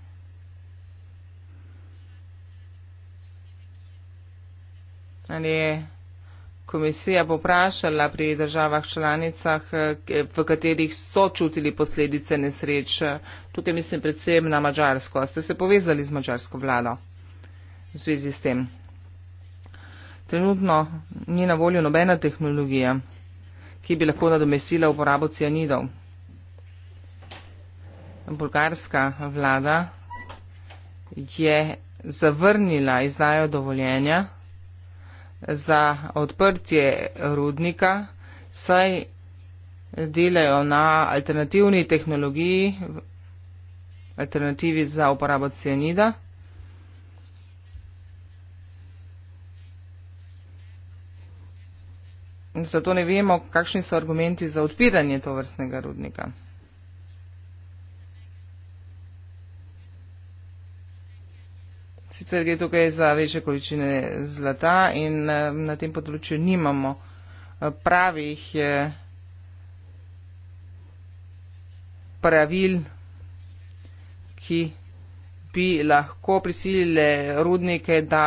ali je komisija poprašala pri državah članicah, v katerih so čutili posledice nesreč. Tukaj mislim predvsem na Mačarsko. Ste se povezali z mačarsko vlado v zvezi s tem? Trenutno ni na voljo nobena tehnologija, ki bi lahko nadomestila uporabo cianidov. Bolgarska vlada je zavrnila izdajo dovoljenja, za odprtje rudnika, saj delajo na alternativni tehnologiji, alternativi za uporabo cianida. Zato ne vemo, kakšni so argumenti za odpiranje tovrstnega rudnika. sicer gre tukaj za večje količine zlata in eh, na tem področju nimamo eh, pravih eh, pravil, ki bi lahko prisilile rudnike, da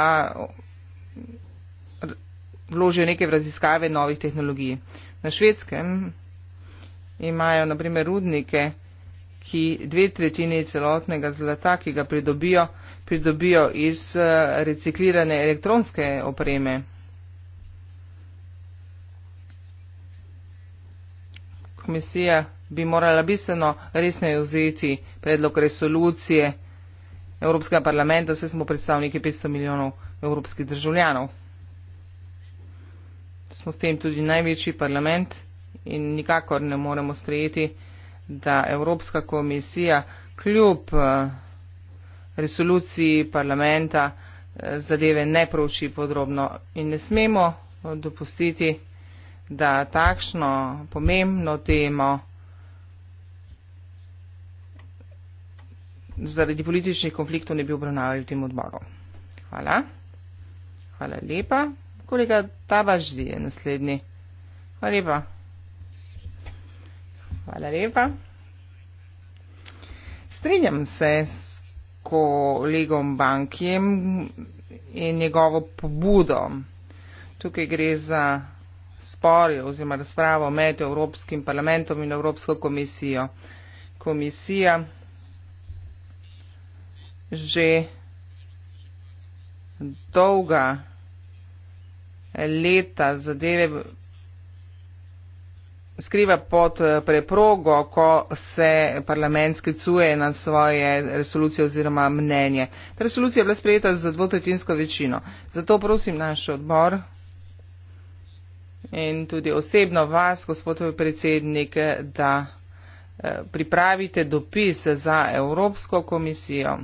vložijo neke raziskave novih tehnologij. Na švedskem imajo naprimer rudnike, ki dve tretjini celotnega zlata, ki ga pridobijo, pridobijo iz eh, reciklirane elektronske opreme. Komisija bi morala bistveno resneje vzeti predlog resolucije Evropskega parlamenta, saj smo predstavniki 500 milijonov evropskih državljanov. Smo s tem tudi največji parlament in nikakor ne moremo sprejeti, da Evropska komisija kljub. Uh, resoluciji parlamenta eh, zadeve ne prouči podrobno in ne smemo eh, dopustiti, da takšno pomembno temo zaradi političnih konfliktov ne bi obravnavali v tem odboru. Hvala. Hvala lepa. Kolega Tabaždi je naslednji. Hvala lepa. Hvala lepa. Strinjam se s kolegom Bankijem in njegovo pobudo. Tukaj gre za sporje oziroma razpravo med Evropskim parlamentom in Evropsko komisijo. Komisija že dolga leta zadeve skriva pod eh, preprogo, ko se parlament sklicuje na svoje resolucije oziroma mnenje. Ta resolucija je bila sprejeta za dvotretinsko večino. Zato prosim naš odbor in tudi osebno vas, gospod predsednik, da eh, pripravite dopis za Evropsko komisijo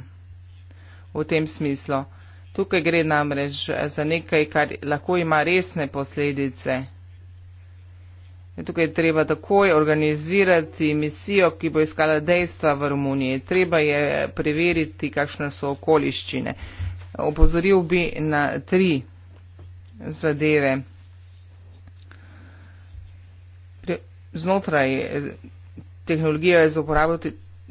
v tem smislu. Tukaj gre namreč za nekaj, kar lahko ima resne posledice. In tukaj je treba takoj organizirati misijo, ki bo iskala dejstva v Romuniji. Treba je preveriti, kakšne so okoliščine. Opozoril bi na tri zadeve. Znotraj eh, tehnologije za uporabo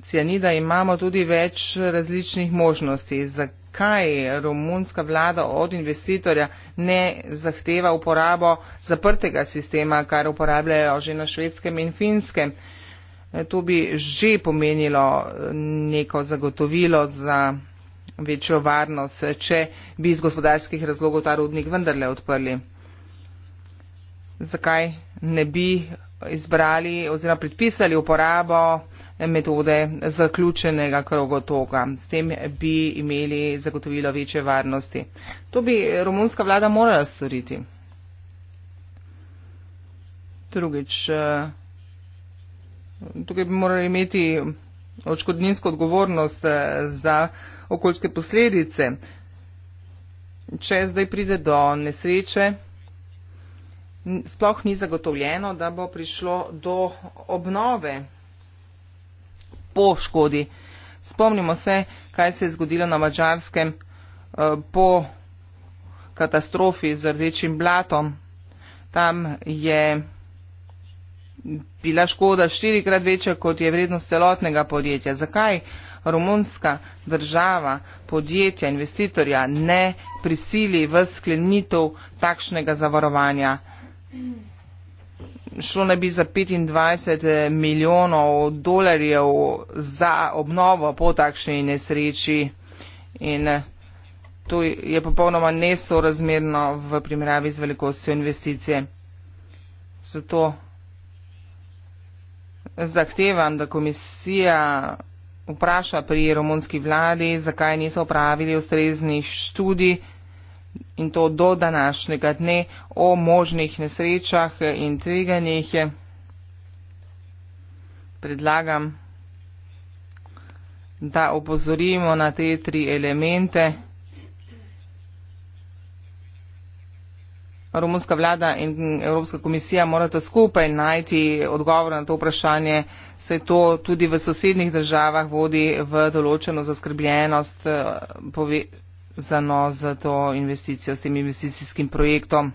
cianida imamo tudi več različnih možnosti. Za zakaj romunska vlada od investitorja ne zahteva uporabo zaprtega sistema, kar uporabljajo že na švedskem in finskem. E, to bi že pomenilo e, neko zagotovilo za večjo varnost, če bi iz gospodarskih razlogov ta rudnik vendarle odprli. Zakaj ne bi izbrali oziroma predpisali uporabo metode zaključenega krogotoka. S tem bi imeli zagotovilo večje varnosti. To bi romunska vlada morala storiti. Drugič, eh, tukaj bi morali imeti očkodninsko odgovornost eh, za okoljske posledice. Če zdaj pride do nesreče, sploh ni zagotovljeno, da bo prišlo do obnove po škodi. Spomnimo se, kaj se je zgodilo na Mačarskem eh, po katastrofi z rdečim blatom. Tam je bila škoda štirikrat večja, kot je vrednost celotnega podjetja. Zakaj romunska država, podjetja, investitorja ne prisili v sklenitev takšnega zavarovanja? šlo naj bi za 25 milijonov dolarjev za obnovo po takšni nesreči in eh, to je popolnoma nesorazmerno v primeravi z velikostjo investicije. Zato zahtevam, da komisija vpraša pri romunski vladi, zakaj niso upravili ustreznih študij, in to do današnjega dne o možnih nesrečah in tveganjih. Predlagam, da opozorimo na te tri elemente. Romunska vlada in Evropska komisija morata skupaj najti odgovor na to vprašanje, se to tudi v sosednjih državah vodi v določeno zaskrbljenost. Eh, pove zanos za to investicijo, s tem investicijskim projektom.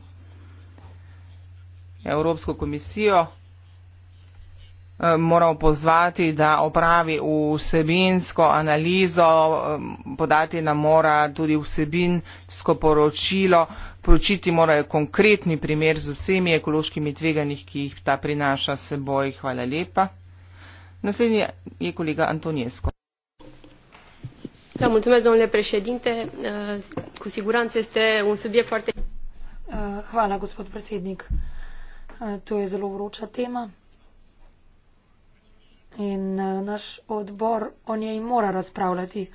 Evropsko komisijo eh, moramo pozvati, da opravi vsebinsko analizo, eh, podati nam mora tudi vsebinsko poročilo, poročiti morajo konkretni primer z vsemi ekološkimi tveganjih, ki jih ta prinaša seboj. Hvala lepa. Naslednji je kolega Antoniesko domnule președinte uh, cu siguranță este un subiect foarte uh, Hvala, gospod predsednik. Uh, to je zelo vroča tema in naš odbor o njej mora razpravljati.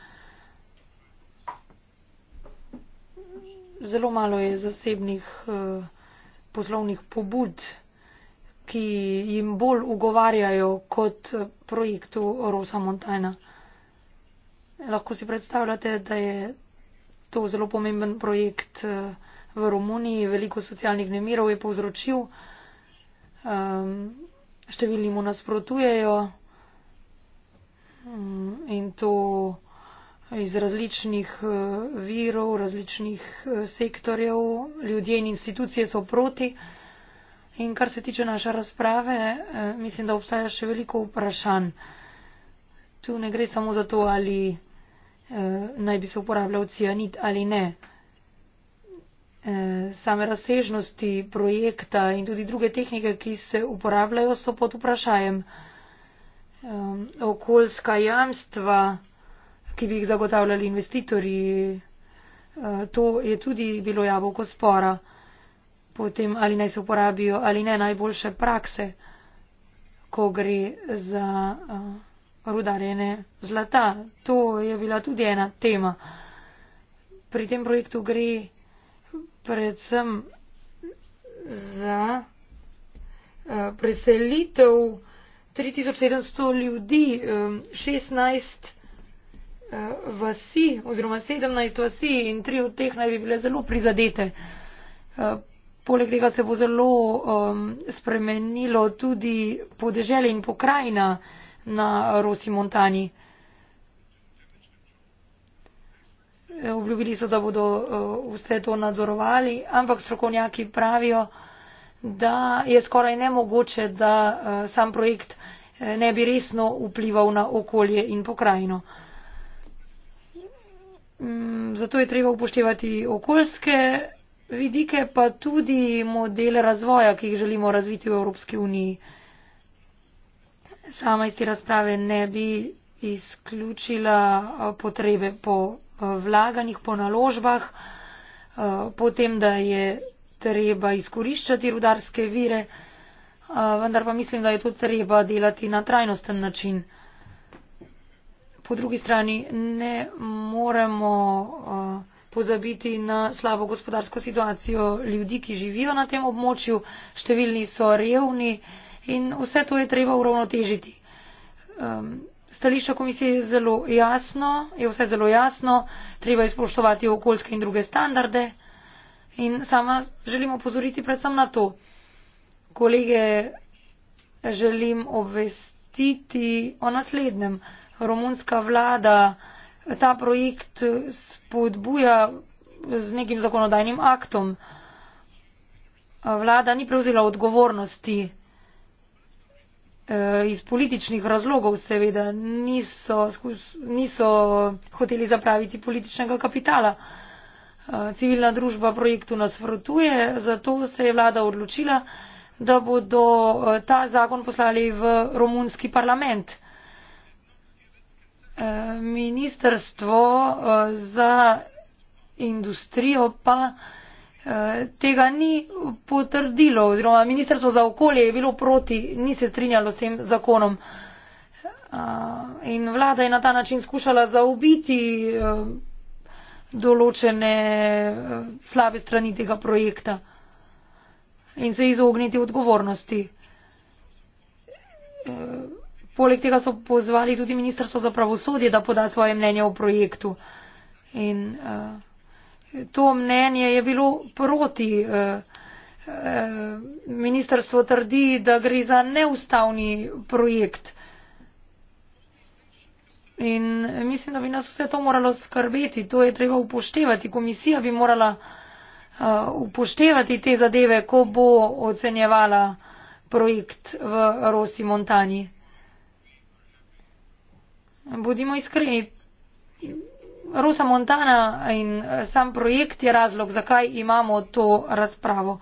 Zelo malo je zasebnih poslovnih pobud, ki jim bolj ugovarjajo kot projektu Rosa Montana lahko si predstavljate, da je to zelo pomemben projekt eh, v Romuniji, veliko socialnih nemirov je povzročil, um, številni mu nasprotujejo um, in to iz različnih uh, virov, različnih uh, sektorjev, ljudje in institucije so proti. In kar se tiče naše razprave, uh, mislim, da obstaja še veliko vprašanj. Tu ne gre samo za to, ali Eh, naj bi se uporabljal cianid ali ne. Eh, same razsežnosti projekta in tudi druge tehnike, ki se uporabljajo, so pod vprašajem. Eh, okoljska jamstva, ki bi jih zagotavljali investitorji, to je tudi bilo jabolko spora. Potem ali naj se uporabijo ali ne najboljše prakse, ko gre za. Uh, rudarjenje zlata. To je bila tudi ena tema. Pri tem projektu gre predvsem za eh, preselitev 3700 ljudi, 16 eh, eh, vasi oziroma 17 vasi in tri od teh naj bi bile zelo prizadete. Poleg tega se bo zelo spremenilo tudi podeželje in pokrajina na Rosi Montani. Obljubili so, da bodo eh, vse to nadzorovali, ampak strokovnjaki pravijo, da je skoraj nemogoče, da eh, sam projekt eh, ne bi resno vplival na okolje in pokrajino. Mm, zato je treba upoštevati okoljske vidike, pa tudi modele razvoja, ki jih želimo razviti v Evropski uniji. Sama iz te razprave ne bi izključila eh, potrebe po eh, vlaganjih, po naložbah, eh, potem, da je treba izkoriščati rudarske vire, vendar pa mislim, da je to treba delati na trajnosten način. Po drugi strani ne moremo pozabiti na slabo gospodarsko situacijo ljudi, ki živijo na tem območju. Številni so revni in vse to je treba uravnotežiti. Um, stališče komisije je zelo jasno, je vse zelo jasno, treba je spoštovati okoljske in druge standarde in sama želim opozoriti predvsem na to. Kolege želim obvestiti o naslednjem. Romunska vlada ta projekt spodbuja z nekim zakonodajnim aktom. Vlada ni prevzela odgovornosti Eh, iz političnih razlogov seveda niso, niso hoteli zapraviti političnega kapitala. Eh, civilna družba projektu nasprotuje, zato se je vlada odločila, da bodo eh, ta zakon poslali v romunski parlament. Ministrstvo za industrijo pa Eh, tega ni potrdilo oziroma ministrstvo za okolje je bilo proti, ni se strinjalo s tem zakonom. Eh, in vlada je na ta način skušala zaubiti eh, določene slabe strani tega projekta in se izogniti odgovornosti. Poleg tega so pozvali tudi ministrstvo za pravosodje, da poda svoje mnenje o projektu. In, uh, to mnenje je bilo proti. Eh, eh, ministrstvo trdi, da gre za neustavni projekt. In mislim, da bi nas vse to moralo skrbeti. To je treba upoštevati. Komisija bi morala eh, upoštevati te zadeve, ko bo ocenjevala projekt v Rosi Montani. Bodimo iskreni. Rusa Montana in eh, sam projekt je razlog, zakaj imamo to razpravo.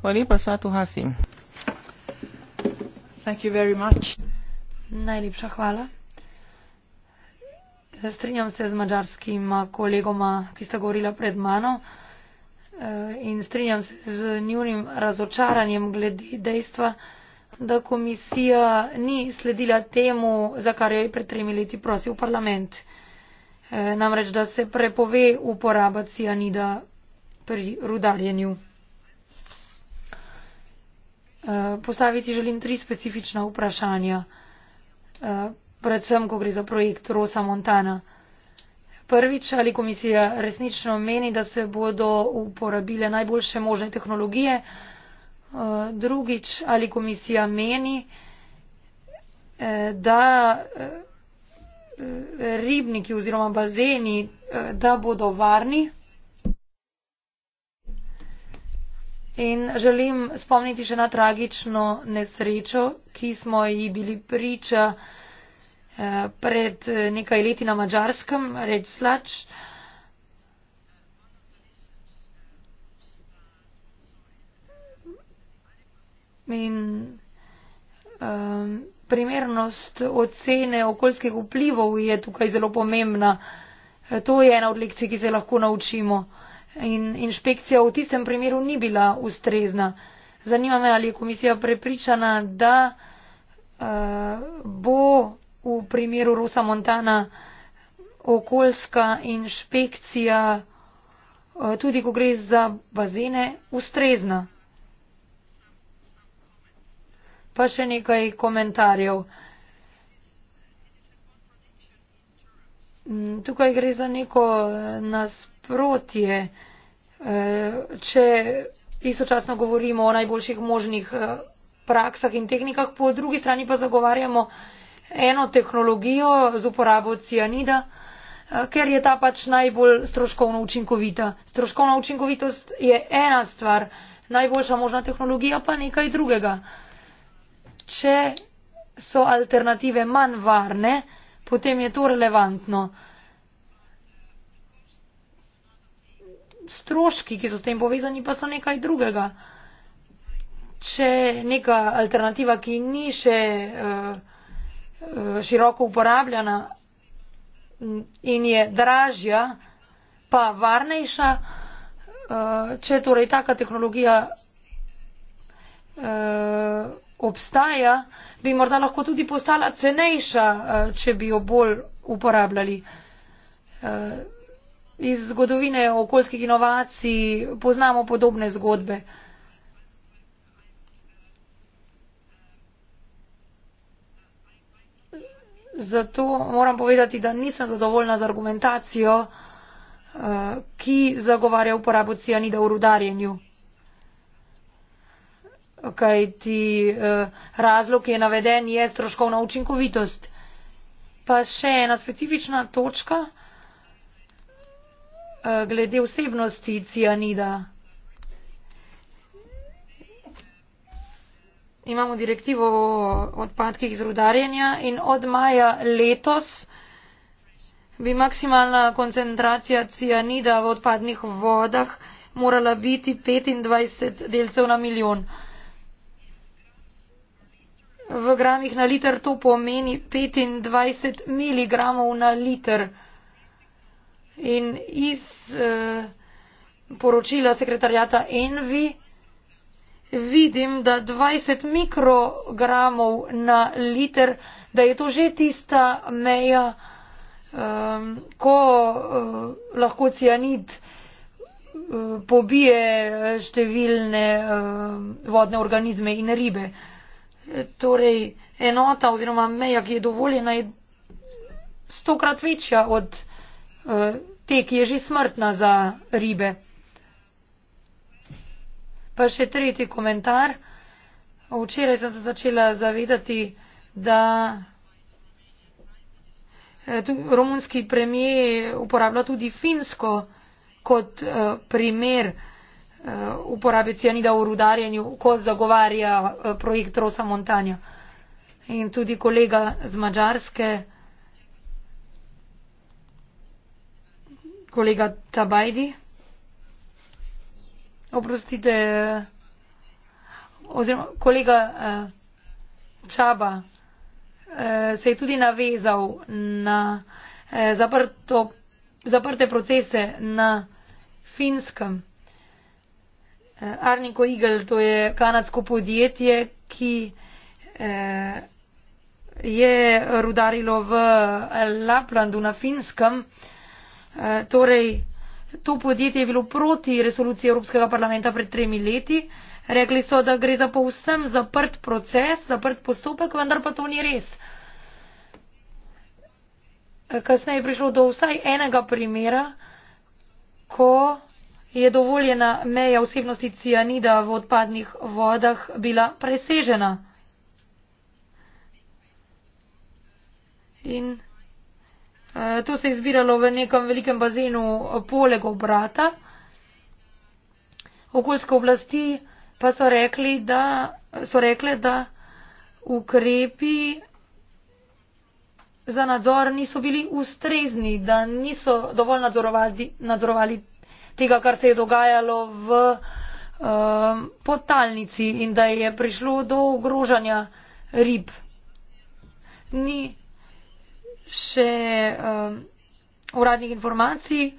Hvala lepa, Satu Hasi. Najlepša hvala. Strinjam se z mačarskim kolegoma, ki sta govorila pred mano eh, in strinjam se z njunim razočaranjem glede dejstva, da komisija ni sledila temu, za kar jo je pred tremi leti prosil parlament. E, namreč, da se prepove uporaba cianida pri rudarjenju. E, postaviti želim tri specifična vprašanja, e, predvsem, ko gre za projekt Rosa Montana. Prvič, ali komisija resnično meni, da se bodo uporabile najboljše možne tehnologije, Eh, drugič, ali komisija meni, eh, da eh, ribniki oziroma bazeni, da bodo varni. In želim spomniti še na tragično nesrečo, ki smo ji bili priča pred nekaj leti na Mačarskem, reč slač. in um, primernost ocene okoljskih vplivov je tukaj zelo pomembna. To je ena od lekcij, ki se lahko naučimo. In inšpekcija v tistem primeru ni bila ustrezna. Zanima me, ali je komisija prepričana, da uh, bo v primeru Rosa Montana okoljska inšpekcija, uh, tudi ko gre za bazene, ustrezna. Pa še nekaj komentarjev. Mm, tukaj gre za neko eh, nasprotje. Eh, če istočasno govorimo o najboljših možnih eh, praksah in tehnikah, po drugi strani pa zagovarjamo eno tehnologijo z uporabo cianida, ker je ta pač najbolj stroškovno učinkovita. Stroškovna učinkovitost je ena stvar, najboljša možna tehnologija pa nekaj drugega če so alternative manj varne, potem je to relevantno. Stroški, ki so s tem povezani, pa so nekaj drugega. Če neka alternativa, ki ni še eh, eh, široko uporabljana in je dražja, pa varnejša, eh, če torej taka tehnologija obstaja, bi morda lahko tudi postala cenejša, eh, če bi jo bolj uporabljali. Eh, iz zgodovine okoljskih inovacij poznamo podobne zgodbe. Zato moram povedati, da nisem zadovoljna z argumentacijo, eh, ki zagovarja uporabo cianida v rudarjenju kajti eh, razlog je naveden je stroškovna učinkovitost. Pa še ena specifična točka eh, glede vsebnosti cianida. Imamo direktivo o odpadkih iz rudarjenja in od maja letos bi maksimalna koncentracija cianida v odpadnih vodah morala biti 25 delcev na milijon v gramih na liter, to pomeni 25 mg na liter. In iz eh, poročila sekretarjata Envi vidim, da 20 mikrogramov na liter, da je to že tista meja, eh, ko eh, lahko cianid eh, pobije eh, številne eh, vodne organizme in ribe. Eh, torej enota oziroma meja, ki je dovoljena, je stokrat večja od eh, te, ki je že smrtna za ribe. Pa še tretji komentar. Včeraj sem se začela zavedati, da eh, romunski premije uporablja tudi finsko kot eh, primer. Eh, uporabe cjenida v rudarjenju, ko zagovarja eh, projekt Rosa Montanja. In tudi kolega z Mačarske, kolega Tabajdi, oprostite, oziroma kolega eh, Čaba se je tudi navezal na zaprto, zaprte procese na finskem. Eh, Arnico Eagle, to je kanadsko podjetje, ki eh, je rudarilo v Laplandu na Finskem. Eh, torej, to podjetje je bilo proti resoluciji Evropskega parlamenta pred tremi leti. Rekli so, da gre za povsem zaprt proces, zaprt postopek, vendar pa to ni res. Kasneje je prišlo do vsaj enega primera, ko je dovoljena meja vsebnosti cianida v odpadnih vodah bila presežena. In eh, to se je zbiralo v nekem velikem bazenu poleg obrata. Okoljske oblasti pa so, rekli, da, so rekle, da ukrepi za nadzor niso bili ustrezni, da niso dovolj nadzorovali, nadzorovali tega kar se je dogajalo v eh, podtalnici in da je prišlo do ogrožanja rib. Ni še eh, uradnih informacij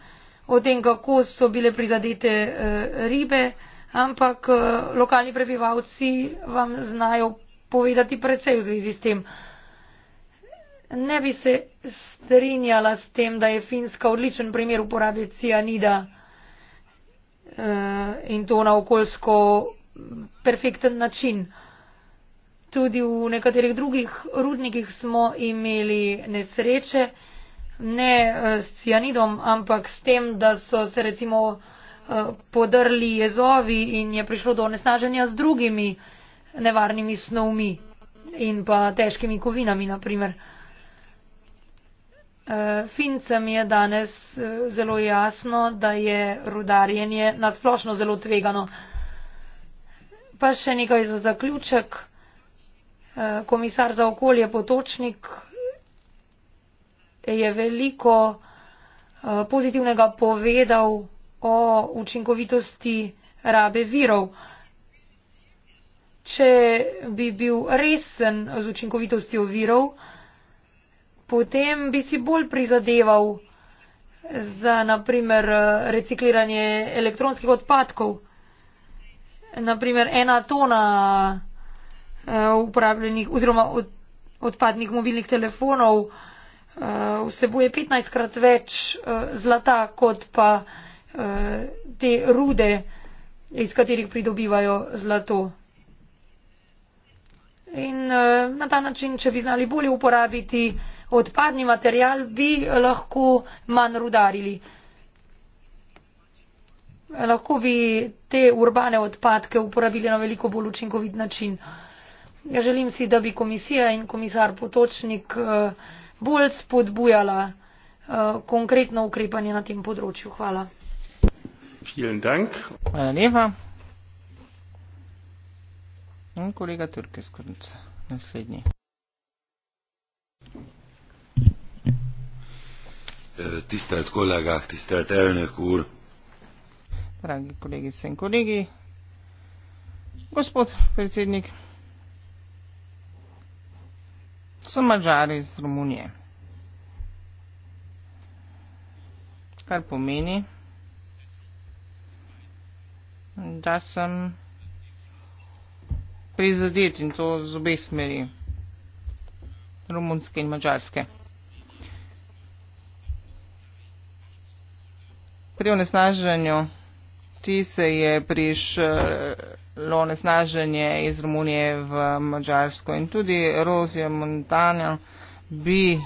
o tem, kako so bile prizadete eh, ribe, ampak lokalni prebivalci vam znajo povedati precej v zvezi s tem. Ne bi se strinjala s tem, da je Finska odličen primer uporabe cianida. Eh, in to na okoljsko perfekten način. Tudi v nekaterih drugih rudnikih smo imeli nesreče, ne eh, s cianidom, ampak s tem, da so se recimo eh, podrli jezovi in je prišlo do onesnaženja z drugimi nevarnimi snovmi in pa težkimi kovinami, naprimer. Eh, fincem je danes eh, zelo jasno, da je rudarjenje nasplošno zelo tvegano. Pa še nekaj za zaključek. Eh, komisar za okolje Potočnik je veliko pozitivnega povedal o učinkovitosti rabe virov. Če bi bil resen z učinkovitostjo virov, potem bi si bolj prizadeval za naprimer recikliranje elektronskih odpadkov. Naprimer ena tona eh, uporabljenih oziroma odpadnih mobilnih telefonov eh, vsebuje 15krat več eh, zlata kot pa te rude, iz katerih pridobivajo zlato. In na ta način, če bi znali bolje uporabiti odpadni material, bi lahko manj rudarili. Lahko bi te urbane odpadke uporabili na veliko bolj učinkovit način. Ja želim si, da bi komisija in komisar Potočnik eh, bolj spodbujala eh, konkretno ukrepanje na tem področju. Hvala. Dank. Hvala lepa. In kolega Turkeskrnc, naslednji. Tisztelt kollégák, tisztelt elnök úr! Drági kollégi, szén kollégi! Gospod, predsednik! Sem mađar iz Romunije. Kar pomeni, da sem prizadet in to z obe smeri, romunske in mađarske. Pri onesnaženju ti se je prišlo onesnaženje iz Romunije v Mačarsko in tudi erozija montanja bi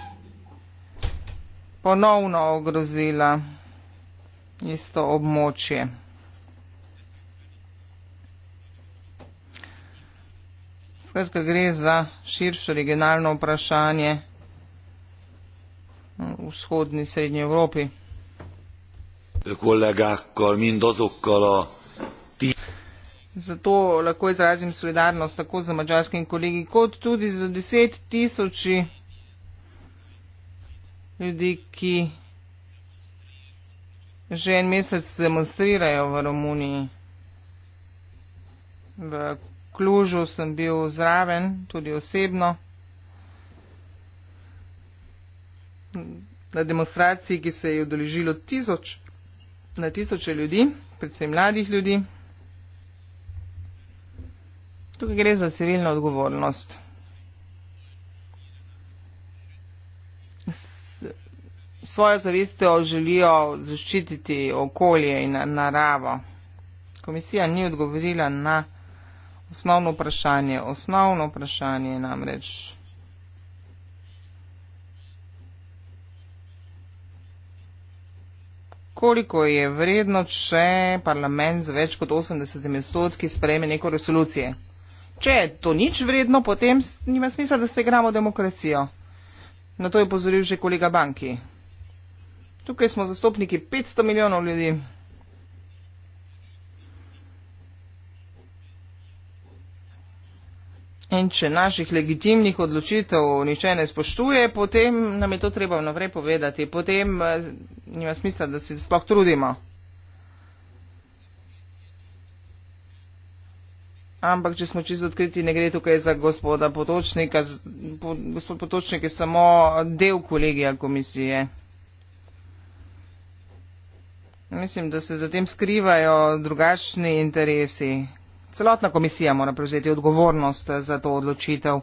ponovno ogrozila isto območje. Skratka, gre za širšo regionalno vprašanje v vzhodni srednji Evropi kollégákkal, mind azokkal a Zato lahko izrazim solidarnost tako za mačarskim kolegi, kot tudi za deset tisoči ljudi, ki že en mesec demonstrirajo v Romuniji. V Klužu sem bil zraven, tudi osebno. Na demonstraciji, ki se je odeležilo tisoč na tisoče ljudi, predvsem mladih ljudi. Tukaj gre za civilno odgovornost. Svojo zavestjo želijo zaščititi okolje in naravo. Komisija ni odgovorila na osnovno vprašanje. Osnovno vprašanje namreč. koliko je vredno, če parlament z več kot 80 odstotki sprejme neko resolucijo. Če je to nič vredno, potem nima smisla, da se igramo demokracijo. Na to je pozoril že kolega Banki. Tukaj smo zastopniki 500 milijonov ljudi. In če naših legitimnih odločitev niče ne spoštuje, potem nam je to treba vnaprej povedati, potem eh, nima smisla, da se sploh trudimo. Ampak, če smo čisto odkriti, ne gre tukaj za gospoda Potočnika. Gospod Potočnik je samo del kolegija komisije. Mislim, da se za tem skrivajo drugačni interesi, celotna komisija mora prevzeti odgovornost eh, za to odločitev.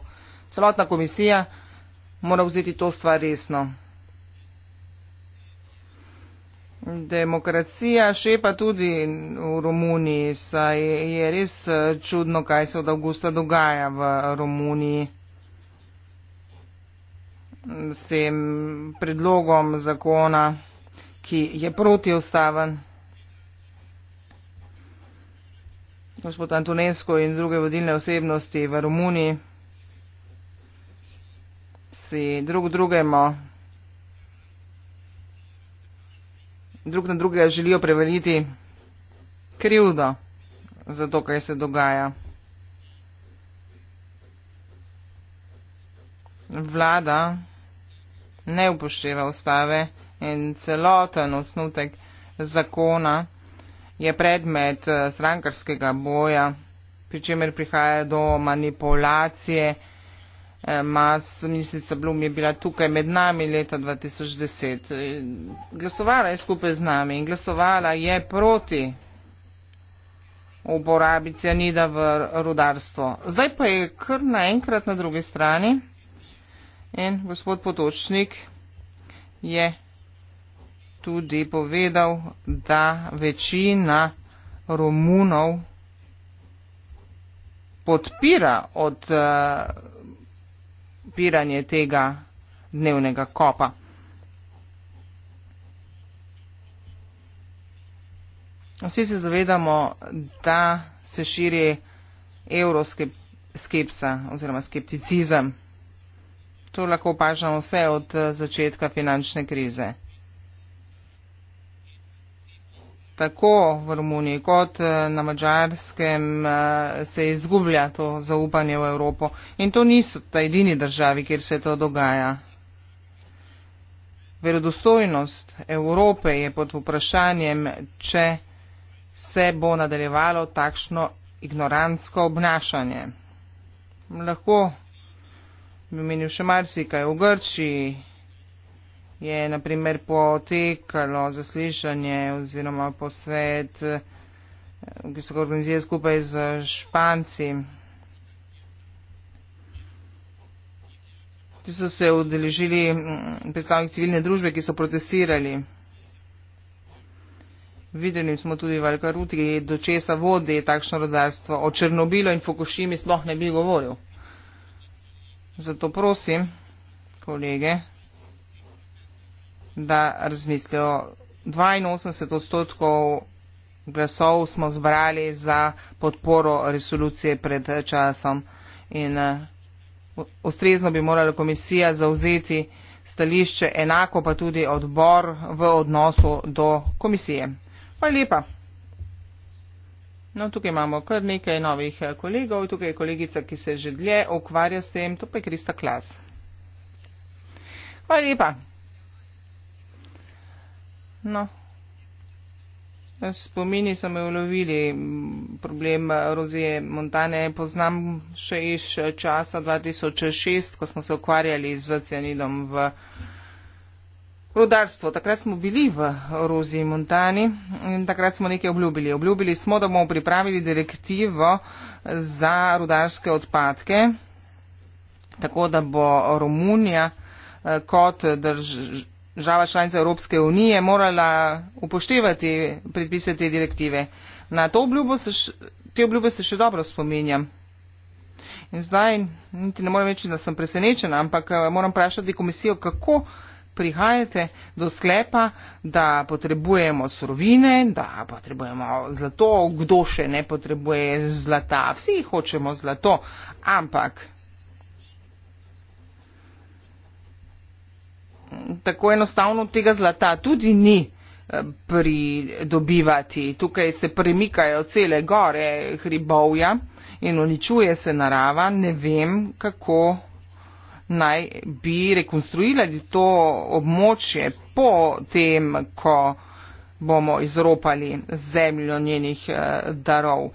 Celotna komisija mora vzeti to stvar resno. Demokracija še pa tudi v Romuniji, saj je res eh, čudno, kaj se od avgusta dogaja v eh, Romuniji s tem predlogom zakona, ki je protiustaven. gospod Antonensko in druge vodilne osebnosti v Romuniji si drug drugemo, drug na drugega želijo prevaliti krivdo za to, kaj se dogaja. Vlada ne upošteva ustave in celoten osnutek zakona je predmet eh, strankarskega boja, pri čemer prihaja do manipulacije. Eh, mas, ministrica Blum je bila tukaj med nami leta 2010. Eh, glasovala je skupaj z nami in glasovala je proti uporabi cianida v rudarstvo. Zdaj pa je kar naenkrat na drugi strani in gospod Potočnik je tudi povedal, da večina Romunov podpira odpiranje eh, tega dnevnega kopa. Vsi se zavedamo, da se širi euroskepsa oziroma skepticizem. To lahko opažamo vse od eh, začetka finančne krize. tako v Romuniji kot eh, na Mačarskem eh, se izgublja to zaupanje v Evropo. In to niso ta edini državi, kjer se to dogaja. Verodostojnost Evrope je pod vprašanjem, če se bo nadaljevalo takšno ignorantsko obnašanje. Lahko bi menil še marsikaj v Grčiji, je naprimer potekalo zaslišanje oziroma posvet, ki so ga organizirali skupaj z Španci. Ti so se udeležili mm, predstavniki civilne družbe, ki so protestirali. Videli smo tudi v Alkaruti, do česa vodi takšno rodarstvo. O Černobilu in Fukushimi sploh ne bi govoril. Zato prosim, kolege, da razmislijo. 82 odstotkov glasov smo zbrali za podporo resolucije pred časom in eh, ustrezno bi morala komisija zauzeti stališče enako pa tudi odbor v odnosu do komisije. Hvala lepa. No, tukaj imamo kar nekaj novih eh, kolegov, tukaj je kolegica, ki se že dlje ukvarja s tem, to pa je Krista Klas. Hvala lepa. No. Spomini so me ulovili, problem Rozije Montane poznam še iz časa 2006, ko smo se ukvarjali z cianidom v rudarstvu. Takrat smo bili v Roziji Montani in takrat smo nekaj obljubili. Obljubili smo, da bomo pripravili direktivo za rudarske odpadke, tako da bo Romunija eh, kot država država članica Evropske unije morala upoštevati predpise te direktive. Na to obljubo se še, te obljube se še dobro spominjam. In zdaj niti ne morem reči, da sem presenečena, ampak eh, moram vprašati komisijo, kako prihajate do sklepa, da potrebujemo surovine, da potrebujemo zlato, kdo še ne potrebuje zlata. Vsi hočemo zlato, ampak tako enostavno tega zlata tudi ni eh, pridobivati. Tukaj se premikajo cele gore hribovja in uničuje se narava. Ne vem, kako naj bi rekonstruirali to območje po tem, ko bomo izropali zemljo njenih eh, darov.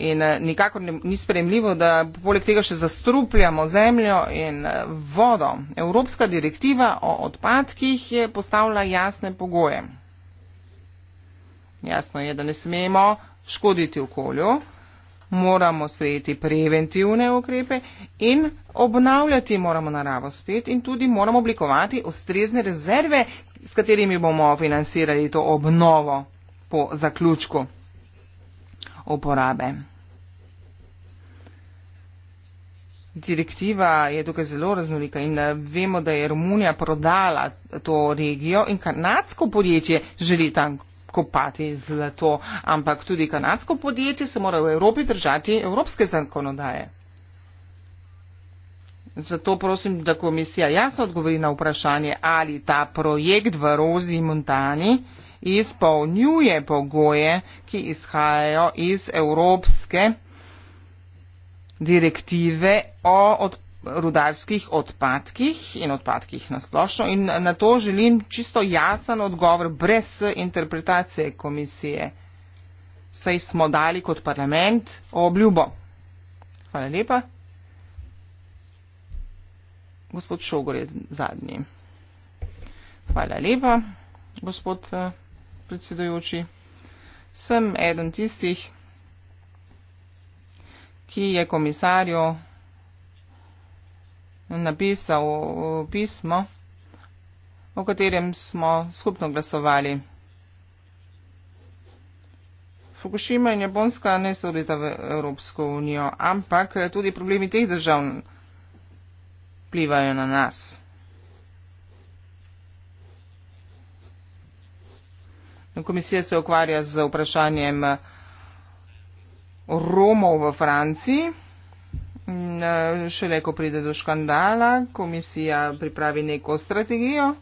In eh, nikakor ni spremljivo, da poleg tega še zastrupljamo zemljo in eh, vodo. Evropska direktiva o odpadkih je postavila jasne pogoje. Jasno je, da ne smemo škoditi okolju, moramo sprejeti preventivne ukrepe in obnavljati moramo naravo spet in tudi moramo oblikovati ustrezne rezerve, s katerimi bomo financirali to obnovo po zaključku uporabe. Direktiva je tukaj zelo raznolika in eh, vemo, da je Romunija prodala to regijo in kanadsko podjetje želi tam kopati zlato, ampak tudi kanadsko podjetje se mora v Evropi držati evropske zakonodaje. Zato prosim, da komisija jasno odgovori na vprašanje, ali ta projekt v Rozi Montani izpolnjuje pogoje, ki izhajajo iz evropske zakonodaje direktive o od, rudarskih odpadkih in odpadkih na splošno in na to želim čisto jasen odgovor brez interpretacije komisije. Saj smo dali kot parlament obljubo. Hvala lepa. Gospod Šogor je zadnji. Hvala lepa, gospod eh, predsedujoči. Sem eden tistih, ki je komisarju napisal pismo, o katerem smo skupno glasovali. Fukushima in Japonska ne sodita v Evropsko unijo, ampak tudi problemi teh držav plivajo na nas. Komisija se ukvarja z vprašanjem, Romov v Franciji. Mm, eh, šele ko pride do škandala, komisija pripravi neko strategijo.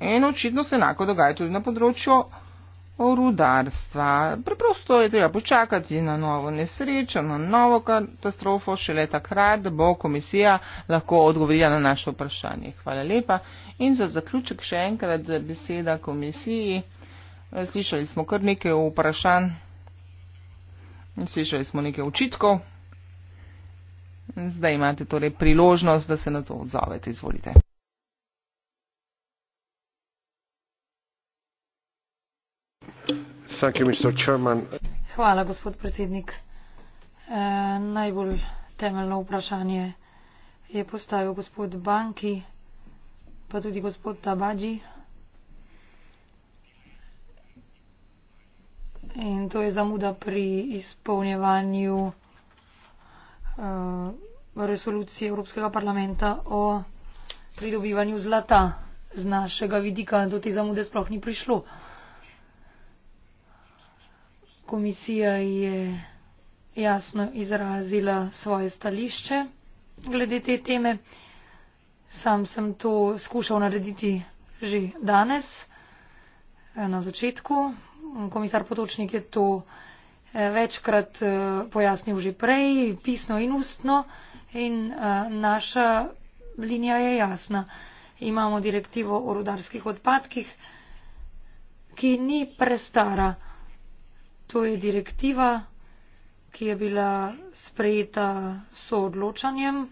In očitno se enako dogaja tudi na področju rudarstva. Preprosto je treba počakati na novo nesrečo, na novo katastrofo, šele takrat bo komisija lahko odgovorila na naše vprašanje. Hvala lepa. In za zaključek še enkrat beseda komisiji. Eh, slišali smo kar nekaj vprašanj. Slišali smo nekaj očitkov. Zdaj imate torej priložnost, da se na to odzovete. Izvolite. Hvala, gospod predsednik. E, najbolj temeljno vprašanje je postavil gospod Banki, pa tudi gospod Tabadži. In to je zamuda pri izpolnjevanju uh, resolucije Evropskega parlamenta o pridobivanju zlata. Z našega vidika do te zamude sploh ni prišlo. Komisija je jasno izrazila svoje stališče glede te teme. Sam sem to skušal narediti že danes, eh, na začetku, komisar potočnik je to eh, večkrat eh, pojasnil že prej, pisno in ustno in eh, naša linija je jasna. Imamo direktivo o rudarskih odpadkih, ki ni prestara. To je direktiva, ki je bila sprejeta soodločanjem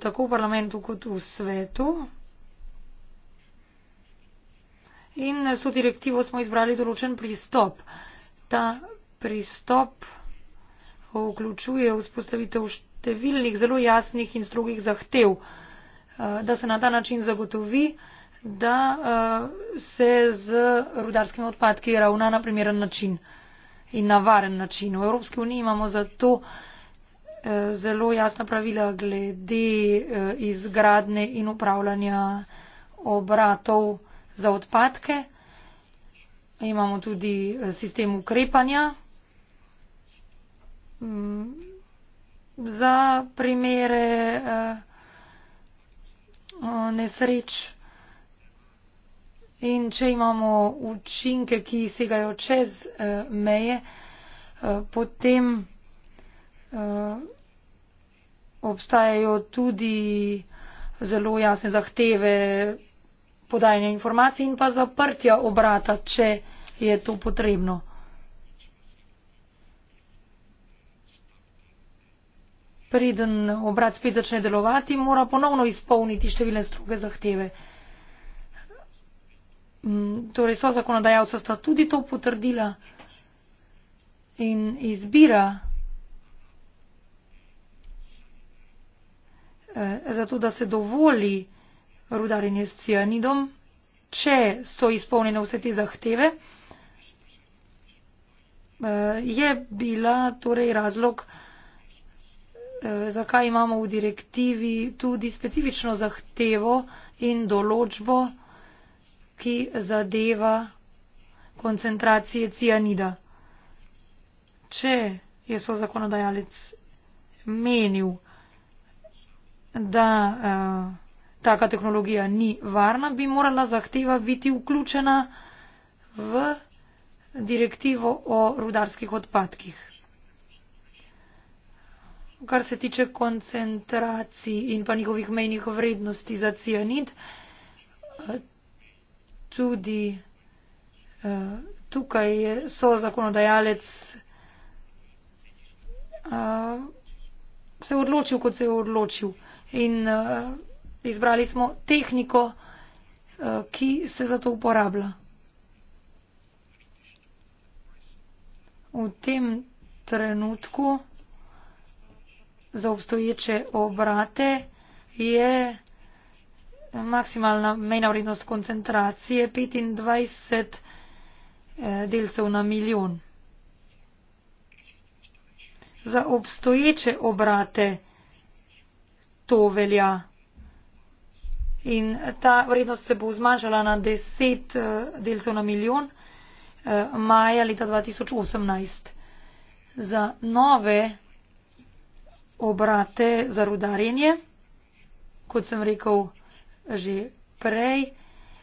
tako v parlamentu kot v svetu in s to direktivo smo izbrali določen pristop. Ta pristop vključuje vzpostavitev številnih zelo jasnih in strogih zahtev, eh, da se na ta način zagotovi, da eh, se z rudarskimi odpadki ravna na primeren način in na varen način. V Evropski uniji imamo zato eh, zelo jasna pravila glede izgradne in upravljanja obratov za odpadke. Imamo tudi eh, sistem ukrepanja. Mm, za primere eh, nesreč. In če imamo učinke, ki segajo čez eh, meje, eh, potem eh, obstajajo tudi zelo jasne zahteve podajanje informacij in pa zaprtja obrata, če je to potrebno. Preden obrat spet začne delovati, mora ponovno izpolniti številne druge zahteve. Mm, torej so zakonodajalca sta tudi to potrdila in izbira, eh, zato da se dovoli, da se dovoli, rudarjenje s cianidom, če so izpolnjene vse te zahteve, eh, je bila torej razlog, eh, zakaj imamo v direktivi tudi specifično zahtevo in določbo, ki zadeva koncentracije cianida. Če je so zakonodajalec menil, da uh, taka tehnologija ni varna, bi morala zahteva biti vključena v direktivo o rudarskih odpadkih. Kar se tiče koncentracij in pa njihovih mejnih vrednosti za cianid, tudi eh, tukaj so zakonodajalec eh, se odločil, kot se je odločil. In eh, Izbrali smo tehniko, eh, ki se za to uporablja. V tem trenutku za obstoječe obrate je maksimalna mejna vrednost koncentracije 25 eh, delcev na milijon. Za obstoječe obrate to velja in ta vrednost se bo zmanjšala na 10 eh, delcev na milijon eh, maja leta 2018. Za nove obrate za rudarjenje, kot sem rekel že prej,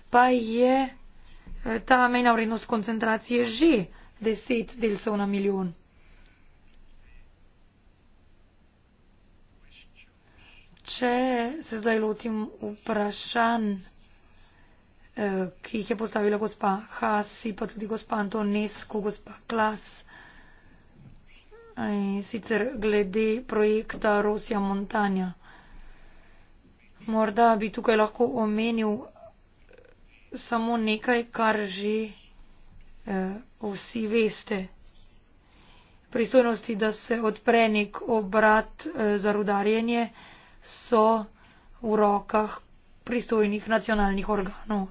pa je eh, ta mejna vrednost koncentracije že 10 delcev na milijon. Če se zdaj lotim vprašanj, eh, ki jih je postavila gospa Hasi, pa tudi gospa Antonesko, gospa Klas, in sicer glede projekta Rosja Montanja. Morda bi tukaj lahko omenil samo nekaj, kar že eh, vsi veste. Pristojnosti, da se odpre nek obrat eh, za rudarjenje so v rokah pristojnih nacionalnih organov.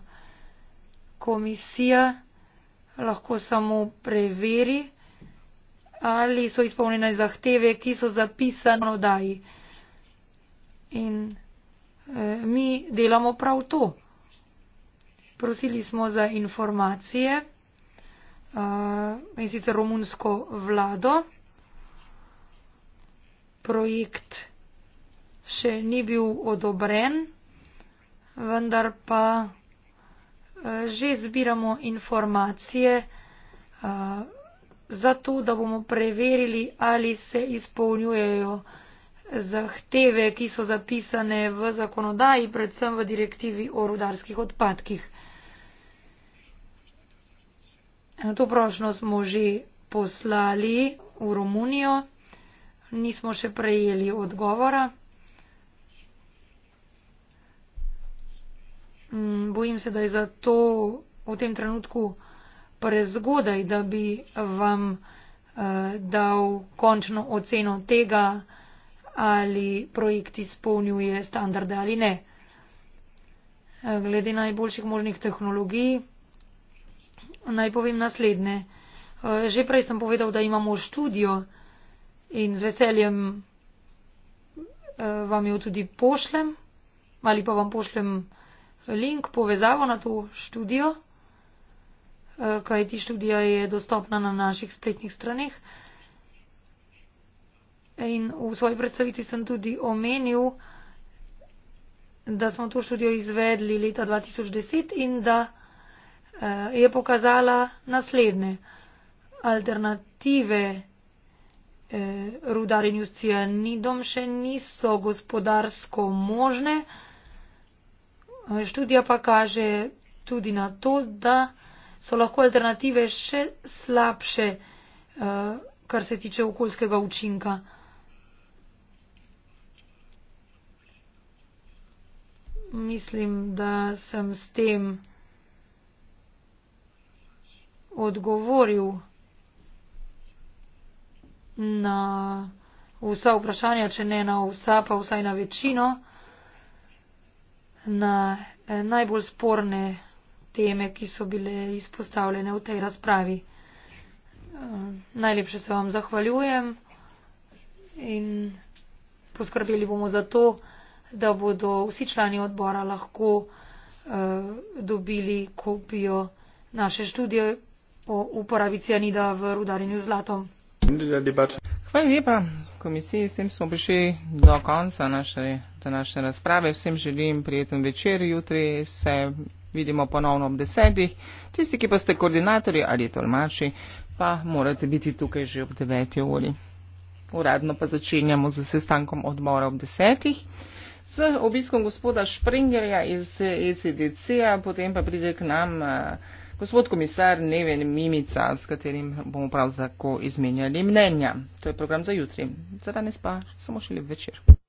Komisija lahko samo preveri, ali so izpolnjene zahteve, ki so zapisane v daji. In e, mi delamo prav to. Prosili smo za informacije uh, in sicer romunsko vlado. Projekt še ni bil odobren, vendar pa eh, že zbiramo informacije eh, za to, da bomo preverili, ali se izpolnjujejo zahteve, ki so zapisane v zakonodaji, predvsem v direktivi o rudarskih odpadkih. To prošlo smo že poslali v Romunijo, nismo še prejeli odgovora. Mm, bojim se, da je zato v tem trenutku prezgodaj, da bi vam uh, dal končno oceno tega, ali projekt izpolnjuje standarde ali ne. Eh, glede najboljših možnih tehnologij, naj povem naslednje. Eh, že prej sem povedal, da imamo študijo in z veseljem vam jo tudi pošljem ali pa vam pošljem link, povezavo na to študijo, eh, kajti študija je dostopna na naših spletnih straneh. In v svoji predstaviti sem tudi omenil, da smo to študijo izvedli leta 2010 in da eh, je pokazala naslednje alternative eh, rudarjenju s cianidom še niso gospodarsko možne. Eh, študija pa kaže tudi na to, da so lahko alternative še slabše, eh, kar se tiče okoljskega učinka. Mislim, da sem s tem odgovoril na vsa vprašanja, če ne na vsa, pa vsaj na večino na eh, najbolj sporne teme, ki so bile izpostavljene v tej razpravi. Eh, najlepše se vam zahvaljujem in poskrbeli bomo za to, da bodo vsi člani odbora lahko eh, dobili kopijo naše študije o uporabi cianida v rudarjenju zlatom. Hvala lepa. Komisiji s tem smo prišli do konca naše današnje razprave. Vsem želim prijeten večer, jutri se vidimo ponovno ob desetih. Tisti, ki pa ste koordinatorji ali tolmači, pa morate biti tukaj že ob deveti uri. Uradno pa začenjamo z sestankom odmora ob desetih. Z obiskom gospoda Springerja iz ECDC-a, potem pa pride k nam eh, gospod komisar Neven Mimica, s katerim bomo prav tako izmenjali mnenja. To je program za jutri. Za danes pa samo še lep večer.